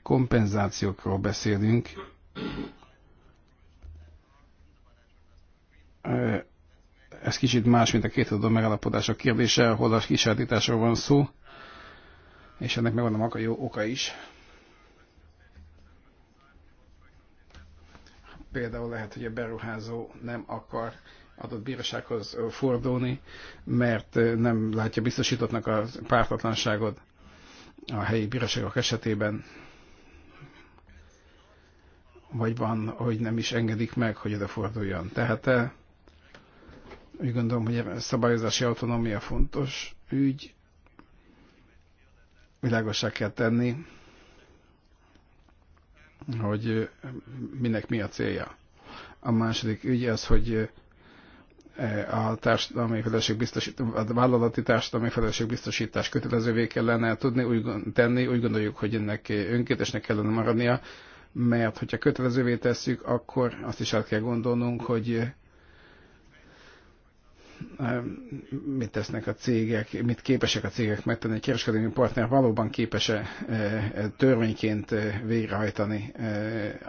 kompenzációkról beszélünk, eh, ez kicsit más, mint a két oldalon megállapodások kérdése, ahol a kisárdításról van szó, és ennek megvan a maga jó oka is. Például lehet, hogy a beruházó nem akar adott bírósághoz fordulni, mert nem látja biztosítottnak a pártatlanságot a helyi bíróságok esetében, vagy van, hogy nem is engedik meg, hogy ide forduljon. Tehát úgy gondolom, hogy a szabályozási autonómia fontos ügy, világosság kell tenni, hogy minek mi a célja. A második ügy az, hogy a társadalmi felelősségbiztosítás, a vállalati társadalmi felelősségbiztosítás kötelezővé kellene tudni úgy tenni, úgy gondoljuk, hogy ennek önkéntesnek kellene maradnia, mert hogyha kötelezővé tesszük, akkor azt is el kell gondolnunk, hogy eh, mit tesznek a cégek, mit képesek a cégek megtenni, egy kereskedelmi partner valóban képes-e eh, törvényként eh, végrehajtani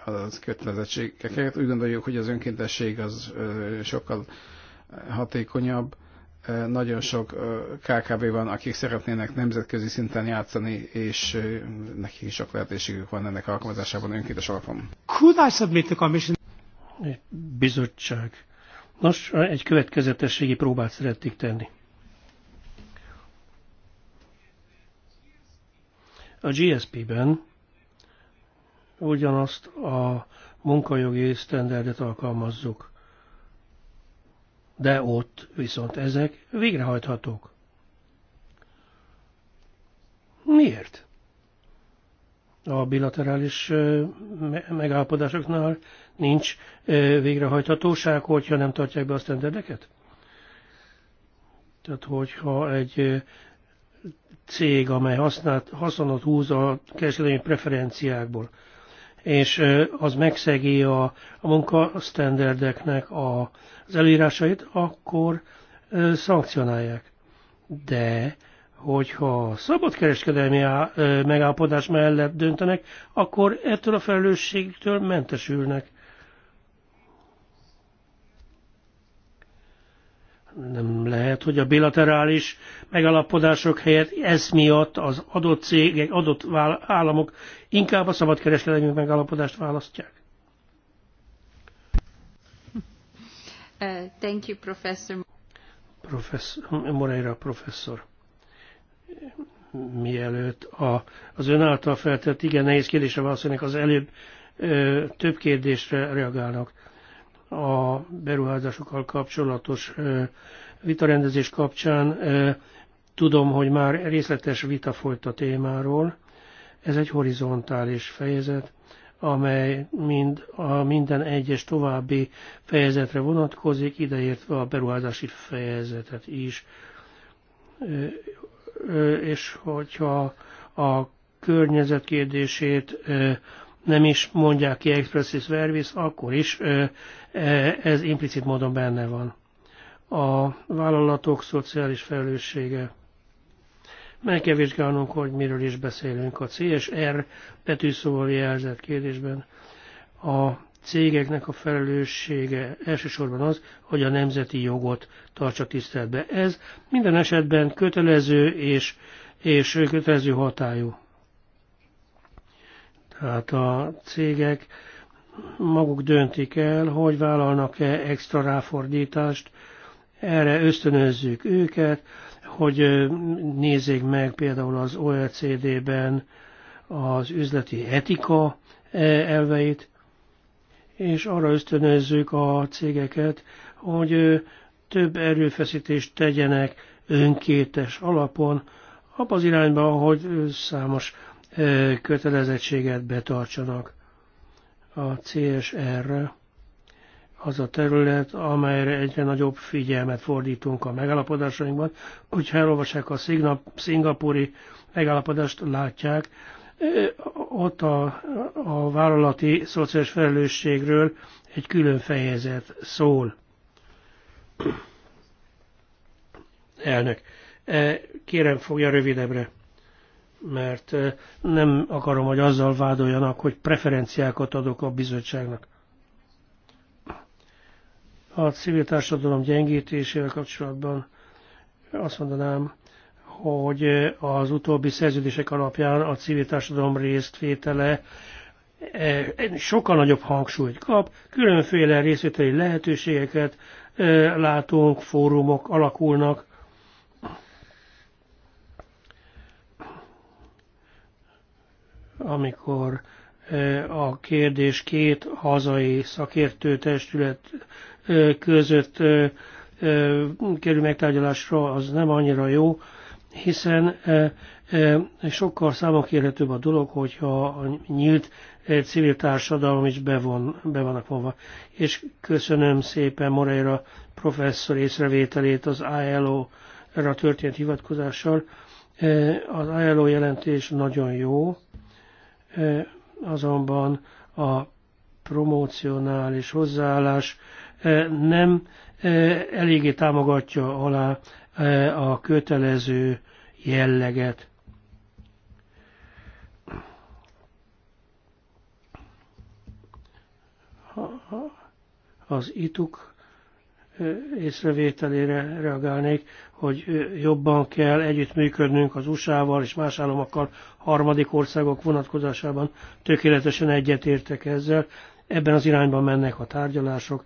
az kötelezettségeket. Úgy gondoljuk, hogy az önkéntesség az sokkal hatékonyabb. Nagyon sok KKV van, akik szeretnének nemzetközi szinten játszani, és nekik is sok lehetőségük van ennek alkalmazásában önkéntes alapon. Could I submit the commission? Bizottság. Nos, egy következetességi próbát szeretnék tenni. A GSP-ben ugyanazt a munkajogi sztenderdet alkalmazzuk de ott viszont ezek végrehajthatók. Miért? A bilaterális megállapodásoknál nincs végrehajthatóság, hogyha nem tartják be a sztenderdeket? Tehát, hogyha egy cég, amely használt haszonot húz a kereskedelmi preferenciákból, és az megszegi a, a munkasztenderdeknek a, az előírásait, akkor szankcionálják. De hogyha szabadkereskedelmi megállapodás mellett döntenek, akkor ettől a felelősségtől mentesülnek. Nem lehet, hogy a bilaterális megalapodások helyett ez miatt az adott cégek, adott államok inkább a szabadkereskedelmi megalapodást választják. Uh, thank you, professor. Professor, Moreira professzor. Mielőtt a, az ön által feltett igen nehéz kérdésre válaszolnak, az előbb ö, több kérdésre reagálnak a beruházásokkal kapcsolatos vitarendezés kapcsán. Tudom, hogy már részletes vita folyt a témáról. Ez egy horizontális fejezet, amely mind a minden egyes további fejezetre vonatkozik, ideértve a beruházási fejezetet is. És hogyha a környezet kérdését nem is mondják ki expressis verbis, akkor is ez implicit módon benne van. A vállalatok szociális felelőssége. Meg kell vizsgálnunk, hogy miről is beszélünk a C és R betűszóval jelzett kérdésben. A cégeknek a felelőssége elsősorban az, hogy a nemzeti jogot tartsa tiszteletbe. Ez minden esetben kötelező és, és kötelező hatályú. Tehát a cégek maguk döntik el, hogy vállalnak-e extra ráfordítást, erre ösztönözzük őket, hogy nézzék meg például az OECD-ben az üzleti etika e, elveit, és arra ösztönözzük a cégeket, hogy több erőfeszítést tegyenek önkétes alapon, abba az irányba, hogy számos kötelezettséget betartsanak. A CSR az a terület, amelyre egyre nagyobb figyelmet fordítunk a megállapodásainkban. Hogyha elolvassák a szingapúri megállapodást, látják, ott a, a vállalati szociális felelősségről egy külön fejezet szól. Elnök, kérem fogja rövidebbre mert nem akarom, hogy azzal vádoljanak, hogy preferenciákat adok a bizottságnak. A civil társadalom gyengítésével kapcsolatban azt mondanám, hogy az utóbbi szerződések alapján a civil társadalom résztvétele sokkal nagyobb hangsúlyt kap, különféle részvételi lehetőségeket látunk, fórumok alakulnak, amikor e, a kérdés két hazai szakértő testület e, között e, kerül megtárgyalásra, az nem annyira jó, hiszen sokkal számonkérhetőbb a dolog, hogyha a nyílt civil társadalom is bevon, be vannak vonva. És köszönöm szépen Moreira professzor észrevételét az ILO-ra történt hivatkozással. Az ILO jelentés nagyon jó, E, azonban a promócionális hozzáállás e, nem e, eléggé támogatja alá a kötelező jelleget. Az ituk észrevételére reagálnék, hogy jobban kell együttműködnünk az USA-val és más államokkal harmadik országok vonatkozásában. Tökéletesen egyetértek ezzel. Ebben az irányban mennek a tárgyalások.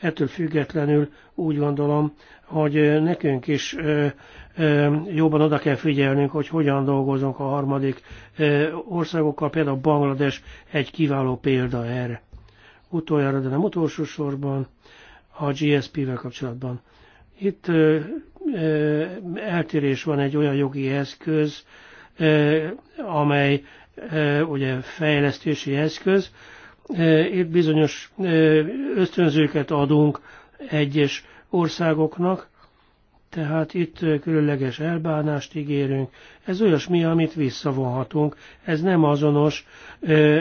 Ettől függetlenül úgy gondolom, hogy nekünk is jobban oda kell figyelnünk, hogy hogyan dolgozunk a harmadik országokkal. Például Banglades egy kiváló példa erre. Utoljára, de nem utolsó sorban, a GSP-vel kapcsolatban. Itt eltérés van egy olyan jogi eszköz, amely ugye fejlesztési eszköz. Itt bizonyos ösztönzőket adunk egyes országoknak, tehát itt különleges elbánást ígérünk. Ez olyasmi, amit visszavonhatunk. Ez nem azonos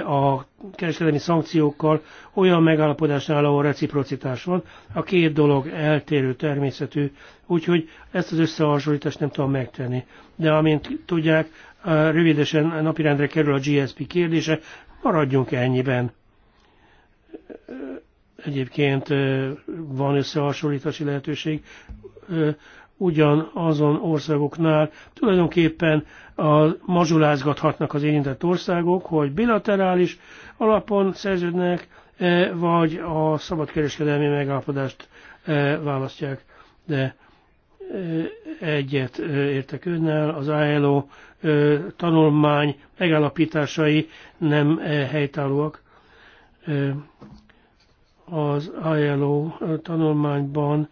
a kereskedelmi szankciókkal olyan megállapodásnál, ahol reciprocitás van. A két dolog eltérő természetű, úgyhogy ezt az összehasonlítást nem tudom megtenni. De amint tudják, rövidesen napirendre kerül a GSP kérdése, maradjunk ennyiben. Egyébként van összehasonlítási lehetőség, ugyanazon országoknál tulajdonképpen a, mazsolázgathatnak az érintett országok, hogy bilaterális alapon szerződnek, e, vagy a szabadkereskedelmi megállapodást e, választják. De e, egyet értek önnel, az ILO tanulmány megállapításai nem helytállóak. Az ILO tanulmányban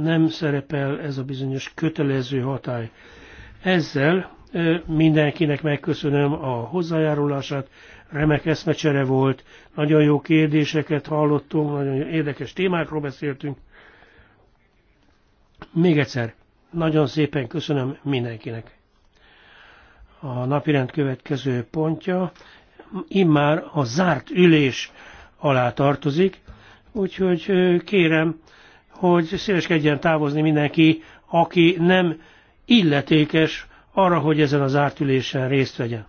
nem szerepel ez a bizonyos kötelező hatály. Ezzel mindenkinek megköszönöm a hozzájárulását, remek eszmecsere volt, nagyon jó kérdéseket hallottunk, nagyon érdekes témákról beszéltünk. Még egyszer, nagyon szépen köszönöm mindenkinek. A napirend következő pontja immár a zárt ülés alá tartozik, úgyhogy kérem, hogy szíveskedjen távozni mindenki, aki nem illetékes arra, hogy ezen az ártülésen részt vegyen.